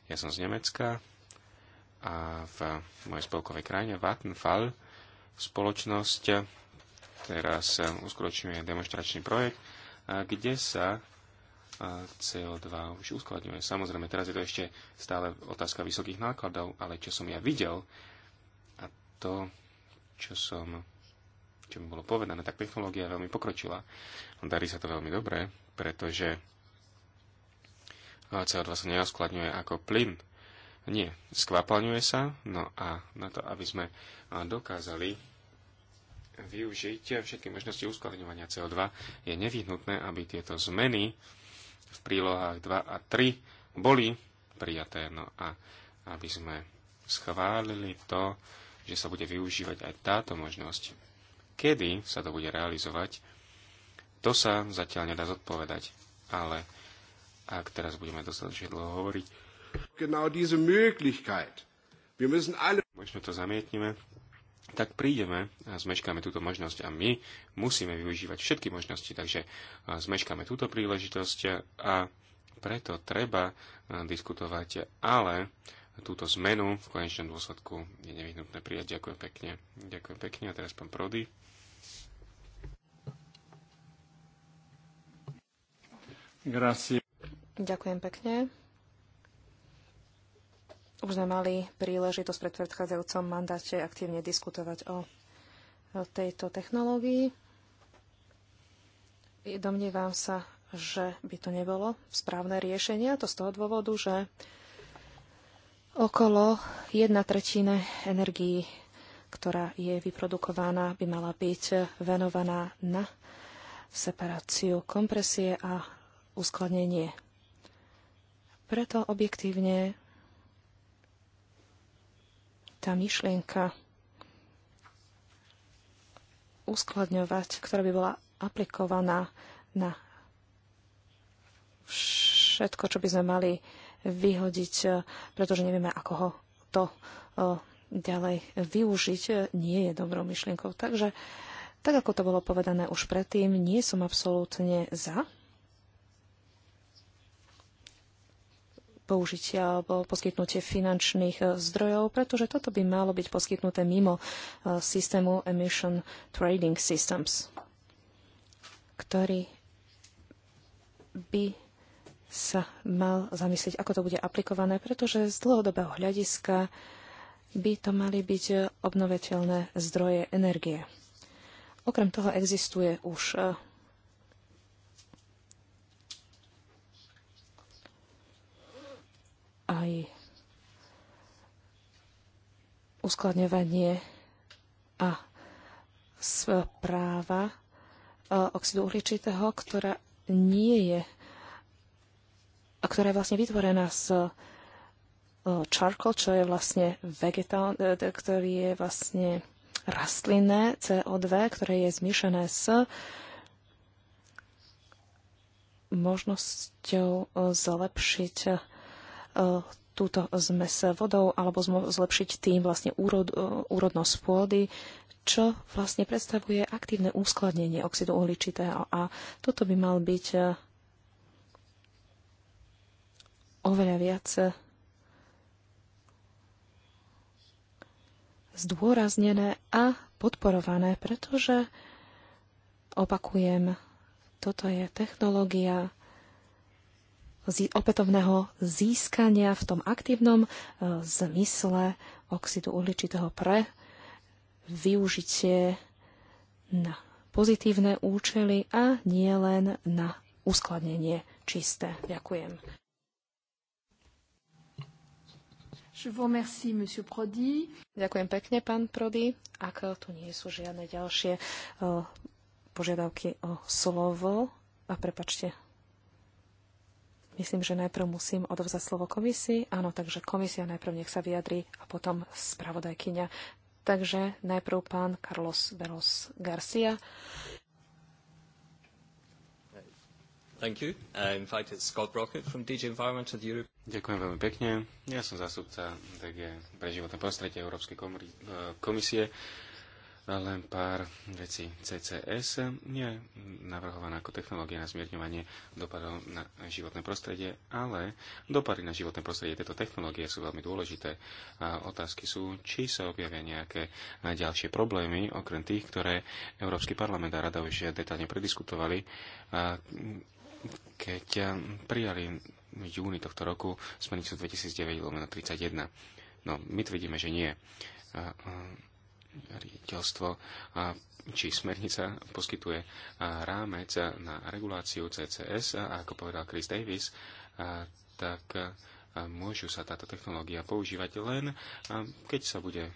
Ja som z Nemecka a v mojej spolkovej krajine Vattenfall spoločnosť teraz uskutočňuje demonstračný projekt, kde sa CO2 už uskladňuje. Samozrejme, teraz je to ešte stále otázka vysokých nákladov, ale čo som ja videl a to, čo som čo mi bolo povedané, tak technológia veľmi pokročila. Darí sa to veľmi dobre, pretože CO2 sa neuskladňuje ako plyn, nie, skvapalňuje sa. No a na to, aby sme dokázali využiť všetky možnosti uskladňovania CO2, je nevyhnutné, aby tieto zmeny v prílohách 2 a 3 boli prijaté. No a aby sme schválili to, že sa bude využívať aj táto možnosť. Kedy sa to bude realizovať, to sa zatiaľ nedá zodpovedať. Ale ak teraz budeme dostatočne dlho hovoriť, genau diese Möglichkeit. Wir müssen alle... Možno to zamietneme, tak prídeme a zmeškáme túto možnosť a my musíme využívať všetky možnosti, takže zmeškáme túto príležitosť a preto treba diskutovať, ale túto zmenu v konečnom dôsledku je nevyhnutné prijať. Ďakujem pekne. Ďakujem pekne a teraz pán Prody. Grazie. Ďakujem pekne už sme mali príležitosť pred predchádzajúcom mandáte aktívne diskutovať o, o tejto technológii. Domnievam sa, že by to nebolo správne riešenie, a to z toho dôvodu, že okolo jedna tretina energií, ktorá je vyprodukovaná, by mala byť venovaná na separáciu kompresie a uskladnenie. Preto objektívne tá myšlienka uskladňovať, ktorá by bola aplikovaná na všetko, čo by sme mali vyhodiť, pretože nevieme, ako ho to ďalej využiť, nie je dobrou myšlienkou. Takže, tak ako to bolo povedané už predtým, nie som absolútne za použitie alebo poskytnutie finančných eh, zdrojov, pretože toto by malo byť poskytnuté mimo eh, systému Emission Trading Systems, ktorý by sa mal zamyslieť, ako to bude aplikované, pretože z dlhodobého hľadiska by to mali byť eh, obnoviteľné zdroje energie. Okrem toho existuje už aj uskladňovanie a správa e, oxidu uhličitého, ktorá nie je a ktorá je vlastne vytvorená z charcoal, e, čo je vlastne vegetál, e, ktorý je vlastne rastlinné CO2, ktoré je zmiešané s možnosťou zlepšiť túto zmes vodou alebo zlepšiť tým vlastne úrod, e, úrodnosť pôdy, čo vlastne predstavuje aktívne úskladnenie oxidu uhličitého. A toto by mal byť e, oveľa viac e, zdôraznené a podporované, pretože opakujem, toto je technológia, opätovného získania v tom aktívnom e, zmysle oxidu uhličitého pre využitie na pozitívne účely a nie len na uskladnenie čisté. Ďakujem. Remercie, Ďakujem pekne, pán Prody. Ak tu nie sú žiadne ďalšie e, požiadavky o slovo, a prepačte, Myslím, že najprv musím odovzať slovo komisii. Áno, takže komisia najprv nech sa vyjadri a potom spravodajkyňa. Takže najprv pán Carlos Veros Garcia. Thank you. Uh, in fact, it's Scott Brockett from DG Environment of Europe. Ďakujem veľmi pekne. Ja som zástupca DG pre životné prostredie Európskej eh, komisie. Uh, len pár vecí. CCS nie je navrhovaná ako technológia na zmierňovanie dopadov na životné prostredie, ale dopady na životné prostredie tejto technológie sú veľmi dôležité. A otázky sú, či sa objavia nejaké ďalšie problémy, okrem tých, ktoré Európsky parlament a Rada už detálne prediskutovali, keď prijali v júni tohto roku smernicu 2009-31. No, my tvrdíme, že nie. A, a, riaditeľstvo či smernica poskytuje rámec na reguláciu CCS a ako povedal Chris Davis, tak môžu sa táto technológia používať len, keď sa bude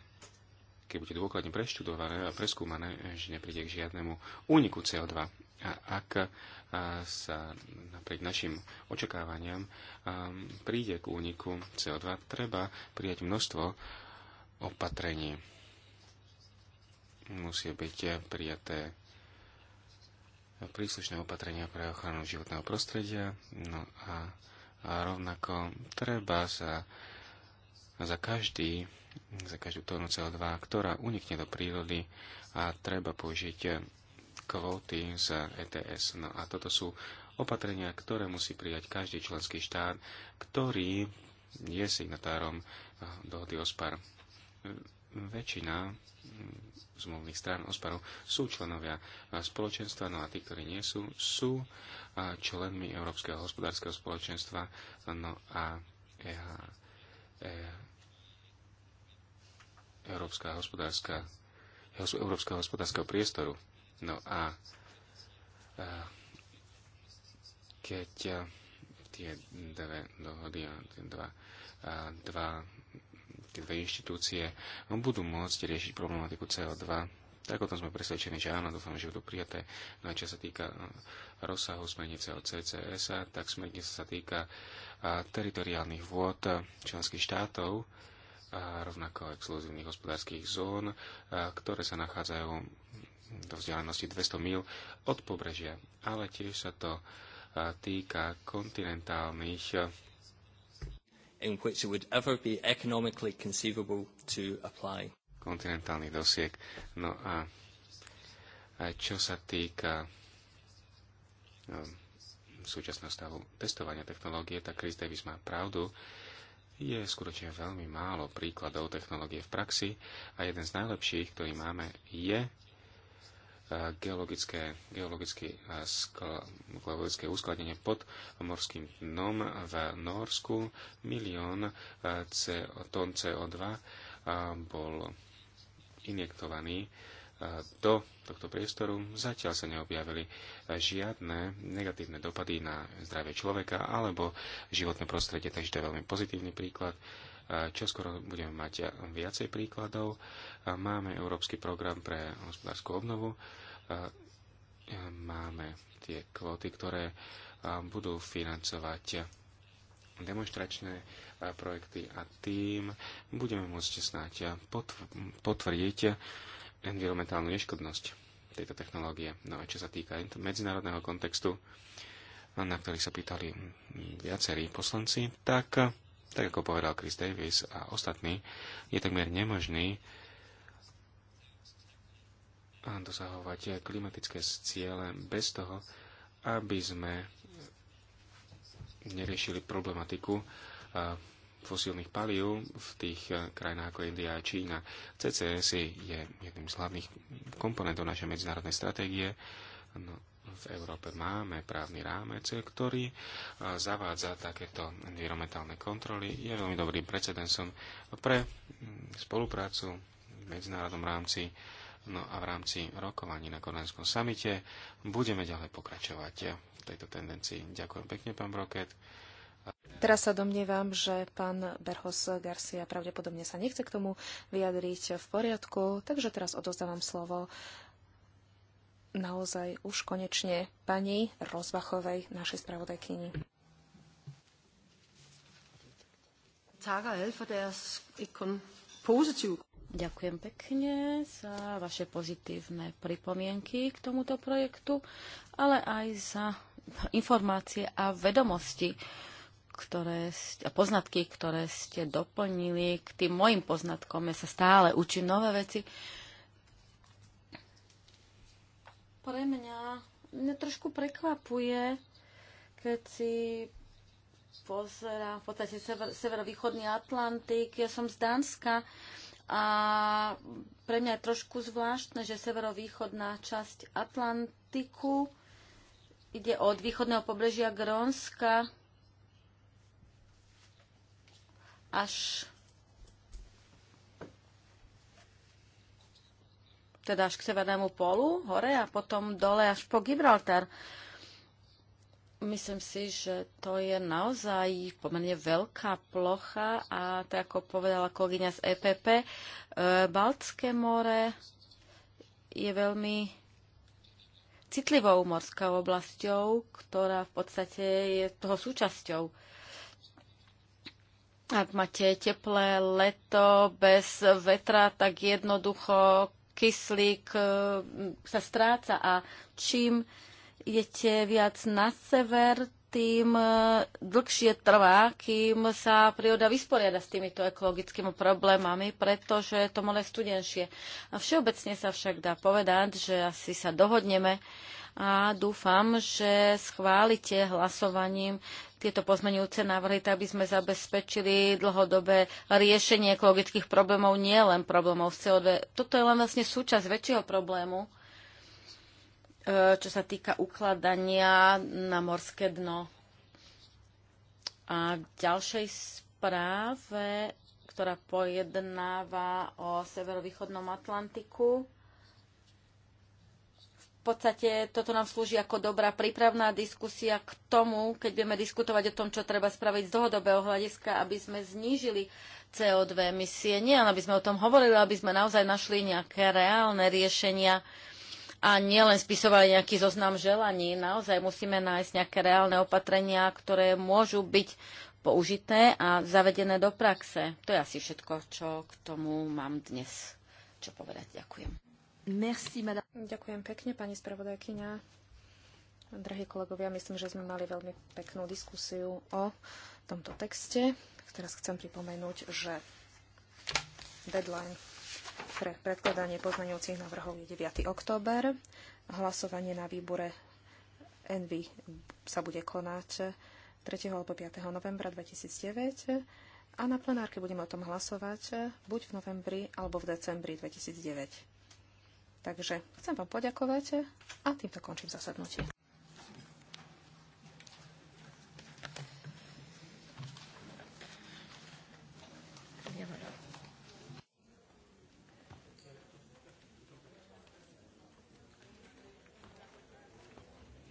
keď bude dôkladne preštudované a preskúmané, že nepríde k žiadnemu úniku CO2. A ak sa napriek našim očakávaniam príde k úniku CO2, treba prijať množstvo opatrení musia byť prijaté príslušné opatrenia pre ochranu životného prostredia. No a, a rovnako treba sa za každý, za každú tónu CO2, ktorá unikne do prírody a treba použiť kvóty z ETS. No a toto sú opatrenia, ktoré musí prijať každý členský štát, ktorý je signatárom eh, dohody OSPAR. Väčšina zmluvných strán osparov, sú členovia eh, spoločenstva, no a tí, ktorí nie sú, sú eh, členmi Európskeho hospodárskeho spoločenstva, no a e, Európska hospodárska, Európskeho hospodárskeho priestoru. No a keď tie dve dohody a tie dva, dva tie dve inštitúcie budú môcť riešiť problematiku CO2. Tak o tom sme presvedčení, že áno, dúfam, že budú prijaté. No a čo sa týka eh, rozsahu smernice od CCS, tak smerne sa týka eh, teritoriálnych vôd členských štátov, a eh, rovnako exkluzívnych hospodárskych zón, ktoré sa nachádzajú do vzdialenosti 200 mil od pobrežia. Ale tiež sa to týka kontinentálnych in which it would ever be economically conceivable to apply. Kontinentálny dosiek. No a, a čo sa týka no, súčasného stavu testovania technológie, tak Chris Davis má pravdu. Je skutočne veľmi málo príkladov technológie v praxi a jeden z najlepších, ktorý máme, je E, geologické, geologické, e, geologické uskladenie pod morským dnom v Norsku. Milión e, tón CO2 bol injektovaný do tohto priestoru. Zatiaľ sa neobjavili žiadne negatívne dopady na zdravie človeka alebo životné prostredie, takže to je veľmi pozitívny príklad. Čo skoro budeme mať viacej príkladov. Máme Európsky program pre hospodárskú obnovu. Máme tie kvóty, ktoré budú financovať demonstračné projekty a tým budeme môcť snáď potvrdiť environmentálnu neškodnosť tejto technológie. No a čo sa týka medzinárodného kontextu, na ktorý sa pýtali viacerí poslanci, tak tak ako povedal Chris Davis a ostatní, je takmer nemožný dosahovať klimatické ciele bez toho, aby sme neriešili problematiku fosílnych palív v tých krajinách ako India a Čína. CCS je jedným z hlavných komponentov našej medzinárodnej stratégie. No v Európe máme právny rámec, ktorý e, zavádza takéto environmentálne kontroly. Je veľmi dobrým precedensom pre mm, spoluprácu v medzinárodnom rámci no a v rámci rokovaní na Kodanskom samite. Budeme ďalej pokračovať v tejto tendencii. Ďakujem pekne, pán Broket. Teraz sa domnievam, že pán Berhos Garcia pravdepodobne sa nechce k tomu vyjadriť v poriadku, takže teraz odozdávam slovo naozaj už konečne pani Rozvachovej, našej spravodajkyni. Ďakujem pekne za vaše pozitívne pripomienky k tomuto projektu, ale aj za informácie a vedomosti, ktoré, a poznatky, ktoré ste doplnili k tým mojim poznatkom. Ja sa stále učím nové veci pre mňa, mňa trošku prekvapuje, keď si pozerám v podstate sever, severovýchodný Atlantik. Ja som z Dánska a pre mňa je trošku zvláštne, že severovýchodná časť Atlantiku ide od východného pobrežia Grónska až teda až k severnému polu, hore a potom dole až po Gibraltar. Myslím si, že to je naozaj pomerne veľká plocha a tak ako povedala kolegyňa z EPP, e, Baltské more je veľmi citlivou morskou oblasťou, ktorá v podstate je toho súčasťou. Ak máte teplé leto bez vetra, tak jednoducho kyslík e, sa stráca a čím idete viac na sever, tým e, dlhšie trvá, kým sa príroda vysporiada s týmito ekologickými problémami, pretože je to mnohé studenšie. A všeobecne sa však dá povedať, že asi sa dohodneme a dúfam, že schválite hlasovaním tieto pozmenujúce návrhy, tak aby sme zabezpečili dlhodobé riešenie ekologických problémov, nie len problémov z CO2. Toto je len vlastne súčasť väčšieho problému, e, čo sa týka ukladania na morské dno. A v ďalšej správe, ktorá pojednáva o severovýchodnom Atlantiku, podstate toto nám slúži ako dobrá prípravná diskusia k tomu, keď budeme diskutovať o tom, čo treba spraviť z dlhodobého hľadiska, aby sme znížili CO2 emisie. Nie, ale aby sme o tom hovorili, aby sme naozaj našli nejaké reálne riešenia a nielen spisovali nejaký zoznam želaní. Naozaj musíme nájsť nejaké reálne opatrenia, ktoré môžu byť použité a zavedené do praxe. To je asi všetko, čo k tomu mám dnes čo povedať. Ďakujem. Merci, madame. Ďakujem pekne, pani spravodajkyňa. Drahí kolegovia, myslím, že sme mali veľmi peknú diskusiu o tomto texte. Teraz chcem pripomenúť, že deadline pre predkladanie pozmeňujúcich návrhov je 9. október. Hlasovanie na výbore Envy sa bude konať 3. alebo 5. novembra 2009 a na plenárke budeme o tom hlasovať buď v novembri alebo v decembri 2009. Takže chcem vám poďakovať a týmto končím zasadnutie.